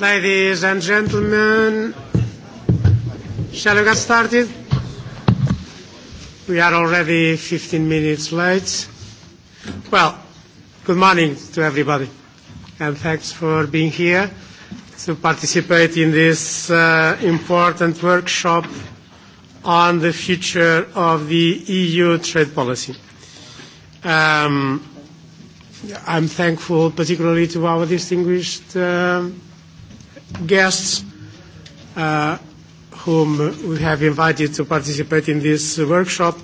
Ladies and gentlemen, shall we get started? We are already 15 minutes late. Well, good morning to everybody, and thanks for being here to participate in this important workshop on the future of the EU trade policy. I'm thankful particularly to our distinguished guests whom we have invited to participate in this workshop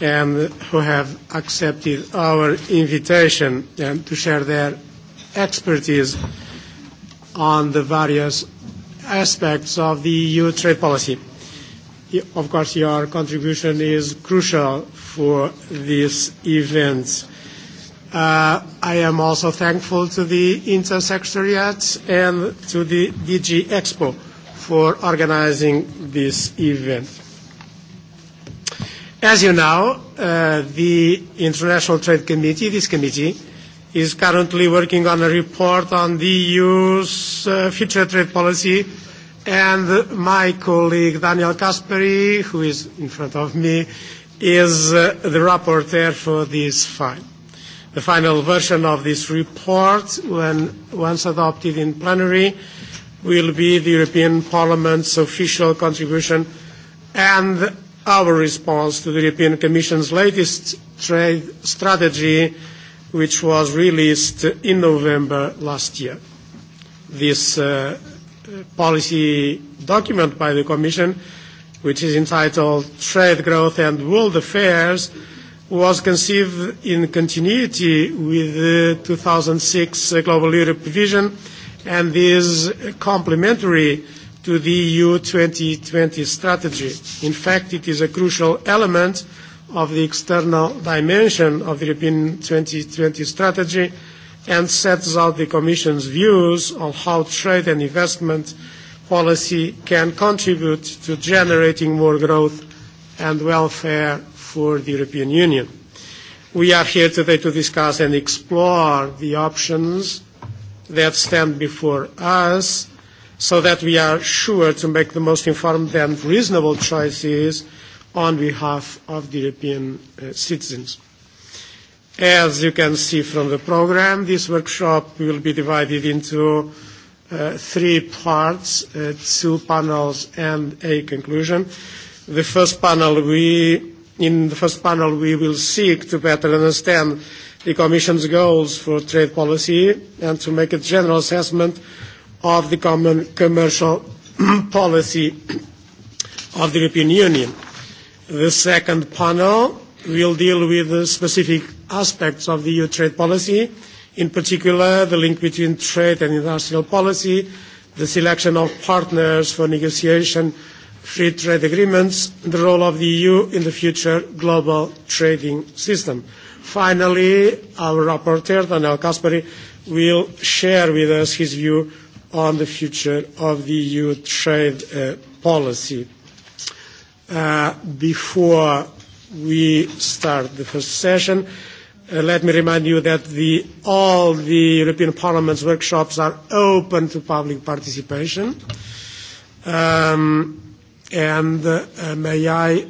and who have accepted our invitation to share their expertise on the various aspects of the EU trade policy. Of course, your contribution is crucial for this event. I am also thankful to the Intersecretariat and to the DG Expo for organizing this event. As you know, the International Trade Committee, this committee, is currently working on a report on the EU's future trade policy, and my colleague Daniel Kasperi, who is in front of me, is the rapporteur for this file. The final version of this report, when once adopted in plenary, will be the European Parliament's official contribution and our response to the European Commission's latest trade strategy, which was released in November last year. This policy document by the Commission, which is entitled Trade Growth and World Affairs, was conceived in continuity with the 2006 Global Europe Vision and is complementary to the EU 2020 strategy. In fact, it is a crucial element of the external dimension of the European 2020 strategy and sets out the Commission's views on how trade and investment policy can contribute to generating more growth and welfare for the European Union. We are here today to discuss and explore the options that stand before us so that we are sure to make the most informed and reasonable choices on behalf of the European citizens. As you can see from the program, this workshop will be divided into three parts, two panels and a conclusion. The first panel we In the first panel, we will seek to better understand the Commission's goals for trade policy and to make a general assessment of the common commercial policy of the European Union. The second panel will deal with the specific aspects of the EU trade policy, in particular the link between trade and industrial policy, the selection of partners for negotiation free trade agreements, the role of the EU in the future global trading system. Finally, our rapporteur, Daniel Caspary, will share with us his view on the future of the EU trade policy. Before we start the first session, let me remind you that all the European Parliament's workshops are open to public participation and may I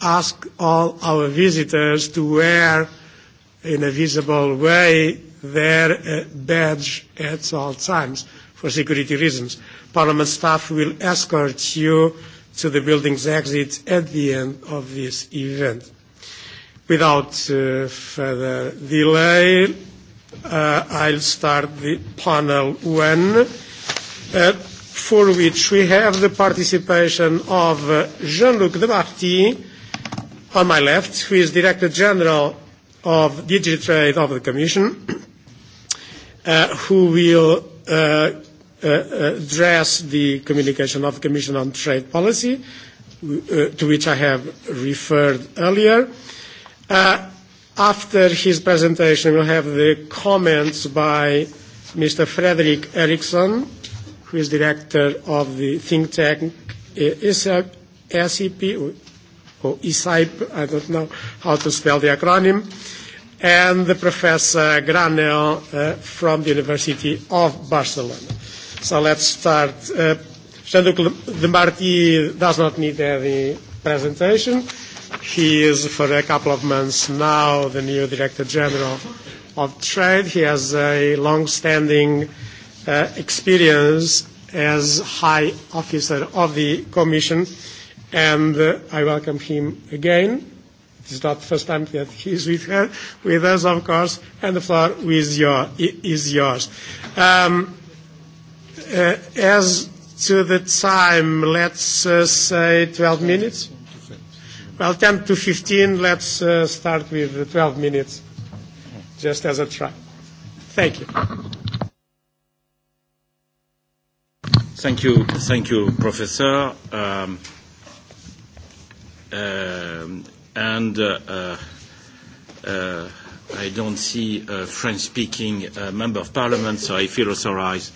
ask all our visitors to wear in a visible way their badge at all times for security reasons. Parliament staff will escort you to the building's exit at the end of this event. Without further delay, I'll start the panel one for which we have the participation of Jean-Luc Debarty on my left, who is Director General of Digitrade of the Commission, who will address the communication of the Commission on Trade Policy, to which I have referred earlier. After his presentation, we'll have the comments by Mr. Frederick Eriksson, who is director of the think tank SIP or ESIP, I don't know how to spell the acronym, and the Professor Granel from the University of Barcelona. So let's start. Jean-Luc Demarty does not need any presentation. He is for a couple of months now the new Director General of Trade. He has a long-standing experience as High Officer of the Commission, and I welcome him again. it's is not the first time that he is with her, with us, of course, and the floor is, your, is yours. as to the time, let's say 12 minutes. Well, 10 to 15, let's start with 12 minutes, just as a try. Thank you. Thank you. Thank you, Professor. And I don't see a French-speaking member of parliament, so I feel authorized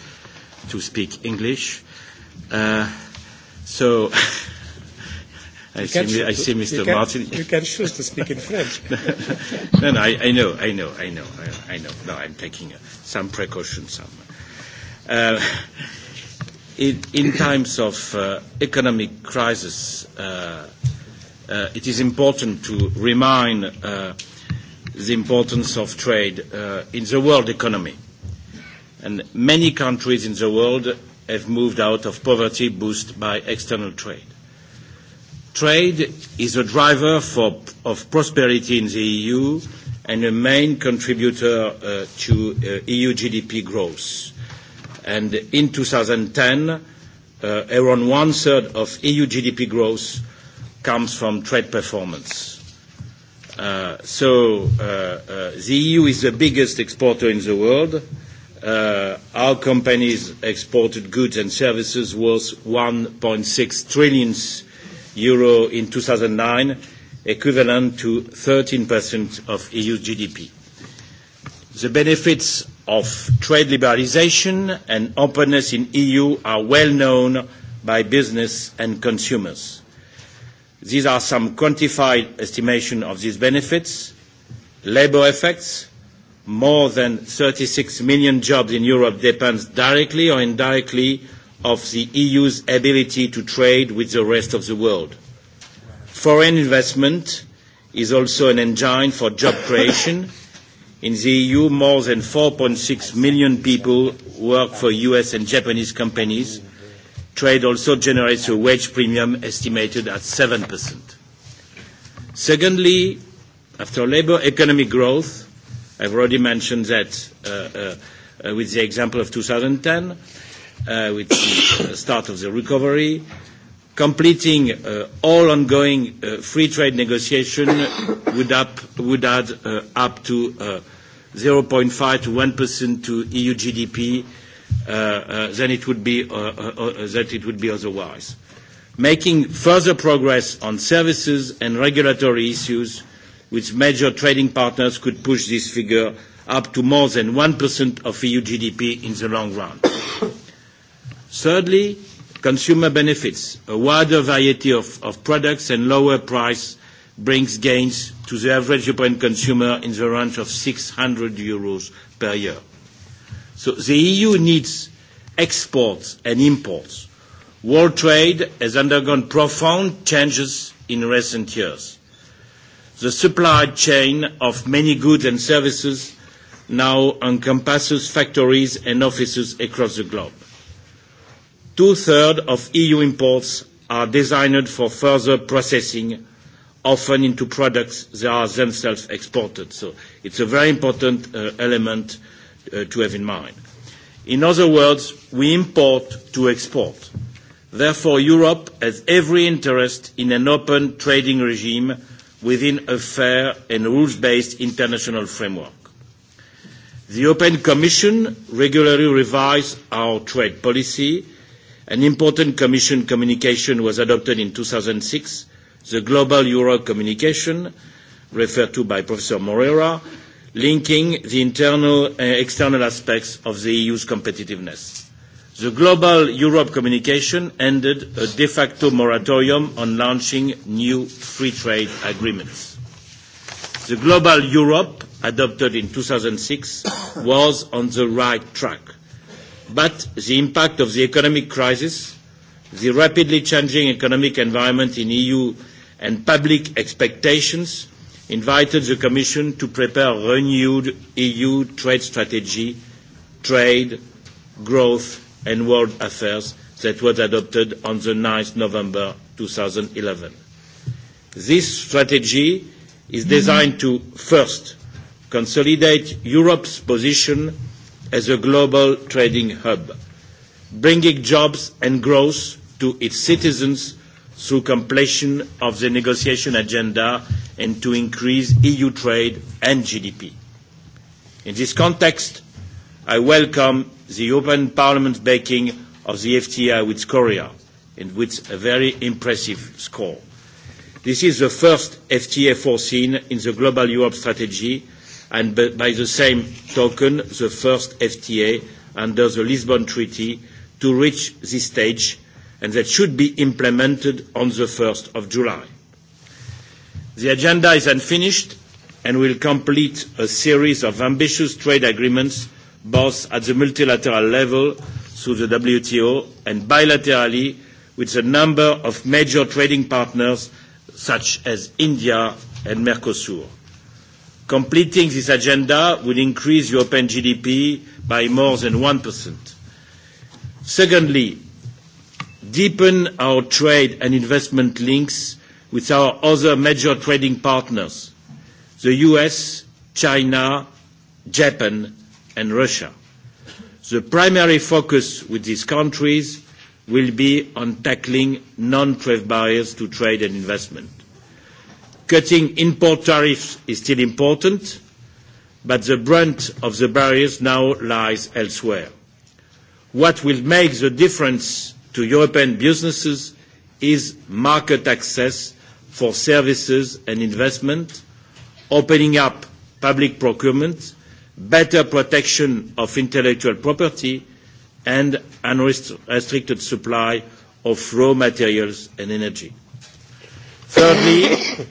to speak English. So I see Mr. Martin. You can choose to speak in French. No, no, I know, I know, I know, I know. No, I'm taking some precautions in times of economic crisis, it is important to remind the importance of trade in the world economy. And many countries in the world have moved out of poverty boosted by external trade. Trade is a driver of prosperity in the EU and a main contributor to EU GDP growth and in 2010 around one third of EU GDP growth comes from trade performance. So the EU is the biggest exporter in the world. Our companies exported goods and services worth 1.6 trillion euro in 2009, equivalent to 13% of EU GDP. The benefits of trade liberalisation and openness in EU are well known by business and consumers. These are some quantified estimation of these benefits. Labour effects, more than 36 million jobs in Europe depends directly or indirectly of the EU's ability to trade with the rest of the world. Foreign investment is also an engine for job creation In the EU, more than 4.6 million people work for US and Japanese companies. Trade also generates a wage premium estimated at 7%. Secondly, after labour, economic growth. I've already mentioned that with the example of 2010, with the start of the recovery completing all ongoing free trade negotiations would add up to 0.5 to 1% to EU GDP than it would be that it would be otherwise. Making further progress on services and regulatory issues with major trading partners could push this figure up to more than 1% of EU GDP in the long run. Thirdly, Consumer benefits. A wider variety of products and lower price brings gains to the average European consumer in the range of 600 euros per year. So the EU needs exports and imports. World trade has undergone profound changes in recent years. The supply chain of many goods and services now encompasses factories and offices across the globe. Two-thirds of EU imports are designed for further processing, often into products that are themselves exported. So it's a very important element to have in mind. In other words, we import to export. Therefore, Europe has every interest in an open trading regime within a fair and rules-based international framework. The European Commission regularly revises our trade policy An important Commission communication was adopted in 2006, the Global Europe Communication, referred to by Professor Moreira, linking the internal and external aspects of the EU's competitiveness. The Global Europe Communication ended a de facto moratorium on launching new free trade agreements. The Global Europe, adopted in 2006, was on the right track but the impact of the economic crisis, the rapidly changing economic environment in EU and public expectations invited the Commission to prepare a renewed EU trade strategy, trade, growth and world affairs that was adopted on the 9th November 2011. This strategy is designed to, first, consolidate Europe's position as a global trading hub, bringing jobs and growth to its citizens through completion of the negotiation agenda and to increase EU trade and GDP. In this context, I welcome the European Parliament's backing of the FTA with Korea, and with a very impressive score. This is the first FTA foreseen in the Global Europe Strategy and by the same token the first FTA under the Lisbon Treaty to reach this stage and that should be implemented on the 1st of July. The agenda is unfinished and will complete a series of ambitious trade agreements both at the multilateral level through the WTO and bilaterally with a number of major trading partners such as India and Mercosur. Completing this agenda would increase European GDP by more than 1%. Secondly, deepen our trade and investment links with our other major trading partners, the US, China, Japan and Russia. The primary focus with these countries will be on tackling non-trade barriers to trade and investment. Cutting import tariffs is still important, but the brunt of the barriers now lies elsewhere. What will make the difference to European businesses is market access for services and investment, opening up public procurement, better protection of intellectual property, and unrestricted supply of raw materials and energy. Thirdly,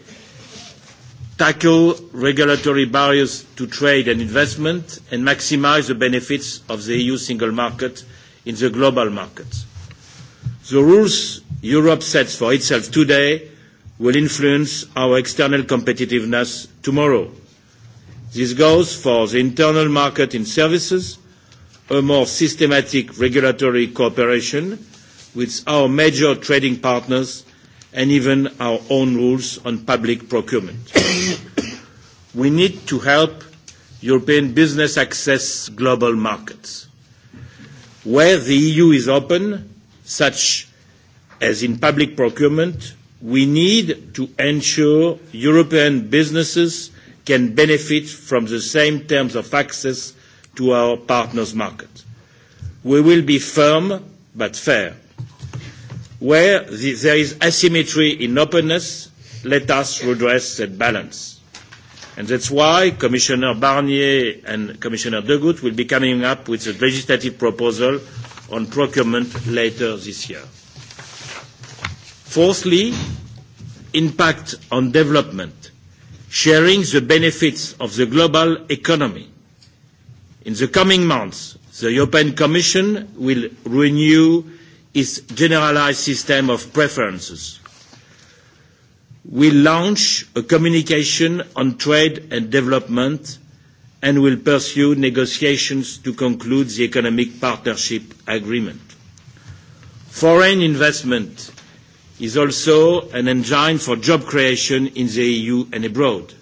tackle regulatory barriers to trade and investment, and maximise the benefits of the EU single market in the global market. The rules Europe sets for itself today will influence our external competitiveness tomorrow. This goes for the internal market in services, a more systematic regulatory cooperation with our major trading partners and even our own rules on public procurement. We need to help European business access global markets. Where the EU is open, such as in public procurement, we need to ensure European businesses can benefit from the same terms of access to our partners' markets. We will be firm but fair Where there is asymmetry in openness, let us redress that balance. And that's why Commissioner Barnier and Commissioner De Gucht will be coming up with a legislative proposal on procurement later this year. Fourthly, impact on development, sharing the benefits of the global economy. In the coming months, the European Commission will renew its generalised system of preferences. We launch a communication on trade and development and will pursue negotiations to conclude the Economic Partnership Agreement. Foreign investment is also an engine for job creation in the EU and abroad.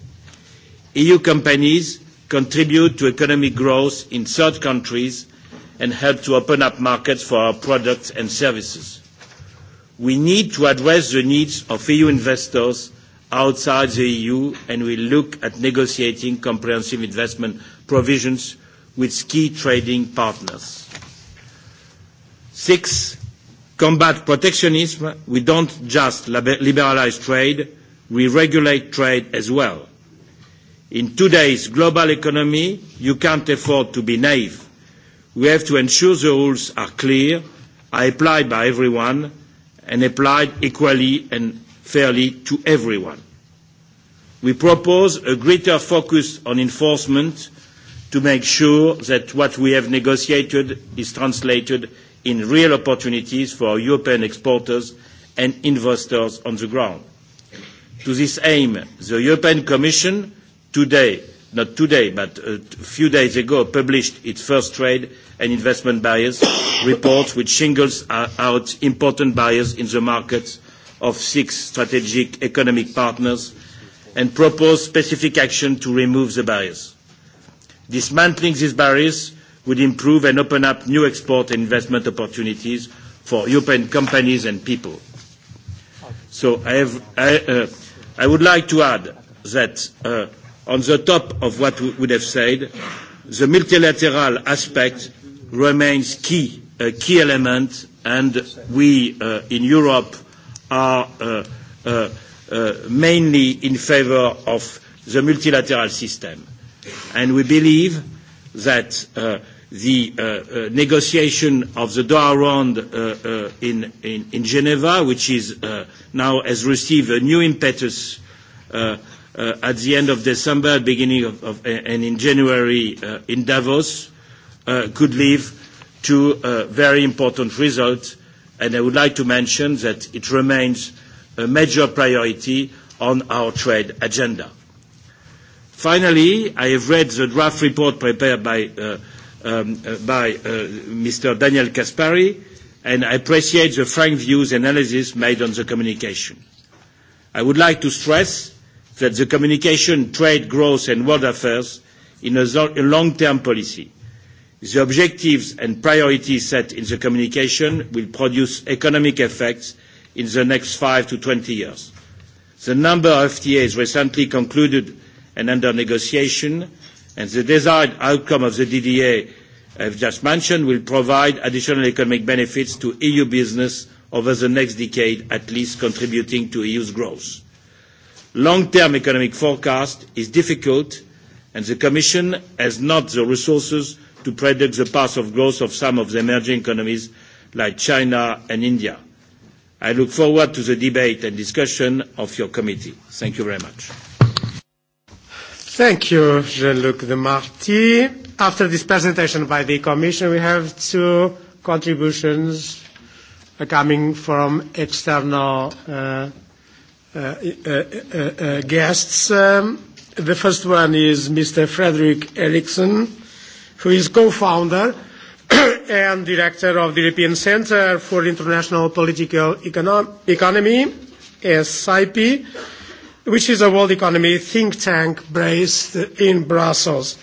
EU companies contribute to economic growth in third countries and help to open up markets for our products and services. We need to address the needs of EU investors outside the EU and we look at negotiating comprehensive investment provisions with key trading partners. Six, combat protectionism. We don't just liberalise trade, we regulate trade as well. In today's global economy, you can't afford to be naive we have to ensure the rules are clear, are applied by everyone, and applied equally and fairly to everyone. We propose a greater focus on enforcement to make sure that what we have negotiated is translated in real opportunities for European exporters and investors on the ground. To this aim, the European Commission today not today, but a few days ago, published its first trade and investment barriers report, which singles out important barriers in the markets of six strategic economic partners and proposed specific action to remove the barriers. Dismantling these barriers would improve and open up new export and investment opportunities for European companies and people. So I would like to add that On the top of what we would have said, the multilateral aspect remains key, a key element, and we in Europe are mainly in favour of the multilateral system. And we believe that the negotiation of the Doha Round in Geneva, which is now has received a new impetus at the end of December, beginning of and in January in Davos, could lead to a very important result. And I would like to mention that it remains a major priority on our trade agenda. Finally, I have read the draft report prepared by Mr. Daniel Caspary, and I appreciate the frank views and analysis made on the communication. I would like to stress that the communication, trade, growth and world affairs in a long-term policy. The objectives and priorities set in the communication will produce economic effects in the next five to 20 years. The number of FTAs recently concluded and under negotiation and the desired outcome of the DDA I have just mentioned will provide additional economic benefits to EU business over the next decade, at least contributing to EU's growth long-term economic forecast is difficult, and the Commission has not the resources to predict the path of growth of some of the emerging economies like China and India. I look forward to the debate and discussion of your committee. Thank you very much. Thank you, Jean-Luc Demarty. After this presentation by the Commission, we have two contributions coming from external guests. The first one is Mr. Frederick Eriksson, who is co-founder and director of the European Center for International Political Economy, SIP, which is a world economy think tank based in Brussels.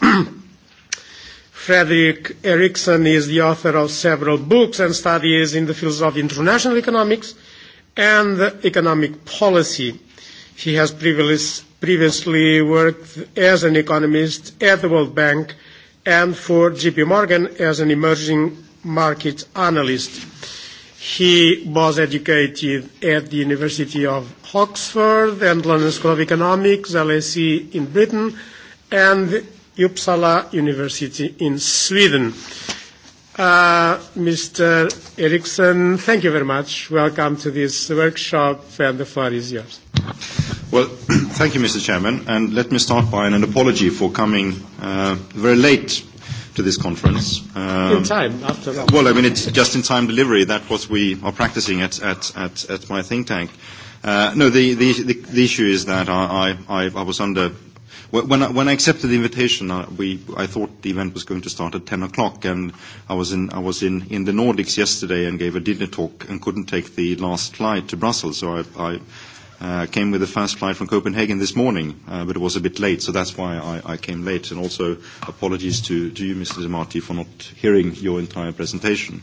Frederick Eriksson is the author of several books and studies in the fields of international economics, and economic policy. He has previously worked as an economist at the World Bank and for JP Morgan as an emerging market analyst. He was educated at the University of Oxford and London School of Economics, LSE in Britain, and Uppsala University in Sweden. Mr. Eriksson, thank you very much. Welcome to this workshop, and the floor is yours. Well, thank you, Mr. Chairman, and let me start by an apology for coming very late to this conference. In time, after all. Well, I mean, it's just-in-time delivery. That's what we are practicing at at at my think tank. No, the the the issue is that I I I was under When I, accepted the invitation, I thought the event was going to start at 10 o'clock, and I was, in, the Nordics yesterday and gave a dinner talk and couldn't take the last flight to Brussels, so I, came with the first flight from Copenhagen this morning, but it was a bit late, so that's why I, came late, and also apologies to, you, Mr. Zamati, for not hearing your entire presentation.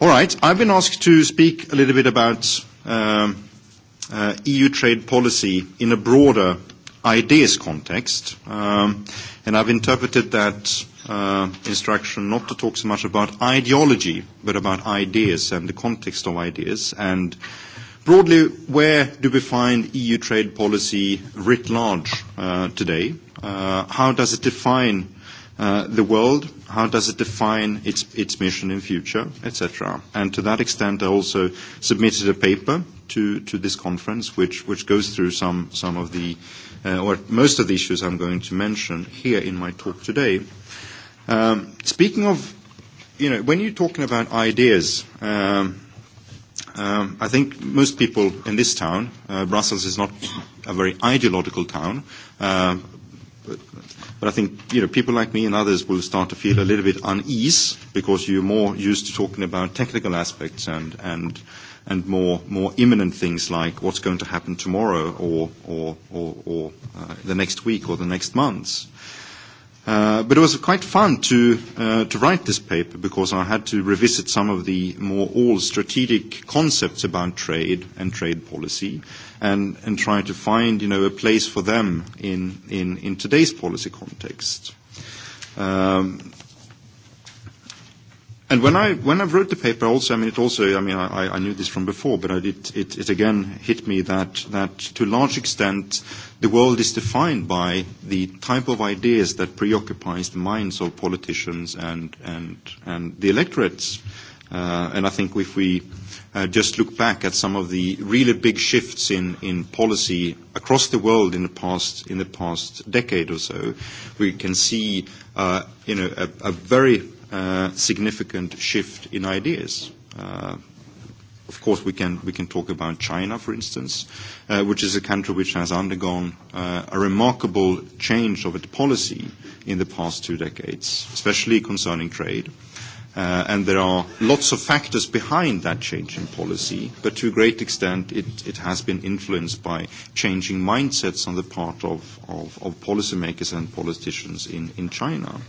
All right, I've been asked to speak a little bit about EU trade policy in a broader ideas context, and I've interpreted that instruction not to talk so much about ideology, but about ideas and the context of ideas, and broadly, where do we find EU trade policy writ large today? How does it define the world? How does it define its mission in future, etc.? And to that extent, I also submitted a paper to to this conference, which which goes through some of the or most of the issues I'm going to mention here in my talk today. Speaking of, you know, when you're talking about ideas, I think most people in this town, Brussels is not a very ideological town, but I think, you know, people like me and others will start to feel a little bit unease because you're more used to talking about technical aspects and and and more more imminent things like what's going to happen tomorrow or or or the next week or the next months. But it was quite fun to to write this paper because I had to revisit some of the more all strategic concepts about trade and trade policy, and and try to find you know a place for them in in in today's policy context. And when I when I wrote the paper, also, I mean, it also, I mean, I, I knew this from before, but it, it, again hit me that that to a large extent, the world is defined by the type of ideas that preoccupies the minds of politicians and and and the electorates. And I think if we just look back at some of the really big shifts in in policy across the world in the past in the past decade or so, we can see, you know, a very significant shift in ideas. Of course, we can we can talk about China, for instance, which is a country which has undergone a remarkable change of its policy in the past two decades, especially concerning trade. And there are lots of factors behind that change in policy, but to a great extent it it has been influenced by changing mindsets on the part of policymakers and politicians in in China.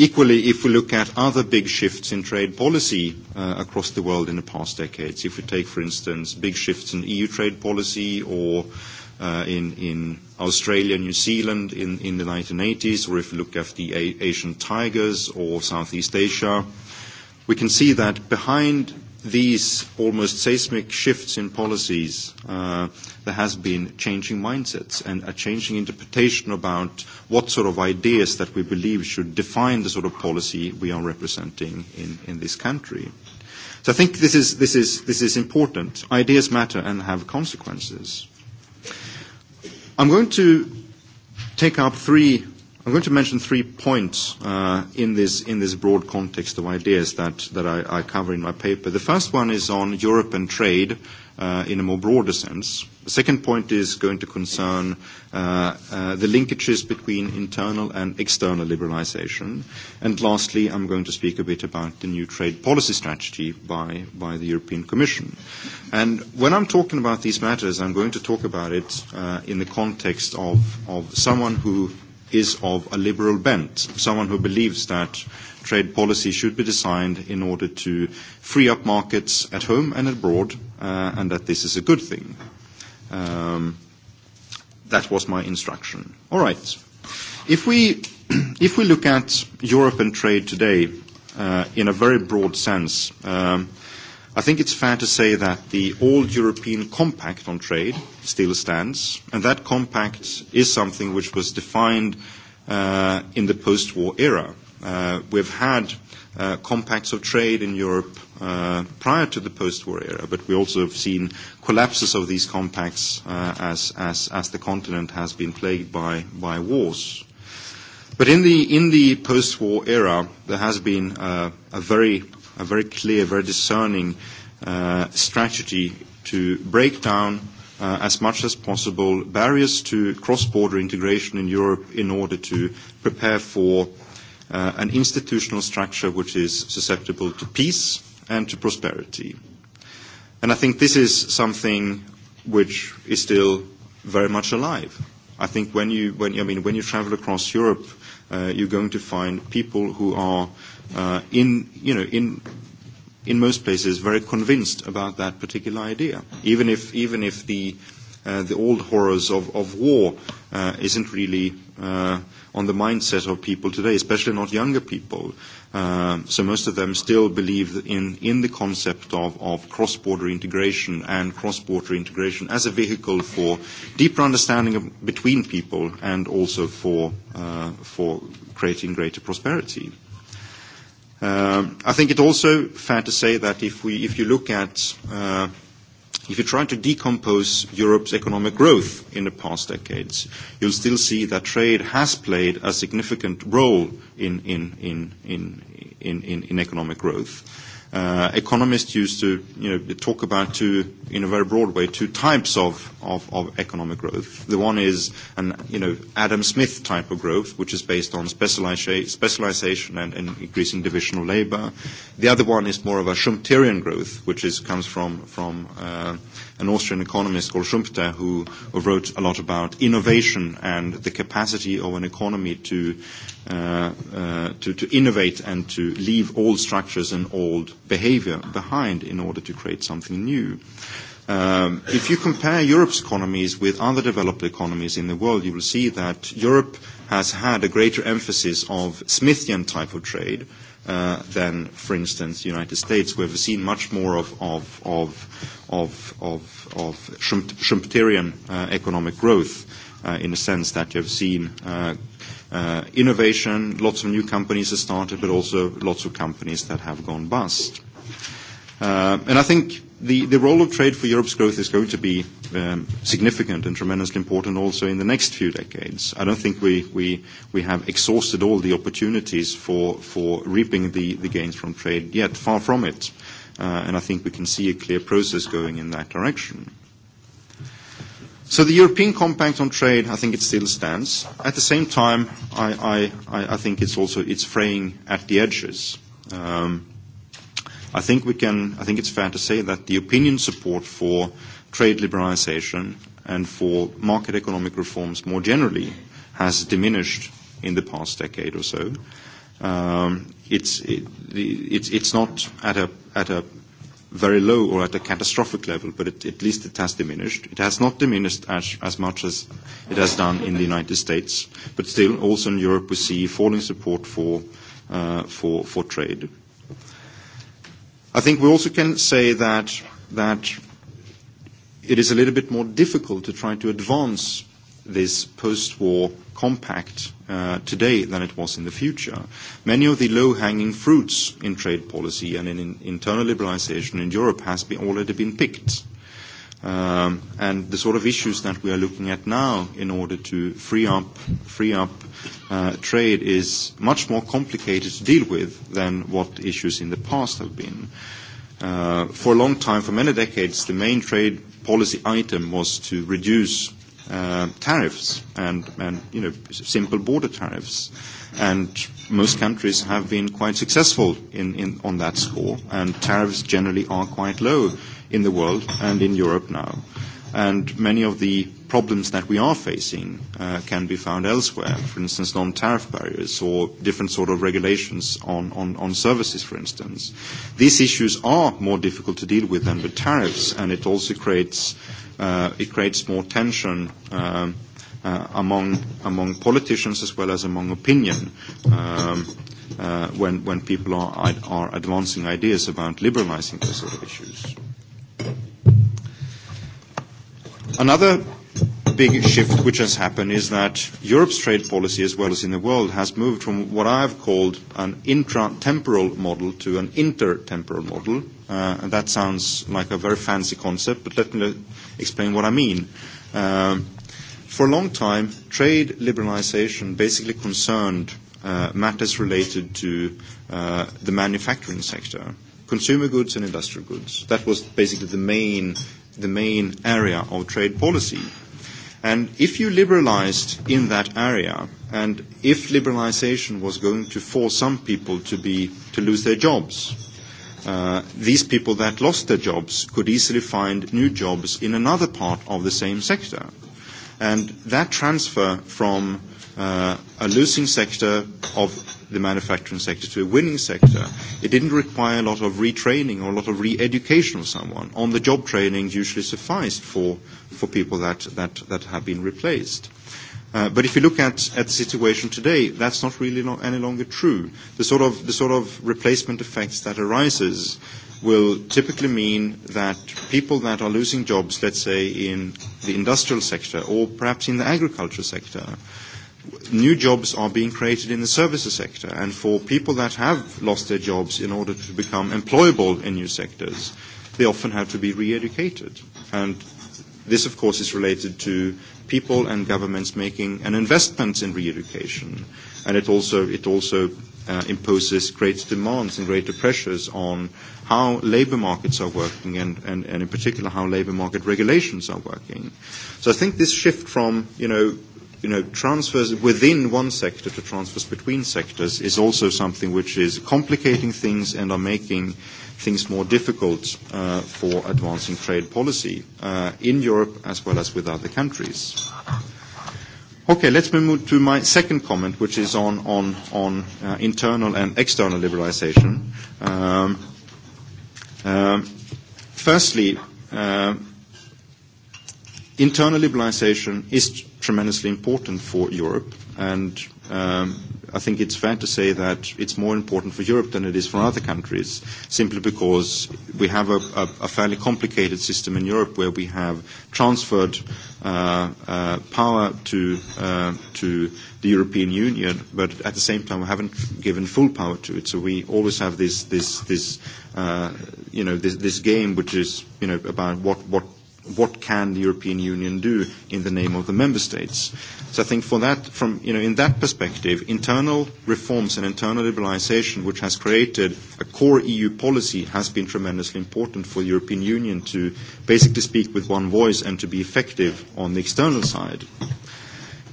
Equally, if we look at other big shifts in trade policy across the world in the past decades, if we take, for instance, big shifts in EU trade policy or in Australia, New Zealand in the 1980s, or if we look at the Asian tigers or Southeast Asia, we can see that behind these almost seismic shifts in policies, there has been changing mindsets and a changing interpretation about what sort of ideas that we believe should define the sort of policy we are representing in this country. So I think this is this is this is important. Ideas matter and have consequences. I'm going to take up three I'm going to mention three points in this in this broad context of ideas that that I cover in my paper. The first one is on Europe and trade in a more broader sense. The second point is going to concern the linkages between internal and external liberalisation. And lastly, I'm going to speak a bit about the new trade policy strategy by by the European Commission. And when I'm talking about these matters, I'm going to talk about it in the context of of someone who is of a liberal bent, someone who believes that trade policy should be designed in order to free up markets at home and abroad, and that this is a good thing. That was my instruction. All right. If we look at Europe and trade today in a very broad sense, I think it's fair to say that the old European Compact on Trade still stands, and that compact is something which was defined in the post-war era. We've had compacts of trade in Europe prior to the post-war era, but we also have seen collapses of these compacts as the continent has been plagued by wars. But in the post-war era, there has been a very a very clear, very discerning strategy to break down as much as possible barriers to cross-border integration in Europe in order to prepare for an institutional structure which is susceptible to peace and to prosperity. And I think this is something which is still very much alive. I think when you, when, I mean, when you travel across Europe, you're going to find people who are in, you know, in in most places very convinced about that particular idea, even if even if the the old horrors of of war isn't really on the mindset of people today, especially not younger people. So most of them still believe in in the concept of of cross-border integration and cross-border integration as a vehicle for deeper understanding between people and also for for creating greater prosperity. I think it's also fair to say that if we if you look at If you try to decompose Europe's economic growth in the past decades, you will still see that trade has played a significant role in economic growth. Economists used to you know, talk about two, in a very broad way, two types of of economic growth. The one is an Adam Smith type of growth, which is based on specialization and increasing division of labor. The other one is more of a Schumpeterian growth, which is comes from an Austrian economist called Schumpeter who wrote a lot about innovation and the capacity of an economy to to innovate and to leave old structures and old behavior behind in order to create something new. If you compare Europe's economies with other developed economies in the world, you will see that Europe has had a greater emphasis of Smithian type of trade than, for instance, the United States, where have seen much more of of of of of of Schumpeterian economic growth, in the sense that you have seen innovation, lots of new companies have started, but also lots of companies that have gone bust. And I think The role of trade for Europe's growth is going to be significant and tremendously important also in the next few decades. I don't think we have exhausted all the opportunities for reaping the gains from trade yet, far from it. And I think we can see a clear process going in that direction. So the European Compact on Trade, I think it still stands. At the same time, I think it's also it's fraying at the edges. Um I think we can, I think it's fair to say that the opinion support for trade liberalisation and for market economic reforms more generally has diminished in the past decade or so. It's not at a at a very low or at a catastrophic level, but at least it has diminished. It has not diminished as much as it has done in the United States, but still also in Europe we see falling support for for for trade. I think we also can say that it is a little bit more difficult to try to advance this post-war compact today than it was in the future. Many of the low-hanging fruits in trade policy and in internal liberalisation in Europe has already been picked. And the sort of issues that we are looking at now in order to free up trade is much more complicated to deal with than what issues in the past have been. For a long time, for many decades, the main trade policy item was to reduce tariffs and, you know, simple border tariffs. And most countries have been quite successful in on that score. And tariffs generally are quite low in the world and in Europe now and many of the problems that we are facing can be found elsewhere, for instance, non-tariff barriers or different sort of regulations on services, for instance. These issues are more difficult to deal with than with tariffs, and it also creates it creates more tension among among politicians as well as among opinion when when people are advancing ideas about liberalising those sort of issues. Another big shift which has happened is that Europe's trade policy, as well as in the world, has moved from what I've called an intra-temporal model to an intertemporal model. And that sounds like a very fancy concept, but let me explain what I mean. For a long time, trade liberalisation basically concerned matters related to the manufacturing sector, consumer goods and industrial goods. That was basically the main the main area of trade policy. And if you liberalized in that area, and if liberalization was going to force some people to be to lose their jobs, these people that lost their jobs could easily find new jobs in another part of the same sector. And that transfer from a losing sector of the manufacturing sector to a winning sector. It didn't require a lot of retraining or a lot of re-education of someone. On-the-job training usually sufficed for for people that that that have been replaced. But if you look at at the situation today, that's not really any longer true. The sort of replacement effects that arises will typically mean that people that are losing jobs, let's say in the industrial sector or perhaps in the agriculture sector, new jobs are being created in the services sector and for people that have lost their jobs in order to become employable in new sectors, they often have to be re-educated. And this, of course, is related to people and governments making an investment in re-education. And it also, it also imposes great demands and greater pressures on how labour markets are working and, and, and in particular how labour market regulations are working. So I think this shift from, you know, you know, transfers within one sector to transfers between sectors is also something which is complicating things and are making things more difficult uh for advancing trade policy in Europe as well as with other countries. Okay, let's move to my second comment, which is on on on internal and external liberalisation. Firstly, internal liberalisation is tremendously important for Europe, and I think it's fair to say that it's more important for Europe than it is for other countries, simply because we have a fairly complicated system in Europe where we have transferred power to the European Union, but at the same time we haven't given full power to it. So we always have this, this, this, you know, this, this game which is, you know, about what what what can the European Union do in the name of the member states? So I think for that, from, you know, in that perspective, internal reforms and internal liberalisation, which has created a core EU policy, has been tremendously important for the European Union to basically speak with one voice and to be effective on the external side.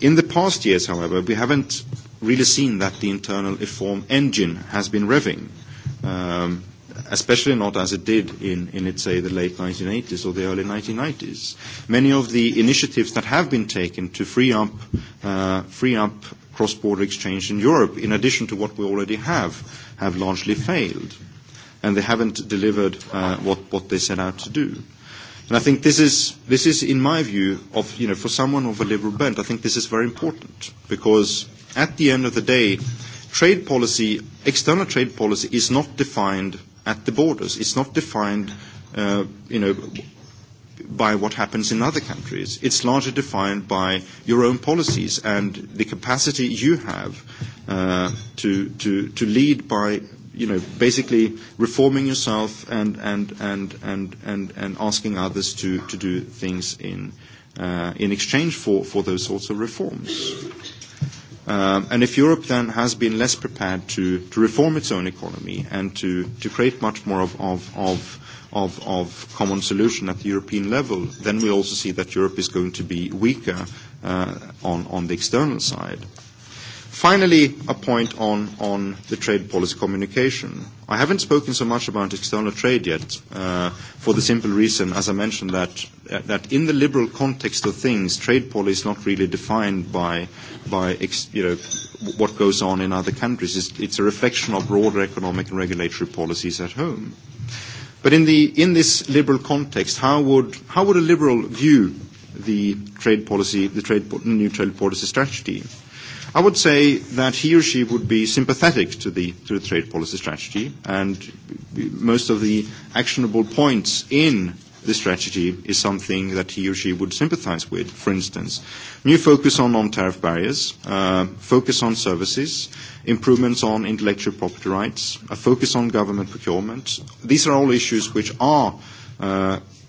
In the past years, however, we haven't really seen that the internal reform engine has been revving. Um, especially not as it did in, in let's say, the late 1980s or the early 1990s. Many of the initiatives that have been taken to free up, uh, free up cross-border exchange in Europe, in addition to what we already have, have largely failed. And they haven't delivered uh, what, what they set out to do. And I think this is, this is, in my view, of, you know, for someone of a liberal bent, I think this is very important because at the end of the day, trade policy, external trade policy is not defined at the borders. It's not defined, you know, by what happens in other countries. It's largely defined by your own policies and the capacity you have to to to lead by, you know, basically reforming yourself and and and and and and asking others to to do things in in exchange for for those sorts of reforms. And if Europe then has been less prepared to reform its own economy and to create much more of common solution at the European level, then we also see that Europe is going to be weaker on the external side. Finally, a point on the trade policy communication. I haven't spoken so much about external trade yet for the simple reason, as I mentioned, that in the liberal context of things, trade policy is not really defined by what goes on in other countries. It's a reflection of broader economic and regulatory policies at home. But in this liberal context, how would a liberal view the trade policy, the new trade policy strategy? I would say that he or she would be sympathetic to the trade policy strategy, and most of the actionable points in the strategy is something that he or she would sympathize with. For instance, new focus on non-tariff barriers, focus on services, improvements on intellectual property rights, a focus on government procurement. These are all issues which are,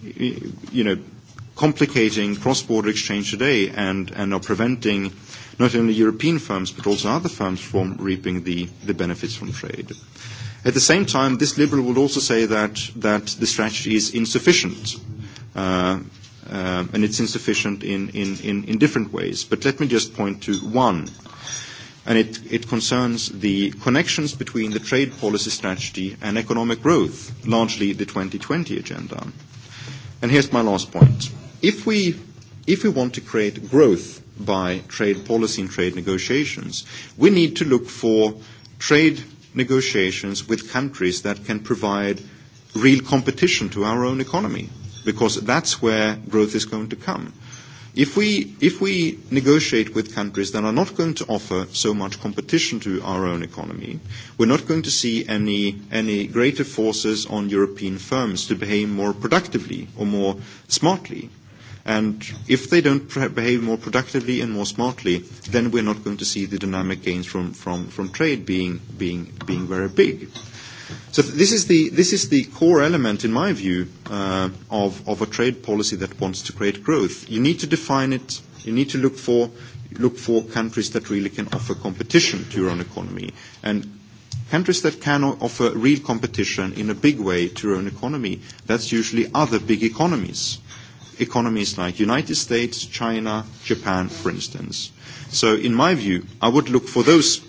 you know, complicating cross-border exchange today and and are preventing not only European firms but also other firms from reaping the benefits from trade. At the same time, this liberal would also say that the strategy is insufficient, and it's insufficient in different ways. But let me just point to one, and it concerns the connections between the trade policy strategy and economic growth, largely the 2020 agenda. And here's my last point. If we want to create growth by trade policy and trade negotiations. We need to look for trade negotiations with countries that can provide real competition to our own economy, because that's where growth is going to come. If we, if we negotiate with countries that are not going to offer so much competition to our own economy, we're not going to see any, any greater forces on European firms to behave more productively or more smartly. And if they don't behave more productively and more smartly, then we're not going to see the dynamic gains from from from trade being very big. So this is the this is the core element, in my view, of of a trade policy that wants to create growth. You need to define it. You need to look for look for countries that really can offer competition to your own economy and countries that can offer real competition in a big way to your own economy. That's usually other big economies economies like United States, China, Japan, for instance. So in my view, I would look for those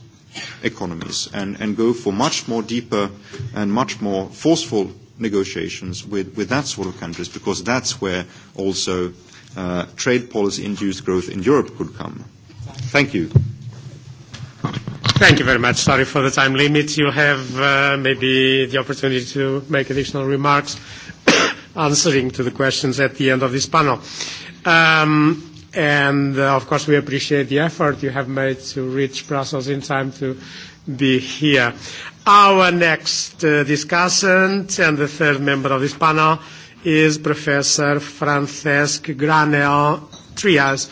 economies and go for much more deeper and much more forceful negotiations with that sort of countries because that's where also trade policy-induced growth in Europe could come. Thank you. Thank you very much. Sorry for the time limit. You have maybe the opportunity to make additional remarks answering to the questions at the end of this panel. And of course, we appreciate the effort you have made to reach Brussels in time to be here. Our next discussant and the third member of this panel is Professor Francesc Granel Trias.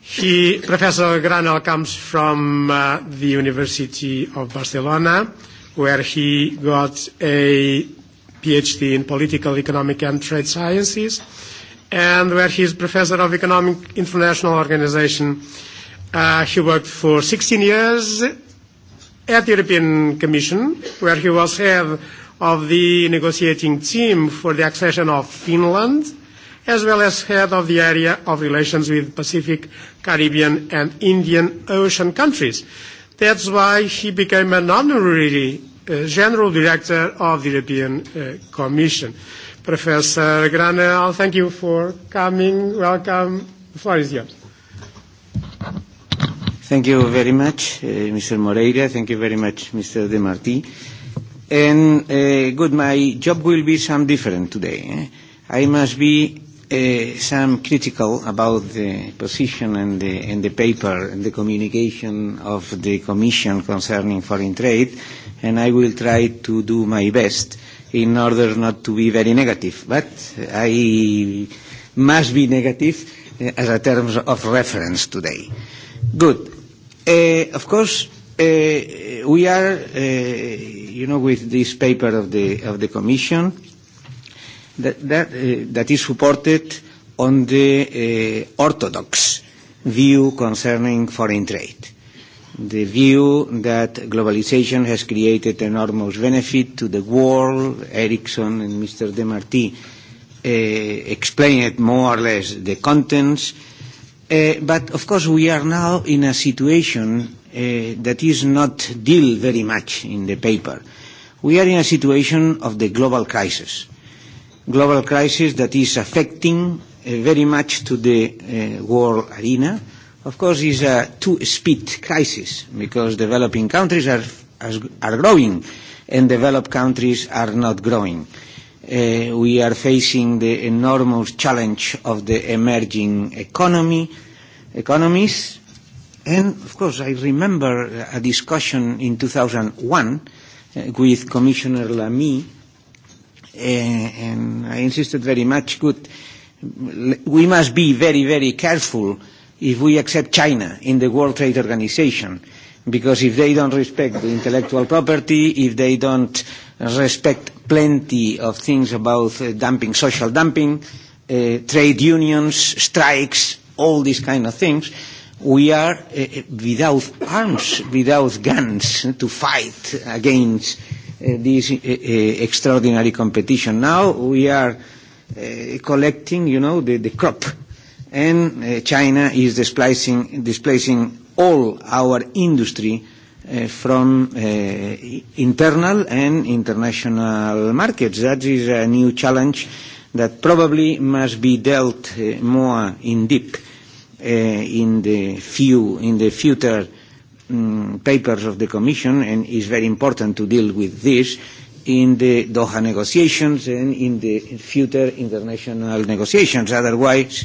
He, Professor Granel comes from the University of Barcelona, where he got a PhD in Political, Economic and Trade Sciences, and where he is Professor of Economic International Organization. He worked for 16 years at the European Commission, where he was head of the negotiating team for the accession of Finland, as well as head of the area of relations with Pacific, Caribbean and Indian Ocean countries. That's why he became an honorary General Director of the European Commission. Professor Granel, thank you for coming. Welcome. The floor is yours. Thank you very much, Mr. Moreira. Thank you very much, Mr. De Marti. And good, my job will be some different today. I must be some critical about the position and the, and the paper and the communication of the Commission concerning foreign trade and I will try to do my best in order not to be very negative. But I must be negative as a terms of reference today. Good. Of course, we are, you know, with this paper of the of the Commission that is supported on the orthodox view concerning foreign trade the view that globalization has created enormous benefit to the world. Erickson and Mr. Demarty explained more or less the contents. But of course we are now in a situation that is not dealt very much in the paper. We are in a situation of the global crisis. Global crisis that is affecting very much to the world arena of course, is a two-speed crisis because developing countries are are growing and developed countries are not growing. We are facing the enormous challenge of the emerging economy, economies, and of course I remember a discussion in 2001 with Commissioner Lamy, and I insisted very much, good, we must be very, very careful if we accept China in the World Trade Organization, because if they don't respect the intellectual property, if they don't respect plenty of things about dumping, social dumping, trade unions, strikes, all these kind of things, we are without arms, without guns to fight against this extraordinary competition. Now we are collecting, you know, the crop and China is displacing all our industry from internal and international markets. That is a new challenge that probably must be dealt more in deep in the few in the future papers of the Commission and is very important to deal with this in the Doha negotiations and in the future international negotiations. Otherwise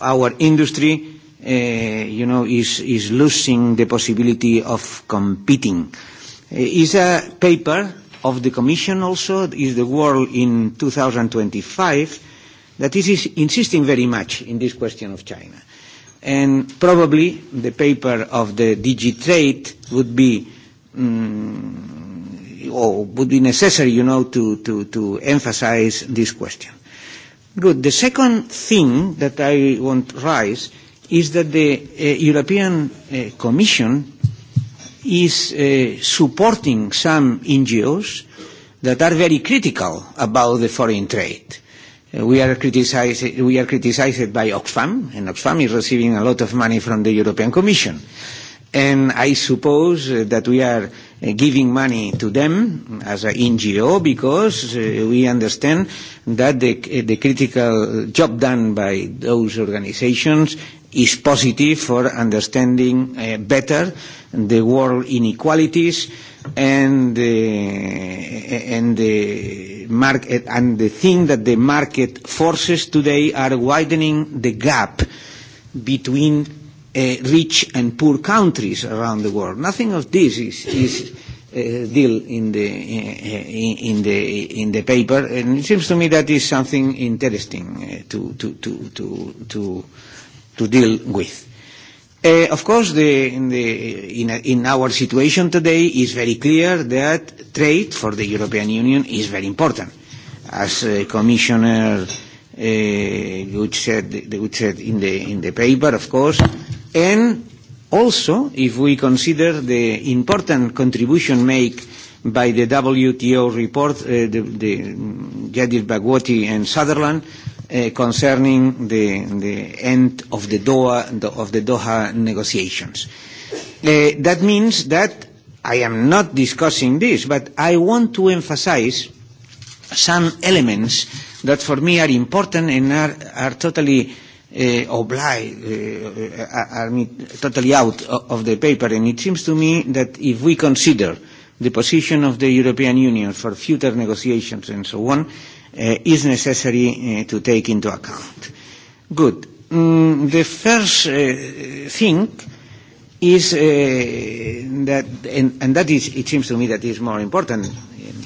our industry you know is is losing the possibility of competing is a paper of the commission also is the world in 2025 that is insisting very much in this question of china and probably the paper of the dg trade would be or would be necessary you know to to to emphasize this question Good. The second thing that I want to raise is that the European Commission is supporting some NGOs that are very critical about the foreign trade. We are criticized we are criticized by Oxfam and Oxfam is receiving a lot of money from the European Commission. And I suppose that we are giving money to them as an NGO because we understand that the critical job done by those organizations is positive for understanding better the world inequalities and the market and the thing that the market forces today are widening the gap between rich and poor countries around the world. Nothing of this is is deal in the in the in the paper, and it seems to me that is something interesting to to to to to to deal with. Of course, the in the in in our situation today is very clear that trade for the European Union is very important, as Commissioner Good said in the in the paper. Of course and also if we consider the important contribution made by the WTO report, the Jadid Bagwati and Sutherland, concerning the end of the Doha negotiations. That means that I am not discussing this, but I want to emphasize some elements that for me are important and are totally obliged are totally out of the paper and it seems to me that if we consider the position of the European Union for future negotiations and so on is necessary to take into account. Good. The first thing is that, and that is, it seems to me that is more important,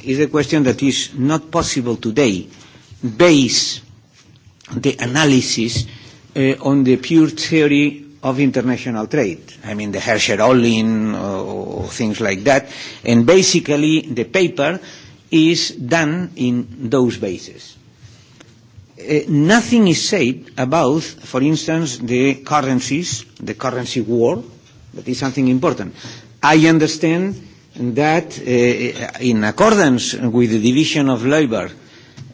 is a question that is not possible today, based the analysis on the pure theory of international trade. I mean the herscher Olin or things like that. And basically the paper is done in those bases. Nothing is said about, for instance, the currencies, the currency war. That is something important. I understand that in accordance with the division of labor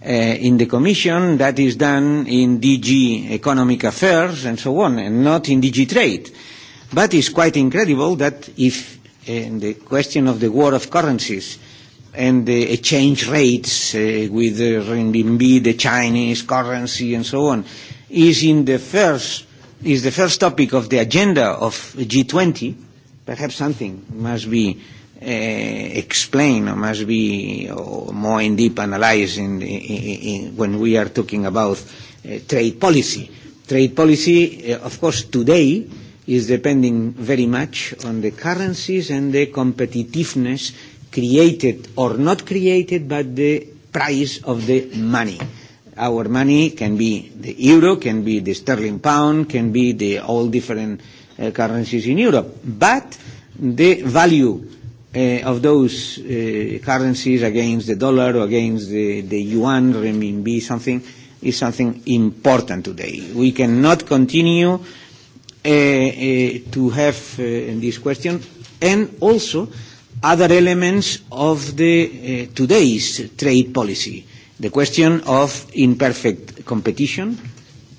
in the Commission, that is done in DG Economic Affairs and so on, and not in DG Trade. But it's quite incredible that if the question of the war of currencies and the exchange rates with the renminbi, the Chinese currency and so on, is in the first is the first topic of the agenda of G20, perhaps something must be explain or must be more in deep analyzed when we are talking about trade policy. Trade policy, of course, today is depending very much on the currencies and the competitiveness created or not created by the price of the money. Our money can be the euro, can be the sterling pound, can be the all different currencies in Europe. But the value of those currencies against the dollar or against the, the yuan, renminbi, something, is something important today. We cannot continue to have this question and also other elements of the today's trade policy. The question of imperfect competition,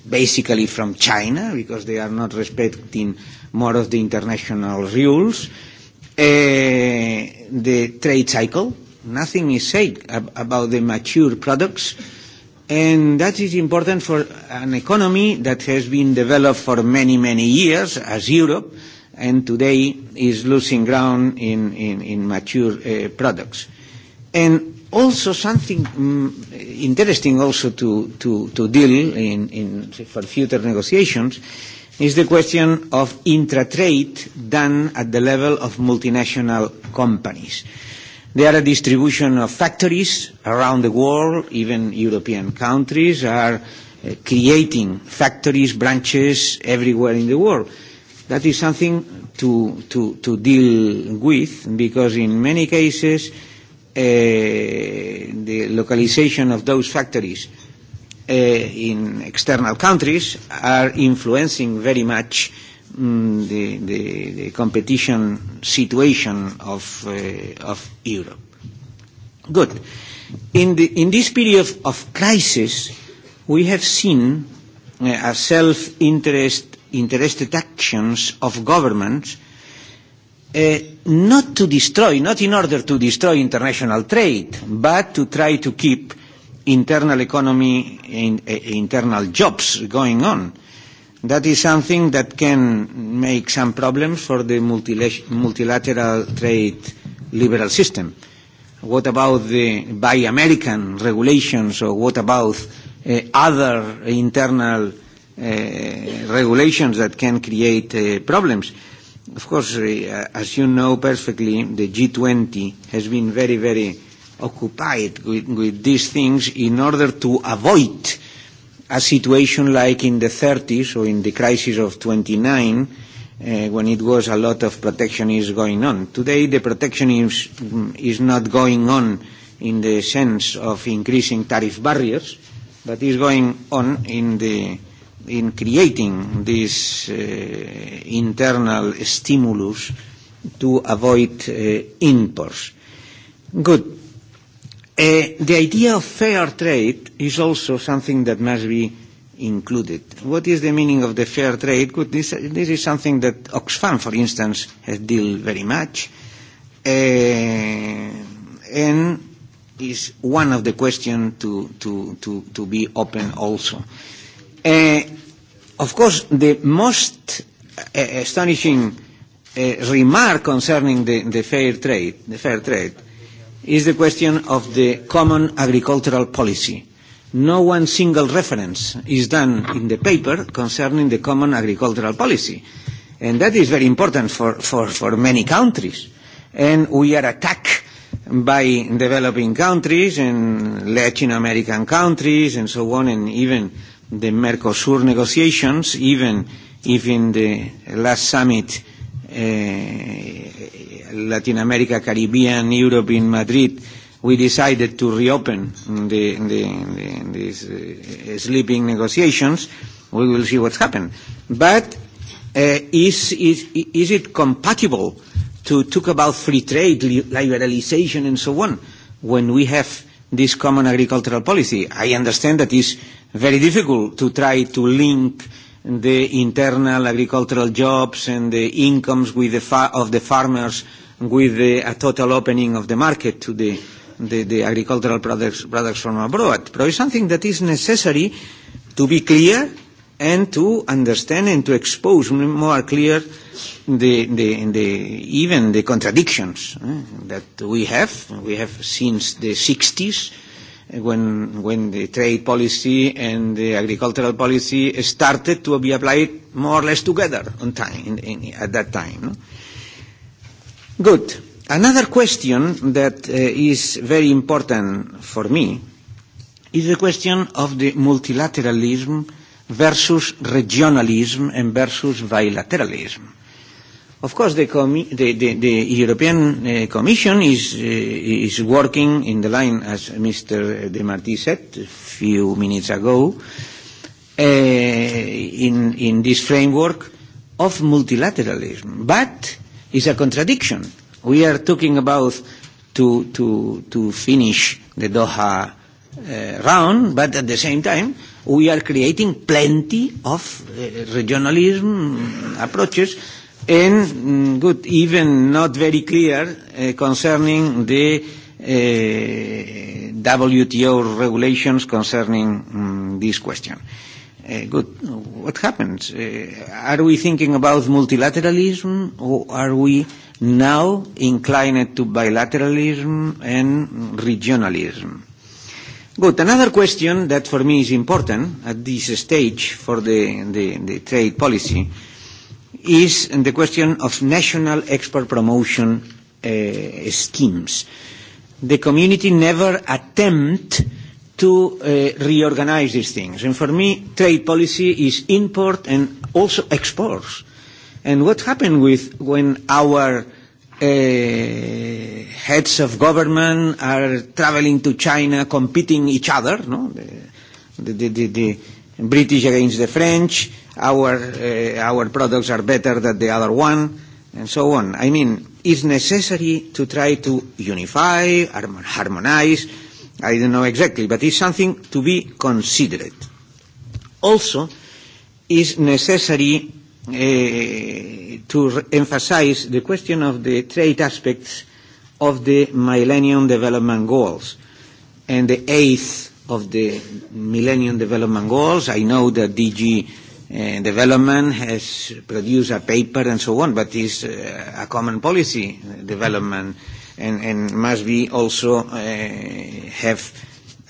basically from China, because they are not respecting more of the international rules, the trade cycle. Nothing is said about the mature products, and that is important for an economy that has been developed for many, many years as Europe, and today is losing ground in in mature products. And also something interesting also to deal in for future negotiations is the question of intra-trade done at the level of multinational companies. There are a distribution of factories around the world, even European countries are creating factories, branches everywhere in the world. That is something to, to, to deal with because in many cases the localization of those factories in external countries are influencing very much the competition situation of Europe. Good. In in this period of crisis, we have seen a self interested actions of governments not to destroy, not in order to destroy international trade, but to try to keep internal economy and internal jobs going on. That is something that can make some problems for the multilateral trade liberal system. What about the buy American regulations or what about other internal regulations that can create problems? Of course, as you know perfectly, the G20 has been very, very occupied with these things in order to avoid a situation like in the 30s or in the crisis of 29 when it was a lot of protectionism going on. Today the protectionism is not going on in the sense of increasing tariff barriers, but is going on in the in creating this internal stimulus to avoid imports. Good. The idea of fair trade is also something that must be included. What is the meaning of the fair trade? This is something that Oxfam, for instance, has dealt very much, and is one of the questions to to to be open also. Of course, the most astonishing remark concerning the fair trade, the fair trade, is the question of the common agricultural policy. No one single reference is done in the paper concerning the common agricultural policy. And that is very important for many countries. And we are attacked by developing countries and Latin American countries and so on, and even the Mercosur negotiations, even if in the last summit Latin America, Caribbean, Europe in Madrid, we decided to reopen the sleeping negotiations. We will see what's happened. But is is it compatible to talk about free trade, liberalization and so on when we have this common agricultural policy? I understand that it's very difficult to try to link the internal agricultural jobs and the incomes of the farmers with a total opening of the market to the agricultural products from abroad. But it's something that is necessary to be clear and to understand and to expose more clear the even the contradictions that we have. We have since the 60s when the trade policy and the agricultural policy started to be applied more or less together at that time. Good. Another question that is very important for me is the question of the multilateralism versus regionalism and versus bilateralism Of course, the European Commission is is working in the line, as Mr. De Marti said a few minutes ago, in this framework of multilateralism. But it's a contradiction. We are talking about to finish the Doha round, but at the same time we are creating plenty of regionalism approaches and good even not very clear concerning the WTO regulations concerning this question. Good. What happens? Are we thinking about multilateralism or are we now inclined to bilateralism and regionalism? Good. Another question that for me is important at this stage for the trade policy is the question of national export promotion schemes. The community never attempt to reorganize these things. And for me, trade policy is import and also exports. And what happened with when our heads of government are traveling to China, competing each other, no? The British against the French our our products are better than the other one and so on. I mean, it's necessary to try to unify, harmonize, I don't know exactly, but it's something to be considered. Also, is necessary to emphasize the question of the trade aspects of the Millennium Development Goals and the eighth of the Millennium Development Goals. I know that DG development has produced a paper and so on, but is a common policy development and, and must be also have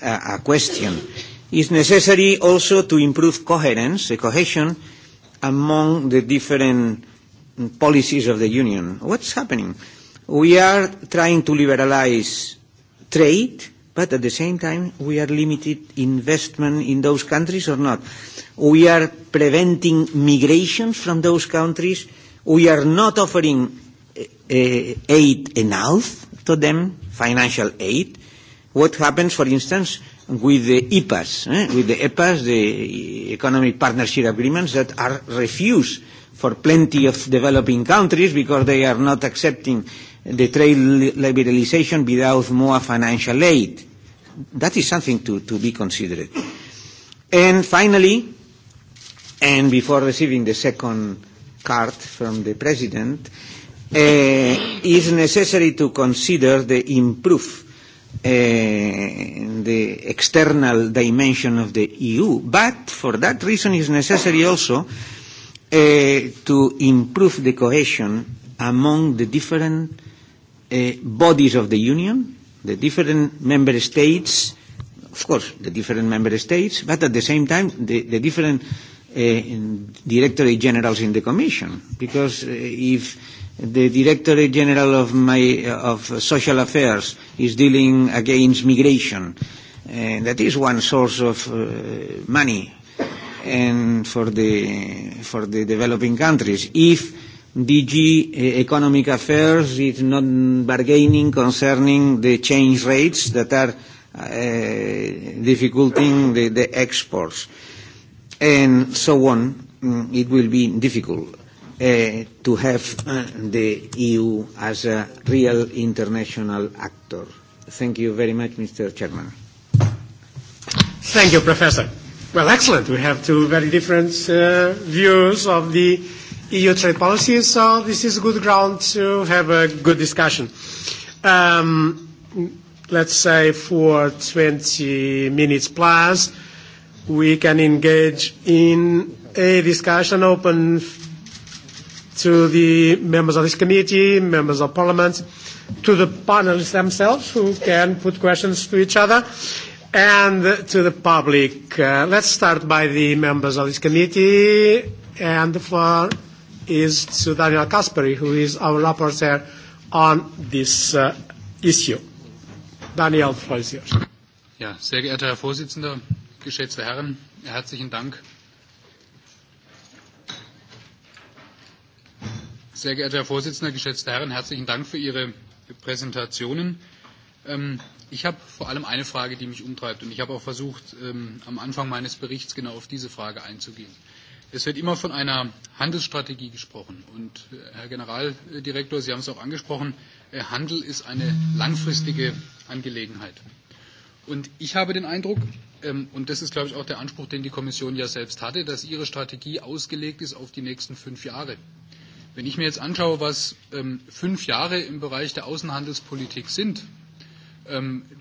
a, question. It's necessary also to improve coherence, cohesion among the different policies of the Union. What's happening? We are trying to liberalize trade, but at the same time we are limited investment in those countries or not. We are preventing migrations from those countries. We are not offering aid enough to them, financial aid. What happens, for instance, with the EPAs, with the EPAs, the Economic Partnership Agreements that are refused for plenty of developing countries because they are not accepting the trade liberalization without more financial aid. That is something to, to be considered. And finally, and before receiving the second card from the President, it is necessary to consider the improve the external dimension of the EU, but for that reason it is necessary also to improve the cohesion among the different bodies of the Union, the different member states, of course, the different member states, but at the same time the different directorate generals in the Commission, because if the Directorate General of my of Social Affairs is dealing against migration. That is one source of money and for the for the developing countries. If DG Economic Affairs is not bargaining concerning the change rates that are difficulting the exports and so on. It will be difficult to have the EU as a real international actor. Thank you very much, Mr. Chairman. Thank you, Professor. Well, excellent. We have two very different views of the EU trade policy, so this is good ground to have a good discussion. Let's say for 20 minutes plus, we can engage in a discussion open to the members of this committee, members of parliament, to the panelists themselves who can put questions to each other and to the public. Let's start by the members of this committee and the floor is to Daniel Kasperi, who is our rapporteur on this issue. Daniel, floor is yours. Ja, sehr geehrter Herr Vorsitzender, geschätzte Herren, herzlichen Dank. Sehr geehrter Herr Vorsitzender, geschätzte Herren, herzlichen Dank für Ihre Präsentationen. Ich habe vor allem eine Frage, die mich umtreibt, und ich habe auch versucht, am Anfang meines Berichts genau auf diese Frage einzugehen. Es wird immer von einer Handelsstrategie gesprochen. Und, Herr Generaldirektor, Sie haben es auch angesprochen, Handel ist eine langfristige Angelegenheit. Und ich habe den Eindruck, und das ist, glaube ich, auch der Anspruch, den die Kommission ja selbst hatte, dass ihre Strategie ausgelegt ist auf die nächsten fünf Jahre. Wenn ich mir jetzt anschaue, was fünf Jahre im Bereich der Außenhandelspolitik sind,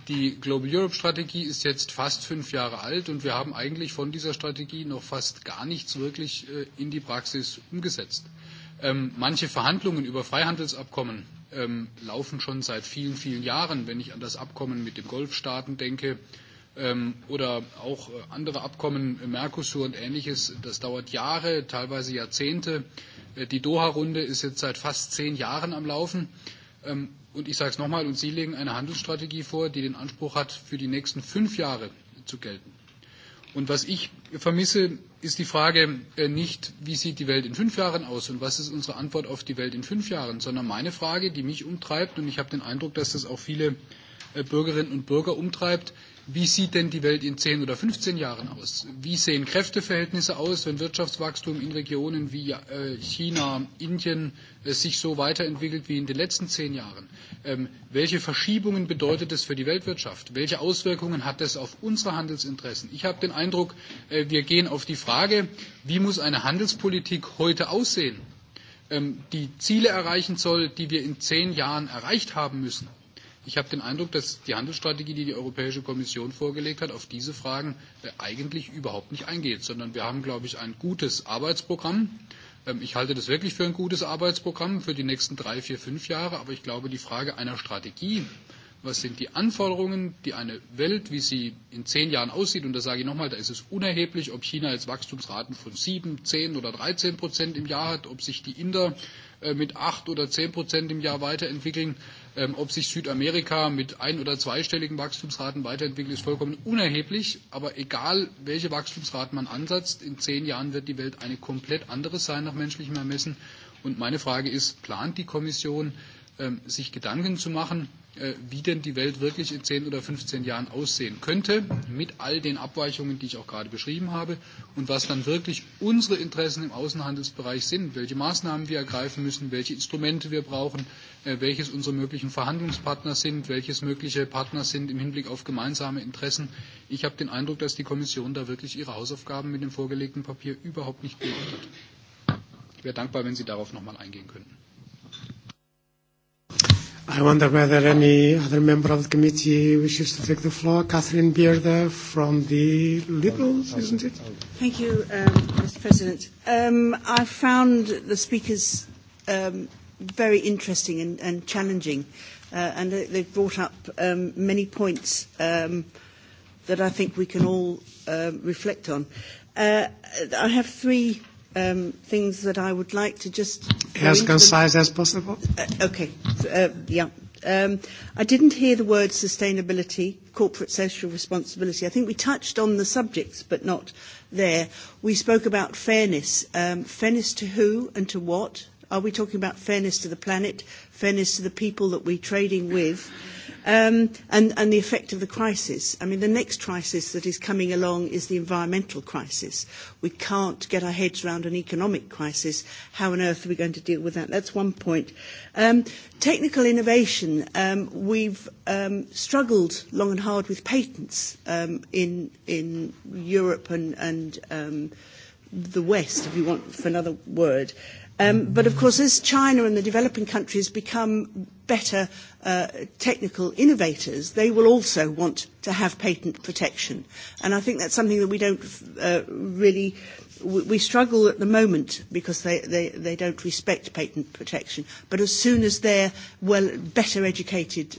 Die Global Europe Strategie ist jetzt fast fünf Jahre alt und wir haben eigentlich von dieser Strategie noch fast gar nichts wirklich in die Praxis umgesetzt. Manche Verhandlungen über Freihandelsabkommen laufen schon seit vielen, vielen Jahren. Wenn ich an das Abkommen mit den Golfstaaten denke oder auch andere Abkommen, Mercosur und Ähnliches, das dauert Jahre, teilweise Jahrzehnte. Die Doha-Runde ist jetzt seit fast zehn Jahren am Laufen. Und ich sage es nochmal, und Sie legen eine Handelsstrategie vor, die den Anspruch hat, für die nächsten fünf Jahre zu gelten. Und was ich vermisse, ist die Frage nicht, wie sieht die Welt in fünf Jahren aus und was ist unsere Antwort auf die Welt in fünf Jahren, sondern meine Frage, die mich umtreibt, und ich habe den Eindruck, dass das auch viele Bürgerinnen und Bürger umtreibt, Wie sieht denn die Welt in 10 oder 15 Jahren aus? Wie sehen Kräfteverhältnisse aus, wenn Wirtschaftswachstum in Regionen wie China, Indien sich so weiterentwickelt wie in den letzten 10 Jahren? Welche Verschiebungen bedeutet es für die Weltwirtschaft? Welche Auswirkungen hat das auf unsere Handelsinteressen? Ich habe den Eindruck, wir gehen auf die Frage, wie muss eine Handelspolitik heute aussehen, die Ziele erreichen soll, die wir in 10 Jahren erreicht haben müssen Ich habe den Eindruck, dass die Handelsstrategie, die die Europäische Kommission vorgelegt hat, auf diese Fragen eigentlich überhaupt nicht eingeht, sondern wir haben, glaube ich, ein gutes Arbeitsprogramm. Ich halte das wirklich für ein gutes Arbeitsprogramm für die nächsten drei, vier, fünf Jahre. Aber ich glaube, die Frage einer Strategie, was sind die Anforderungen, die eine Welt, wie sie in zehn Jahren aussieht, und da sage ich nochmal, da ist es unerheblich, ob China jetzt Wachstumsraten von sieben, zehn oder dreizehn Prozent im Jahr hat, ob sich die Inder mit acht oder zehn Prozent im Jahr weiterentwickeln. Ob sich Südamerika mit ein- oder zweistelligen Wachstumsraten weiterentwickelt, ist vollkommen unerheblich. Aber egal, welche Wachstumsraten man ansetzt, in zehn Jahren wird die Welt eine komplett andere sein nach menschlichem Ermessen. Und meine Frage ist, plant die Kommission, sich Gedanken zu machen, wie denn die Welt wirklich in 10 oder 15 Jahren aussehen könnte, mit all den Abweichungen, die ich auch gerade beschrieben habe, und was dann wirklich unsere Interessen im Außenhandelsbereich sind, welche Maßnahmen wir ergreifen müssen, welche Instrumente wir brauchen, welches unsere möglichen Verhandlungspartner sind, welches mögliche Partner sind im Hinblick auf gemeinsame Interessen. Ich habe den Eindruck, dass die Kommission da wirklich ihre Hausaufgaben mit dem vorgelegten Papier überhaupt nicht gemacht Ich wäre dankbar, wenn Sie darauf noch einmal eingehen könnten. I wonder whether any other member of the committee wishes to take the floor. Catherine Bearder from the Liberals, isn't it? Thank you, Mr. President. I found the speakers very interesting and challenging, and they've brought up many points that I think we can all reflect on. I have three things that I would like to just... As concise as possible. Okay, yeah. I didn't hear the word sustainability, corporate social responsibility. I think we touched on the subjects, but not there. We spoke about fairness. Fairness to who and to what? Are we talking about fairness to the planet, fairness to the people that we're trading with? and the effect of the crisis. I mean, the next crisis that is coming along is the environmental crisis. We can't get our heads around an economic crisis. How on earth are we going to deal with that? That's one point. Technical innovation. We've struggled long and hard with patents in Europe and the West, if you want for another word. But of course, as China and the developing countries become better technical innovators, they will also want to have patent protection. And I think that's something that we don't really, we struggle at the moment because they don't respect patent protection. But as soon as their well better educated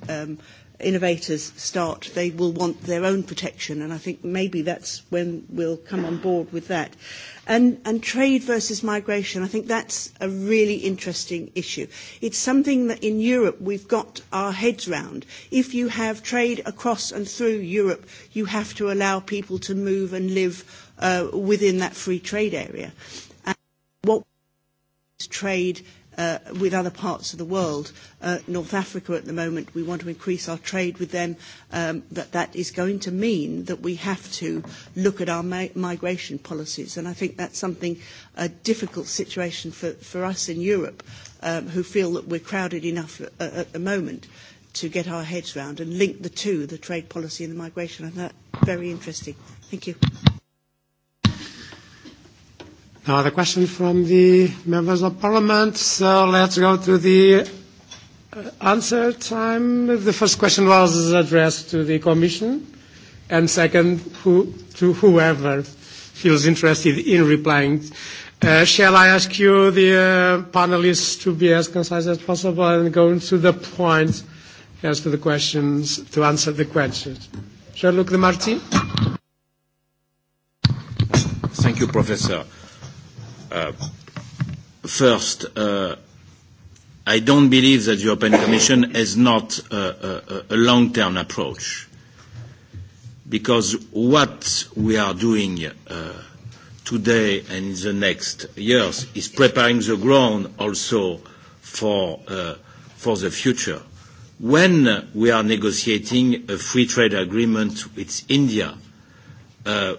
innovators start, they will want their own protection. And I think maybe that's when we'll come on board with that. And trade versus migration, I think that's a really interesting issue. It's something that in Europe we've got our heads round. If you have trade across and through Europe, you have to allow people to move and live within that free trade area. What is trade with other parts of the world. North Africa at the moment, we want to increase our trade with them. That is going to mean that we have to look at our migration policies. And I think that's something, a difficult situation for us in Europe, who feel that we're crowded enough at the moment to get our heads round and link the two, the trade policy and the migration. I think that's very interesting. Thank you. Now the question from the members of parliament, so let's go to the answer time. The first question was addressed to the commission, and second to whoever feels interested in replying. Shall I ask you, the panelists, to be as concise as possible and go to the point as to the questions, to answer the questions. Jean-Luc Martin. Thank you, Professor. First, I don't believe that the European Commission has not a long-term approach, because what we are doing today and in the next years is preparing the ground also for the future. When we are negotiating a free trade agreement with India,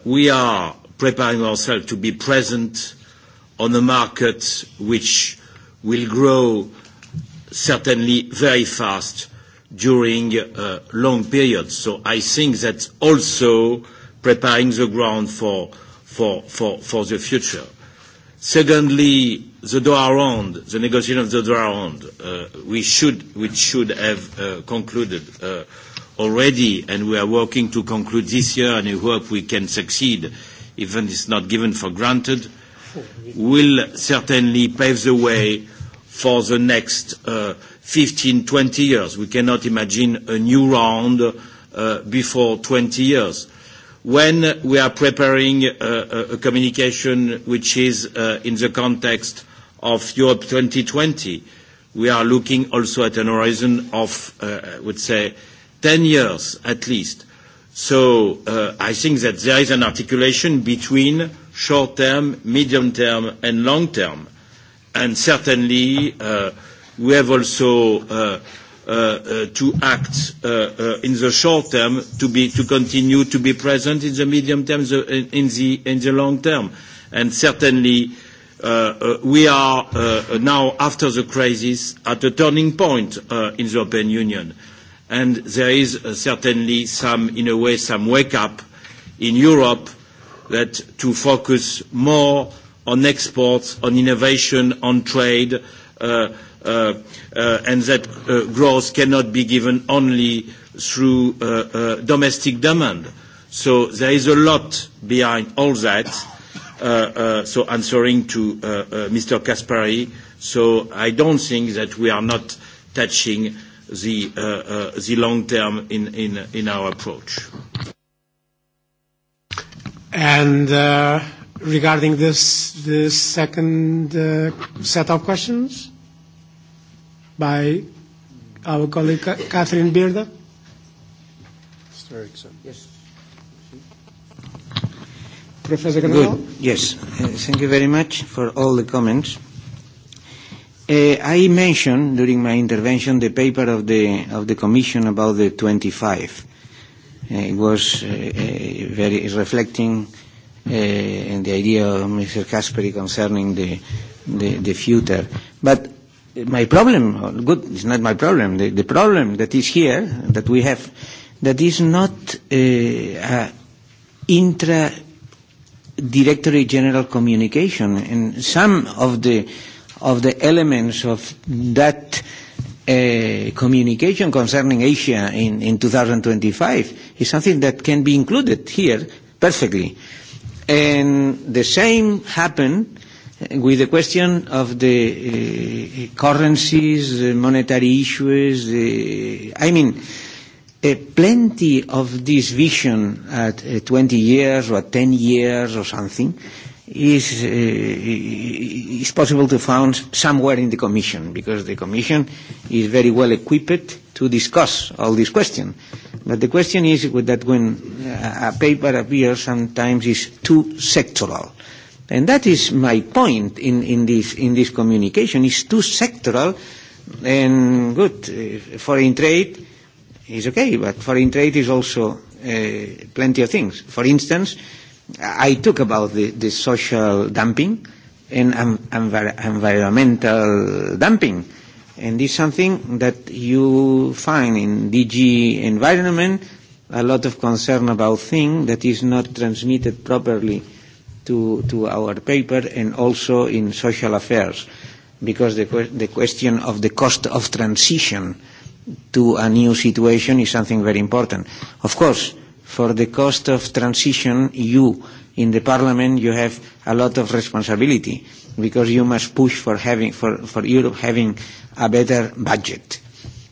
we are preparing ourselves to be present on a market which will grow certainly very fast during long periods. So I think that's also preparing the ground for the future. Secondly, the Doha round, the negotiation of the Doha round, which should have concluded already, and we are working to conclude this year, and we hope we can succeed, even if it's not given for granted will certainly pave the way for the next 15, 20 years. We cannot imagine a new round before 20 years. When we are preparing a communication which is in the context of Europe 2020, we are looking also at an horizon of, I would say, 10 years at least. So I think that there is an articulation between short term, medium term and long term. And certainly we have also to act in the short term to continue to be present in the medium term in the long term. certainly we are now after the crisis at a turning point in the European Union. And there is certainly some, in a way, some wake up in Europe that to focus more on exports, on innovation, on trade, and that growth cannot be given only through domestic demand. So there is a lot behind all that. So answering to Mr. Caspary, so I don't think that we are not touching the long term in our approach. And regarding this second set of questions by our colleague Catherine Birda. Yes. Professor Good. Yes. Thank you very much for all the comments. I mentioned during my intervention the paper of the of the Commission about the 25 It was very reflecting in the idea of Mr. Kasperi concerning the the future. But my problem, good, it's not my problem. The problem that is here, that we have, that is not intra Directory General Communication and some of the of the elements of that communication concerning Asia in in 2025 is something that can be included here perfectly. And the same happened with the question of the currencies, monetary issues. I mean, plenty of this vision at 20 years or 10 years or something is is possible to found somewhere in the Commission, because the Commission is very well equipped to discuss all these questions. But the question is that when a paper appears, sometimes is too sectoral, and that is my point in in this in this communication. It's too sectoral, and good foreign trade is okay, but foreign trade is also plenty of things. For instance I talk about the, the social dumping and environmental dumping. And this is something that you find in DG environment, a lot of concern about things that is not transmitted properly to, to our paper and also in social affairs because the, the question of the cost of transition to a new situation is something very important. Of course, for the cost of transition, you in the Parliament you have a lot of responsibility because you must push for having for for Europe having a better budget.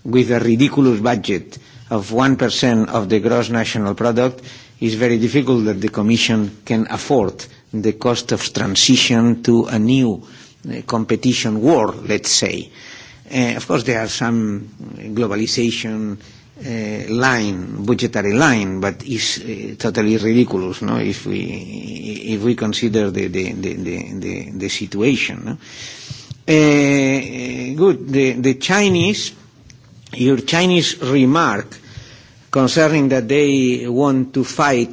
With a ridiculous budget of 1% of the gross national product, it is very difficult that the Commission can afford the cost of transition to a new competition war, let's say. Of course, there are some globalization line, budgetary line, but is totally ridiculous, no? If we if we consider the the the the, the situation. good. The the Chinese, your Chinese remark concerning that they want to fight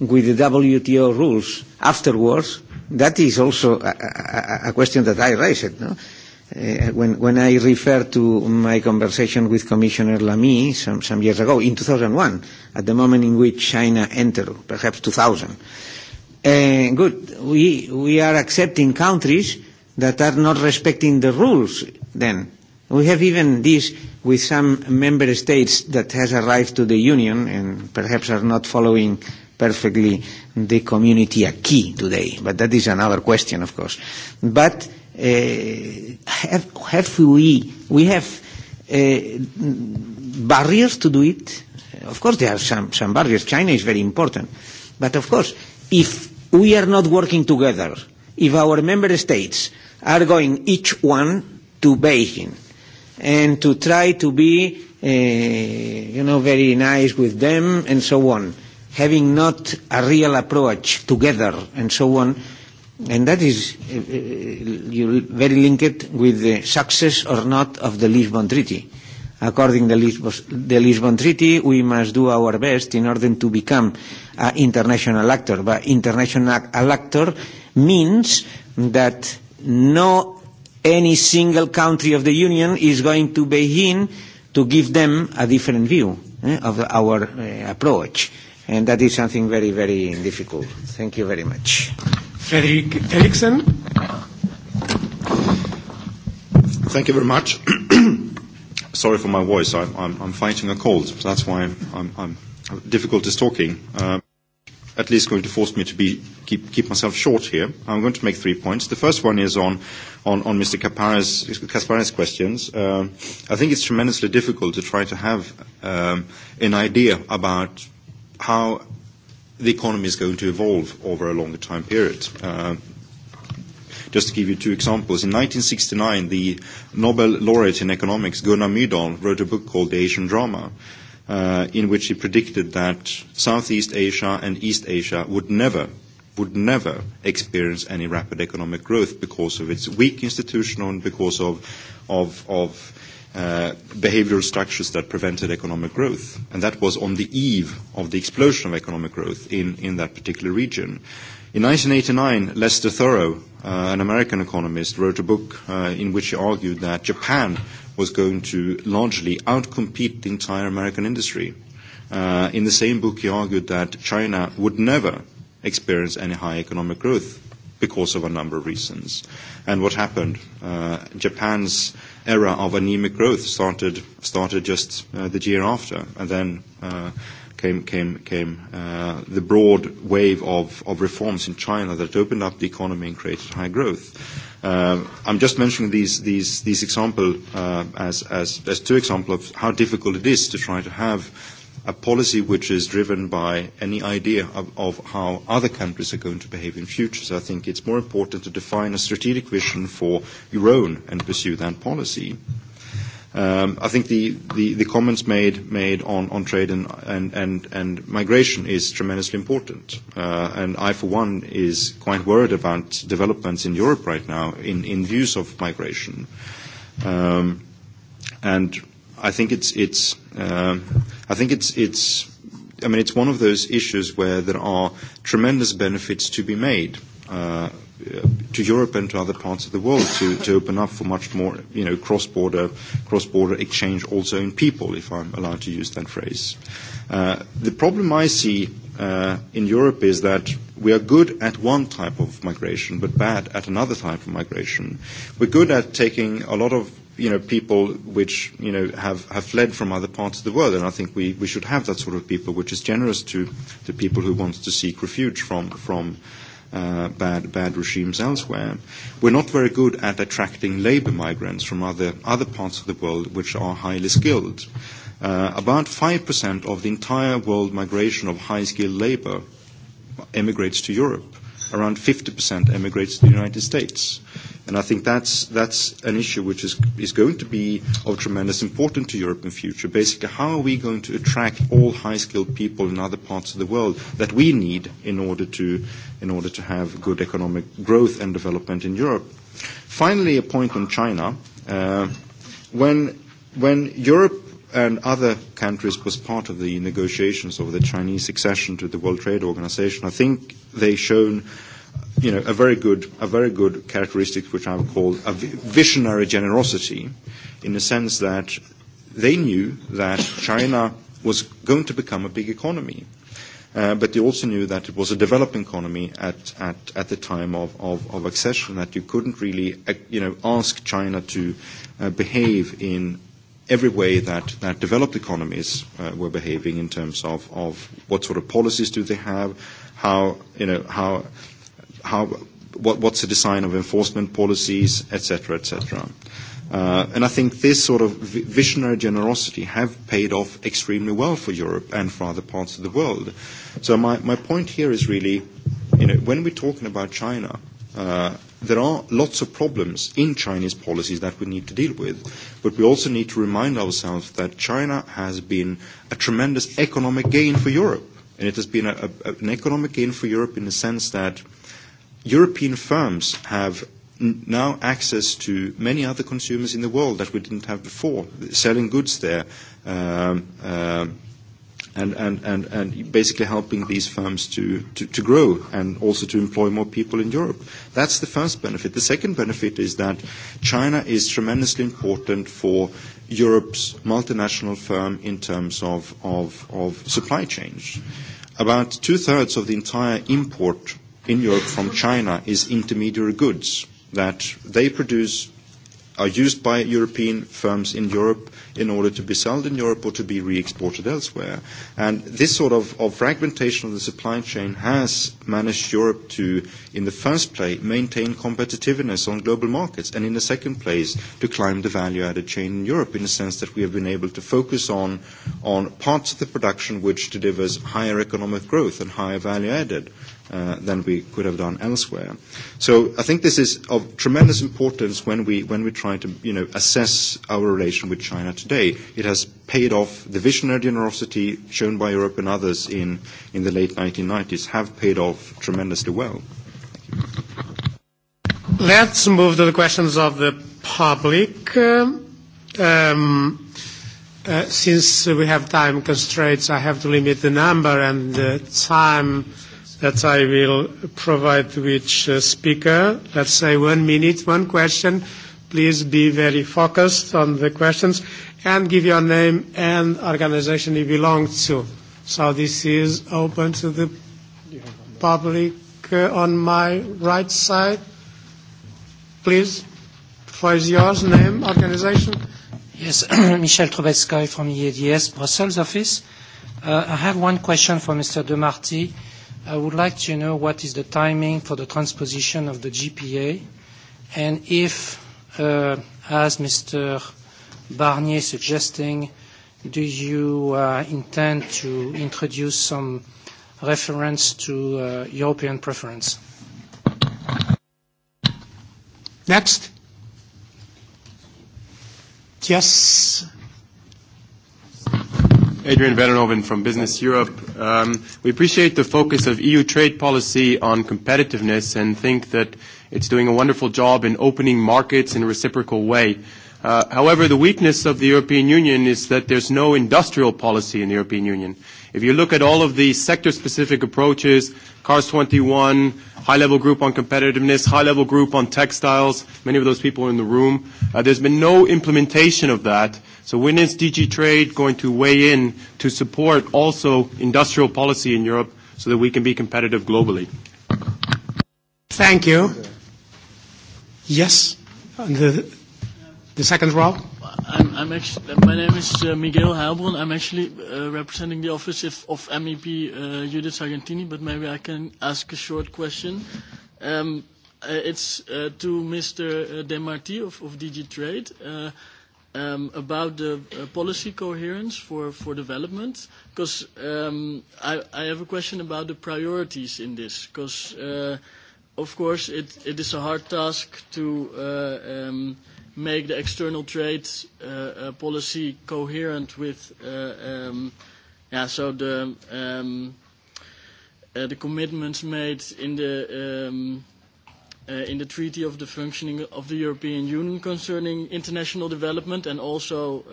with the WTO rules afterwards, that is also a, a, a question that I raised. No? when when I refer to my conversation with Commissioner Lamy some years ago, in 2001, at the moment in which China entered, perhaps 2000. Good, we we are accepting countries that are not respecting the rules. Then we have even this with some member states that has arrived to the Union and perhaps are not following perfectly the community key today. But that is another question, of course. But have we we have barriers to do it? Of course there are some some barriers. China is very important, but of course if we are not working together, if our member states are going each one to Beijing and to try to be you know very nice with them and so on, having not a real approach together and so on and that is very linked with the success or not of the Lisbon Treaty. According to the Lisbon Treaty, we must do our best in order to become an international actor. But international actor means that no any single country of the Union is going to be begin to give them a different view of our approach. And that is something very, very difficult. Thank you very much. Fredrik Eriksen. Thank you very much. Sorry for my voice. I'm, I'm, I'm fighting a cold. That's why I'm, I'm, I'm difficult is talking. Um at least going to force me to be, keep, keep myself short here. I'm going to make three points. The first one is on, on, on Mr. Kasparin's questions. I think it's tremendously difficult to try to have um, an idea about how the economy is going to evolve over a longer time period. Just to give you two examples, in 1969, the Nobel laureate in economics, Gunnar Myrdal, wrote a book called The Asian Drama, in which he predicted that Southeast Asia and East Asia would never would never experience any rapid economic growth because of its weak institution and because of of of behavioral structures that prevented economic growth. And that was on the eve of the explosion of economic growth in that particular region. In 1989, Lester Thoreau, an American economist, wrote a book in which he argued that Japan was going to largely outcompete the entire American industry. In the same book, he argued that China would never experience any high economic growth because of a number of reasons. And what happened? Japan's era of anemic growth started started just the year after, and then came came came the broad wave of of reforms in China that opened up the economy and created high growth. I'm just mentioning these these these examples as as as two examples of how difficult it is to try to have a policy which is driven by any idea of how other countries are going to behave in future. So I think it's more important to define a strategic vision for your own and pursue that policy. I think the comments made on trade and migration is tremendously important. And I, for one, is quite worried about developments in Europe right now in views of migration. And I think it's it's I think it's it's I mean it's one of those issues where there are tremendous benefits to be made to Europe and to other parts of the world to to open up for much more you know cross border cross border exchange also in people if I'm allowed to use that phrase. The problem I see in Europe is that we are good at one type of migration but bad at another type of migration. We're good at taking a lot of you know, people which, you know, have, have fled from other parts of the world. And I think we, we should have that sort of people which is generous to, to people who want to seek refuge from, from uh, bad, bad regimes elsewhere. We're not very good at attracting labor migrants from other, other parts of the world which are highly skilled. Uh, about 5% of the entire world migration of high-skilled labor emigrates to Europe. Around 50% emigrates to the United States And I think that's, that's an issue which is, is going to be of tremendous importance to Europe in the future. Basically, how are we going to attract all high-skilled people in other parts of the world that we need in order to, in order to have good economic growth and development in Europe? Finally, a point on China. when, Europe and other countries was part of the negotiations over the Chinese accession to the World Trade Organization, I think they shown you know, a very good, a very good characteristic which I would call a visionary generosity, in the sense that they knew that China was going to become a big economy, but they also knew that it was a developing economy at at at the time of of of accession that you couldn't really, you know, ask China to behave in every way that that developed economies were behaving in terms of of what sort of policies do they have, how you know how how, what, what's the design of enforcement policies, etc., etc. And I think this sort of visionary generosity have paid off extremely well for Europe and for other parts of the world. So my, my point here is really, you know, when we're talking about China, there are lots of problems in Chinese policies that we need to deal with, but we also need to remind ourselves that China has been a tremendous economic gain for Europe. And it has been an economic gain for Europe in the sense that European firms have now access to many other consumers in the world that we didn't have before, selling goods there and and and and basically helping these firms to to grow and also to employ more people in Europe. That's the first benefit. The second benefit is that China is tremendously important for Europe's multinational firm in terms of of of supply chains. About two thirds of the entire import in Europe from China is intermediary goods that they produce are used by European firms in Europe in order to be sold in Europe or to be re-exported elsewhere. And this sort of fragmentation of the supply chain has managed Europe to, in the first place, maintain competitiveness on global markets, and in the second place, to climb the value-added chain in Europe in the sense that we have been able to focus on parts of the production which delivers higher economic growth and higher value-added than we could have done elsewhere. So I think this is of tremendous importance when we when we try to you know assess our relation with China today. It has paid off the visionary generosity shown by Europe and others in in the late 1990s have paid off tremendously well. Let's move to the questions of the public. Since we have time constraints, I have to limit the number and the time that I will provide to each speaker. Let's say one minute, one question. Please be very focused on the questions and give your name and organization you belong to. So this is open to the public on my right side. Please, for yours, name, organisation? Yes, Michel Trubetskoy from EADS Brussels office. I have one question for Mr. De I would like to know what is the timing for the transposition of the GPA and if, as Mr. Barnier suggesting, do you intend to introduce some reference to European preference? Next. Yes, Adrian Vandenhoven from Business Europe. We appreciate the focus of EU trade policy on competitiveness and think that it's doing a wonderful job in opening markets in a reciprocal way. However, the weakness of the European Union is that there's no industrial policy in the European Union. If you look at all of the sector-specific approaches, CARS 21, high-level group on competitiveness, high-level group on textiles, many of those people are in the room, there's been no implementation of that. So when is DG Trade going to weigh in to support also industrial policy in Europe so that we can be competitive globally? Thank you. Yes, the second row. I'm my name is Miguel Heilbron. I'm actually representing the office of MEP Judith Sargentini, but maybe I can ask a short question. It's to Mr. Demarty of DG Trade about the policy coherence for for development, because I I have a question about the priorities in this, because of course it it is a hard task to make the external trade policy coherent with yeah so the the commitments made in the in the Treaty of the Functioning of the European Union concerning international development and also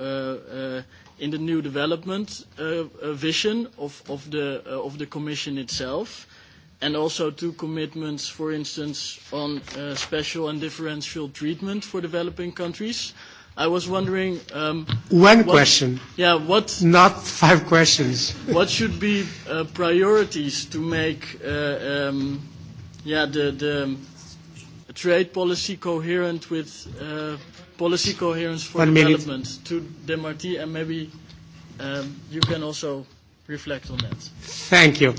in the new development vision of the Commission itself and also two commitments, for instance, on special and differential treatment for developing countries. I was wondering. One question. Yeah, what? Not five questions. What should be priorities to make, yeah, the trade policy coherent with policy coherence for development? To Demarty, and maybe you can also reflect on that. Thank you.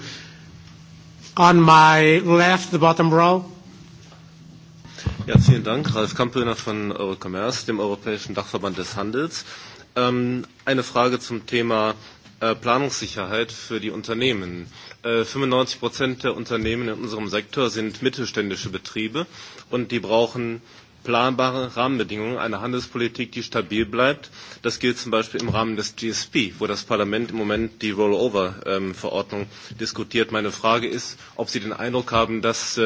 On my left, the bottom row. Ja, vielen Dank. Ralf Kampelner von Eurocommerce, dem Europäischen Dachverband des Handels. Eine Frage zum Thema Planungssicherheit für die Unternehmen. 95 der Unternehmen in unserem Sektor sind mittelständische Betriebe und die brauchen planbare Rahmenbedingungen eine Handelspolitik, die stabil bleibt. Das gilt zum Beispiel im Rahmen des GSP, wo das Parlament im Moment die Rollover-Verordnung diskutiert. Meine Frage ist, ob Sie den Eindruck haben, dass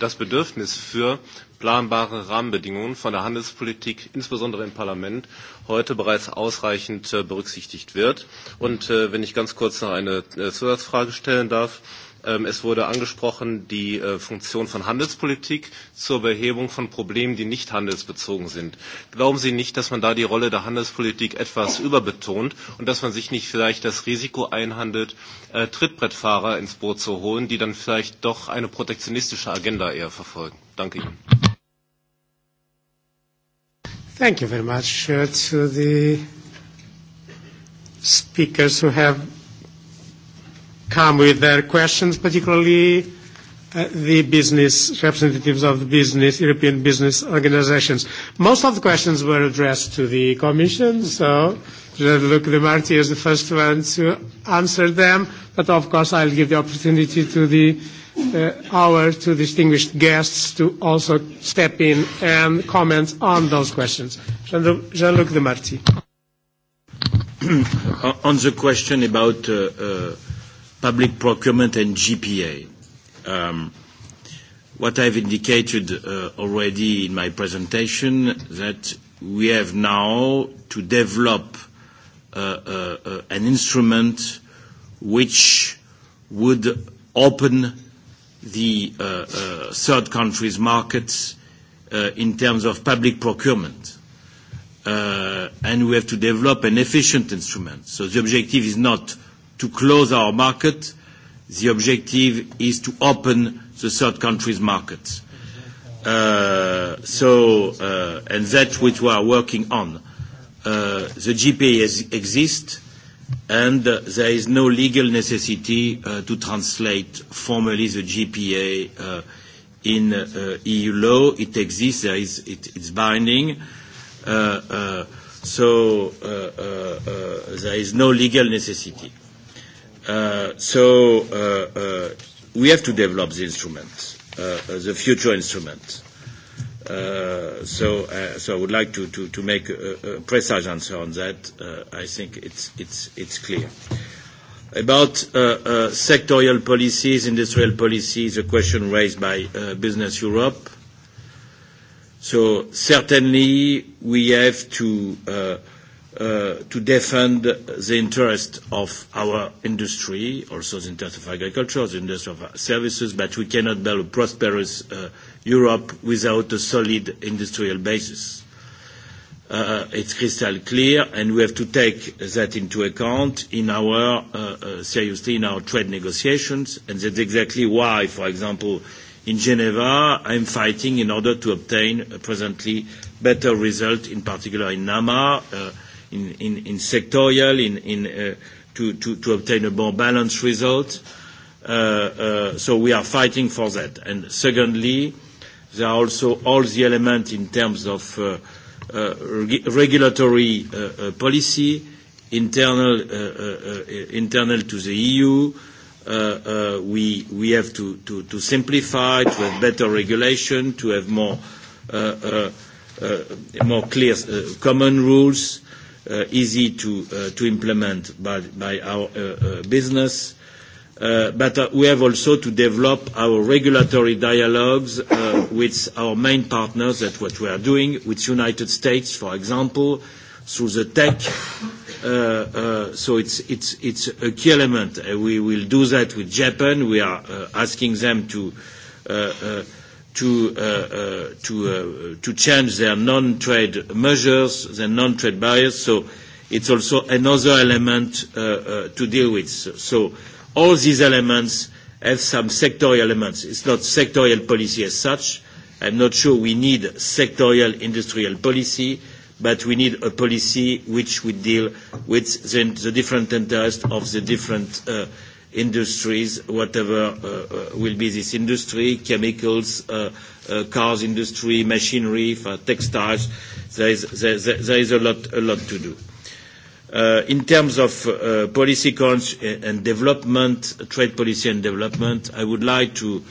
das Bedürfnis für planbare Rahmenbedingungen von der Handelspolitik, insbesondere im Parlament, heute bereits ausreichend berücksichtigt wird. Und wenn ich ganz kurz noch eine Zusatzfrage stellen darf, Es wurde angesprochen die Funktion von Handelspolitik zur Behebung von Problemen, die nicht handelsbezogen sind. Glauben Sie nicht, dass man da die Rolle der Handelspolitik etwas überbetont und dass man sich nicht vielleicht das Risiko einhandelt, Trittbrettfahrer ins Boot zu holen, die dann vielleicht doch eine protektionistische Agenda eher verfolgen? Danke Ihnen. Thank you come with their questions, particularly the business representatives of the business, European business organizations. Most of the questions were addressed to the Commission, so jean Luc de Marti is the first one to answer them, but of course I'll give the opportunity to the our to distinguished guests to also step in and comment on those questions. Jean-Luc de On the question about public procurement and GPA. What I have indicated already in my presentation that we have now to develop an instrument which would open the third countries' markets in terms of public procurement. And we have to develop an efficient instrument. So the objective is not to close our market. The objective is to open the third country's markets. So, and that's what we are working on. The GPA exists, and there is no legal necessity to translate formally the GPA in EU law. It exists, it's binding. So, there is no legal necessity. So we have to develop the instruments, the future instruments. So I would like to make a precise answer on that. I think it's clear. About sectorial policies, industrial policies, a question raised by Business Europe. So certainly we have to to defend the interest of our industry, also the interest of agriculture, the interest of services, but we cannot build a prosperous Europe without a solid industrial basis. It's crystal clear, and we have to take that into account in our seriously in our trade negotiations, and that's exactly why, for example, in Geneva, I'm fighting in order to obtain presently better result, in particular in NAMA in sectorial in in to to obtain a more balanced result so we are fighting for that and secondly there are also all the elements in terms of regulatory policy internal to the eu we have to to to simplify to have better regulation to have more more clear common rules easy to implement by our business. But we have also to develop our regulatory dialogues with our main partners. That's what we are doing with United States, for example, through the tech. So it's a key element. We will do that with Japan. We are asking them to to change their non-trade measures, their non-trade barriers. So it's also another element to deal with. So all these elements have some sectorial elements. It's not sectorial policy as such. I'm not sure we need sectorial industrial policy, but we need a policy which would deal with the different interests of the different industries, whatever will be this industry, chemicals, cars industry, machinery, textiles. There is a lot to do. In terms of policy and development, trade policy and development, I would like to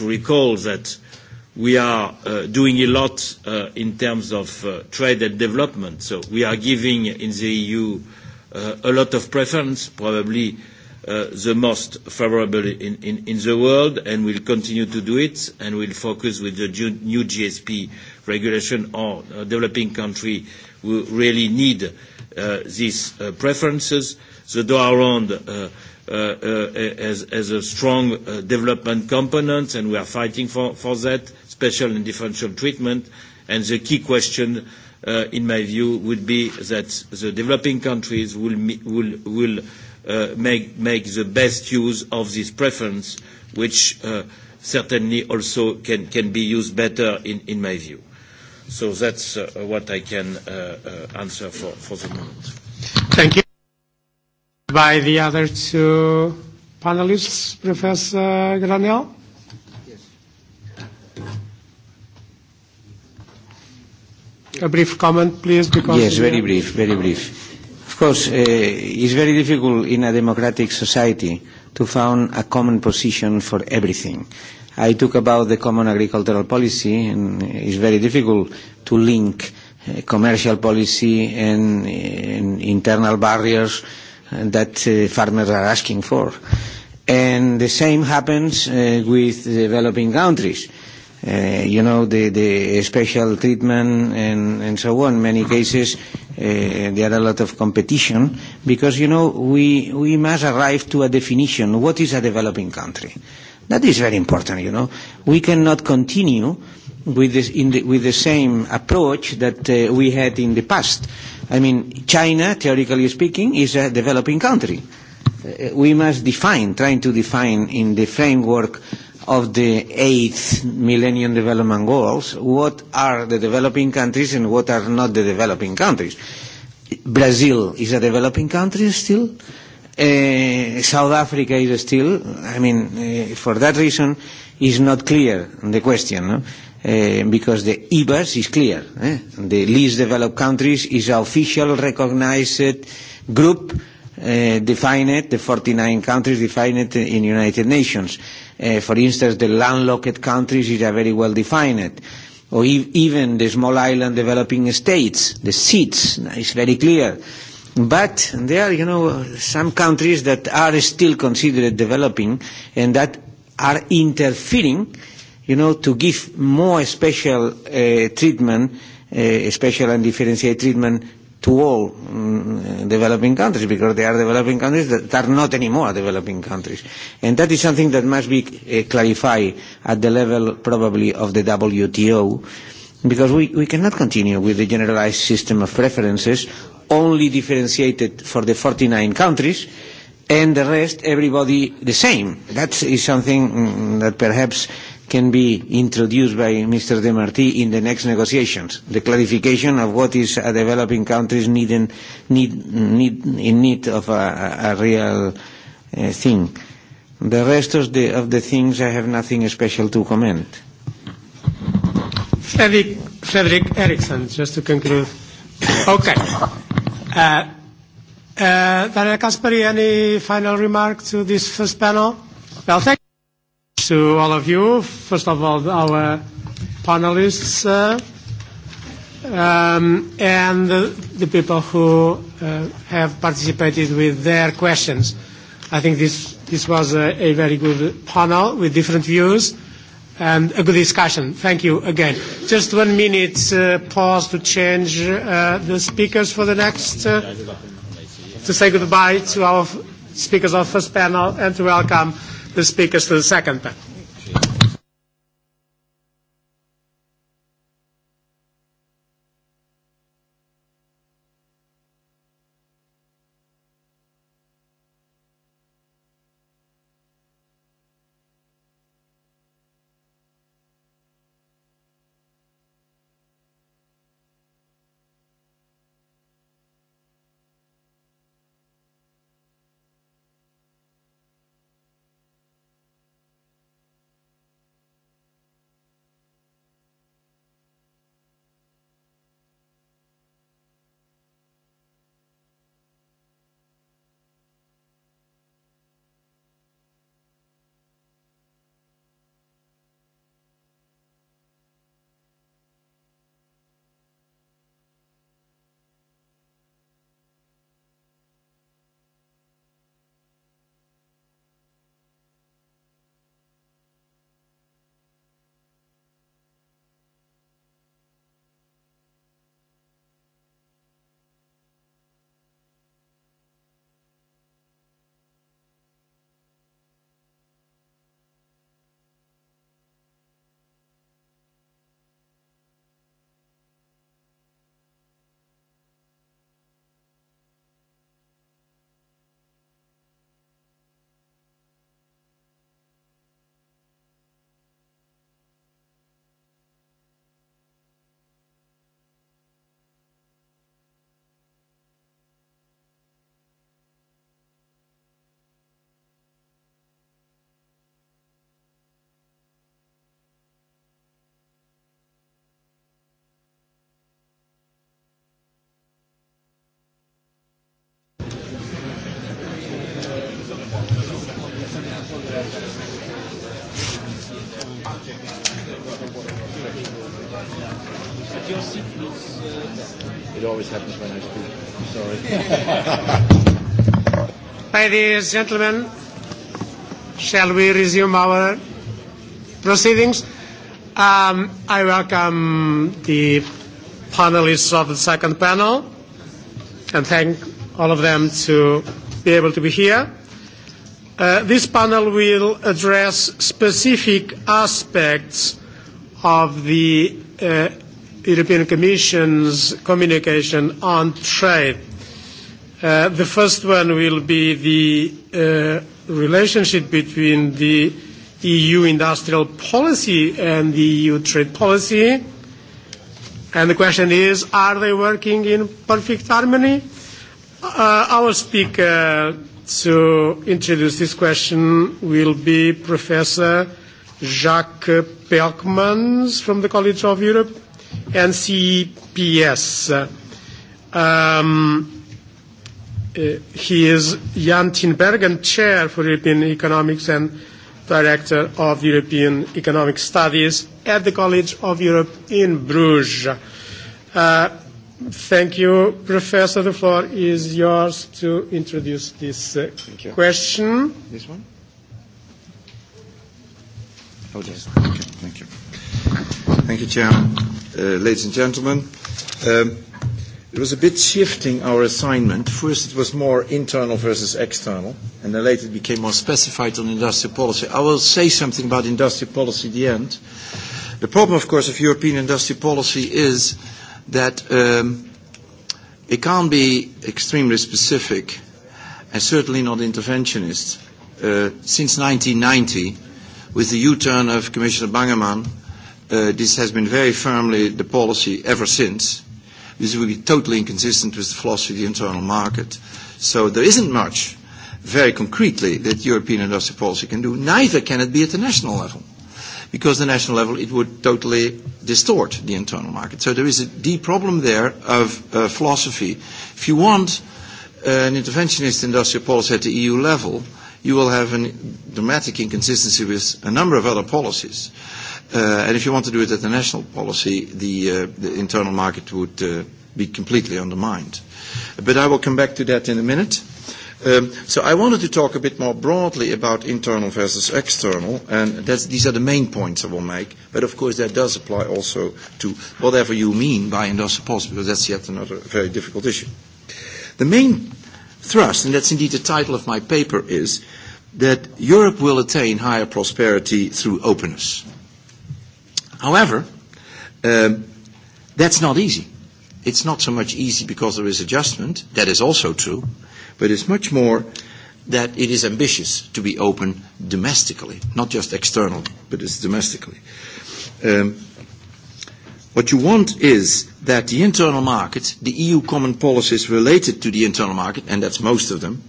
recall that we are doing a lot in terms of trade and development. So we are giving in the EU a lot of preference, probably the most favorable in the world, and will continue to do it, and will focus with the new GSP regulation on developing countries who really need these preferences. The Doha Round has a strong development component, and we are fighting for that, special and differential treatment. And the key question, in my view, would be that the developing countries will make the best use of this preference, which certainly also can be used better in my view. So that's what I can answer for the moment. Thank you. By the other two panelists, Professor Granel. A brief comment, please, because... Yes, very brief, very brief course, is very difficult in a democratic society to find a common position for everything. I talk about the common agricultural policy, and it's very difficult to link commercial policy and internal barriers that farmers are asking for. And the same happens with developing countries you know, the, the special treatment and, and so on. Many cases there are a lot of competition because, you know, we, we must arrive to a definition. What is a developing country? That is very important, you know. We cannot continue with, this, in the, with the same approach that we had in the past. I mean, China, theoretically speaking, is a developing country. We must define, trying to define in the framework of the eighth Millennium Development Goals, what are the developing countries and what are not the developing countries. Brazil is a developing country still. South Africa is still, I mean, for that reason, is not clear the question, because the EBAS is clear. The least developed countries is an official recognized group it. the 49 countries defined in United Nations. For instance, the landlocked countries is very well defined. Or even the small island developing states, the seats, is very clear. But there are, you know, some countries that are still considered developing and that are interfering, you know, to give more special treatment, special and differentiated treatment to all developing countries because they are developing countries that are not anymore developing countries. And that is something that must be clarified at the level probably of the WTO because we, we cannot continue with the generalized system of preferences only differentiated for the 49 countries and the rest everybody the same. That is something that perhaps can be introduced by Mr. De Marti in the next negotiations, the clarification of what is a developing countries need in need of a real thing. The rest of the things I have nothing special to comment. Frederick Eriksson, just to conclude. Okay. Daniel Kasperi, any final remark to this first panel? Well, thank to all of you. First of all, our panelists and the people who have participated with their questions. I think this this was a very good panel with different views and a good discussion. Thank you again. Just one minute pause to change the speakers for the next to say goodbye to our speakers of first panel and to welcome the speakers to the second panel. It always happens when I speak. Sorry. Ladies, gentlemen, shall we resume our proceedings? Um, I welcome the panelists of the second panel and thank all of them to be able to be here. This panel will address specific aspects of the European Commission's communication on trade. The first one will be the relationship between the EU industrial policy and the EU trade policy. And the question is, are they working in perfect harmony? Our speaker to introduce this question will be Professor Jacques Pelkmans from the College of Europe NCPS. He is Jan Tinbergen, Chair for European Economics and Director of European Economic Studies at the College of Europe in Bruges. Thank you, Professor. The floor is yours to introduce this question. This one? Oh, Okay, thank you. Thank you, Chairman. Ladies and gentlemen, it was a bit shifting our assignment. First, it was more internal versus external, and then later it became more specified on industrial policy. I will say something about industrial policy at the end. The problem, of course, of European industrial policy is that it can't be extremely specific, and certainly not interventionist. Since 1990, with the U-turn of Commissioner Bangemann, This has been very firmly the policy ever since. This would be totally inconsistent with the philosophy of the internal market. So there isn't much, very concretely, that European industrial policy can do. Neither can it be at the national level, because the national level it would totally distort the internal market. So there is a deep problem there of philosophy. If you want an interventionist industrial policy at the EU level, you will have a dramatic inconsistency with a number of other policies and if you want to do it at the national policy, the, the internal market would be completely undermined. But I will come back to that in a minute. So I wanted to talk a bit more broadly about internal versus external, and these are the main points I will make. But of course, that does apply also to whatever you mean by industrial policy, because that's yet another very difficult issue. The main thrust, and that's indeed the title of my paper, is that Europe will attain higher prosperity through openness. However, that's not easy. It's not so much easy because there is adjustment. That is also true. But it's much more that it is ambitious to be open domestically, not just external, but it's domestically. What you want is that the internal market, the EU common policies related to the internal market, and that's most of them,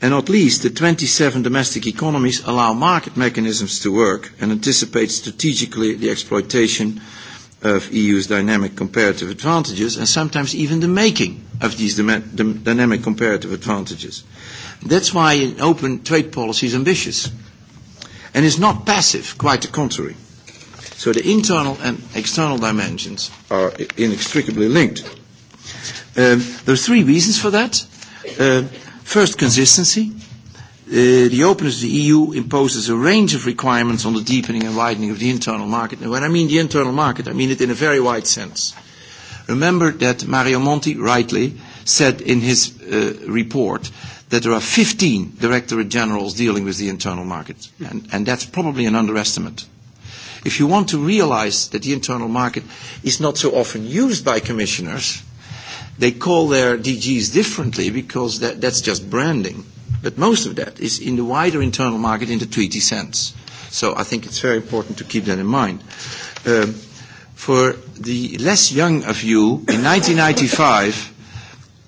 And not least, the 27 domestic economies allow market mechanisms to work and anticipate strategically the exploitation of EU's dynamic comparative advantages and sometimes even the making of these dynamic comparative advantages. That's why an open trade policy is ambitious and is not passive, quite the contrary. So the internal and external dimensions are inextricably linked. There are three reasons for that. First, consistency. The openness of the EU imposes a range of requirements on the deepening and widening of the internal market. And when I mean the internal market, I mean it in a very wide sense. Remember that Mario Monti rightly said in his report that there are 15 Directorate Generals dealing with the internal market. And that's probably an underestimate. If you want to realize that the internal market is not so often used by commissioners, They call their DGs differently because that's just branding. But most of that is in the wider internal market in the treaty sense. So I think it's very important to keep that in mind. For the less young of you, in 1995,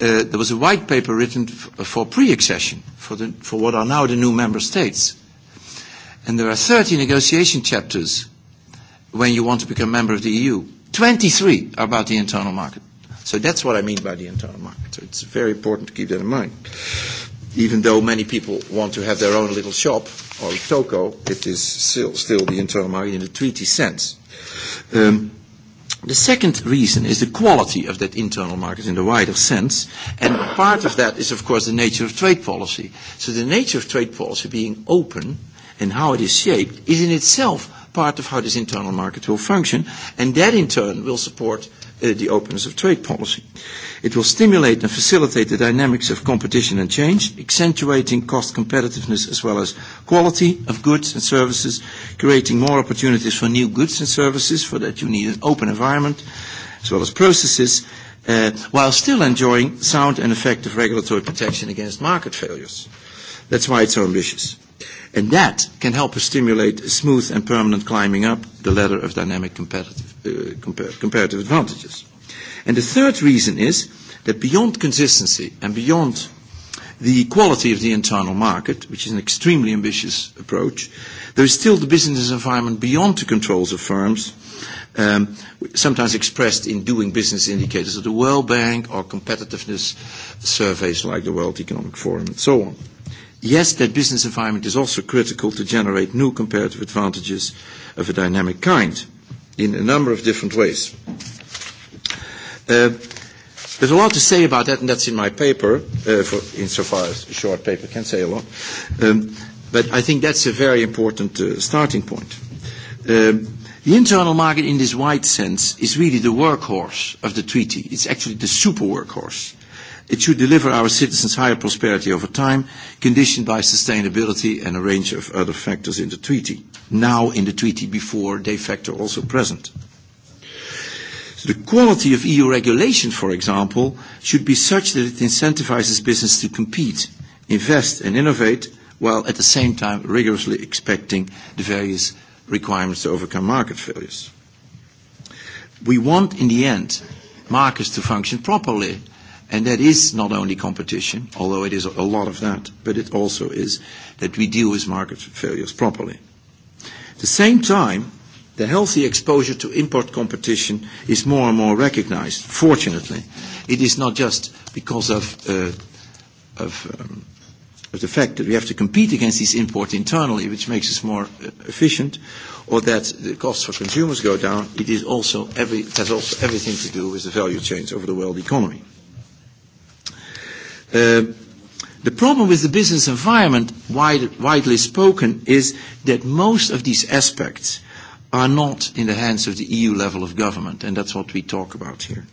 there was a white paper written for pre-accession, for what are now the new member states. And there are 30 negotiation chapters when you want to become a member of the EU. 23 are about the internal market. So that's what I mean by the internal market. So it's very important to keep that in mind. Even though many people want to have their own little shop or toko, it is still still the internal market in the treaty sense. The second reason is the quality of that internal market in the wider sense, and part of that is, of course, the nature of trade policy. So the nature of trade policy being open and how it is shaped is in itself part of how this internal market will function, and that in turn will support the openness of trade policy. It will stimulate and facilitate the dynamics of competition and change, accentuating cost competitiveness as well as quality of goods and services, creating more opportunities for new goods and services, for that you need an open environment, as well as processes, while still enjoying sound and effective regulatory protection against market failures. That's why it's so ambitious. And that can help us stimulate a smooth and permanent climbing up the ladder of dynamic competitiveness comparative advantages. And the third reason is that beyond consistency and beyond the quality of the internal market, which is an extremely ambitious approach, there is still the business environment beyond the controls of firms, sometimes expressed in doing business indicators of the World Bank or competitiveness surveys like the World Economic Forum and so on. Yes, that business environment is also critical to generate new comparative advantages of a dynamic kind in a number of different ways. There's a lot to say about that, and that's in my paper, for insofar as a short paper can say a lot. But I think that's a very important starting point. The internal market in this wide sense is really the workhorse of the treaty. It's actually the super workhorse. It should deliver our citizens higher prosperity over time, conditioned by sustainability and a range of other factors in the treaty, now in the treaty before de factor also present. So The quality of EU regulation, for example, should be such that it incentivizes business to compete, invest and innovate, while at the same time rigorously expecting the various requirements to overcome market failures. We want, in the end, markets to function properly And that is not only competition, although it is a lot of that, but it also is that we deal with market failures properly. At the same time, the healthy exposure to import competition is more and more recognized. Fortunately, it is not just because of the fact that we have to compete against these imports internally, which makes us more efficient, or that the costs for consumers go down. It is also has also everything to do with the value chains over the world economy. The problem with the business environment, widely spoken, is that most of these aspects are not in the hands of the EU level of government, and that's what we talk about here.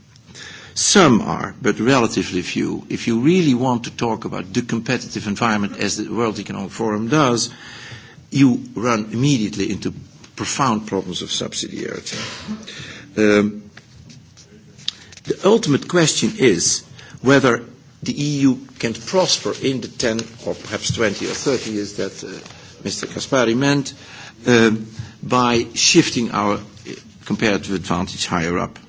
Some are, but relatively few. If you really want to talk about the competitive environment, as the World Economic Forum does, you run immediately into profound problems of subsidiarity. The ultimate question is whether the EU can prosper in the 10 or perhaps 20 or 30 years that Mr. Kaspari meant by shifting our comparative advantage higher up.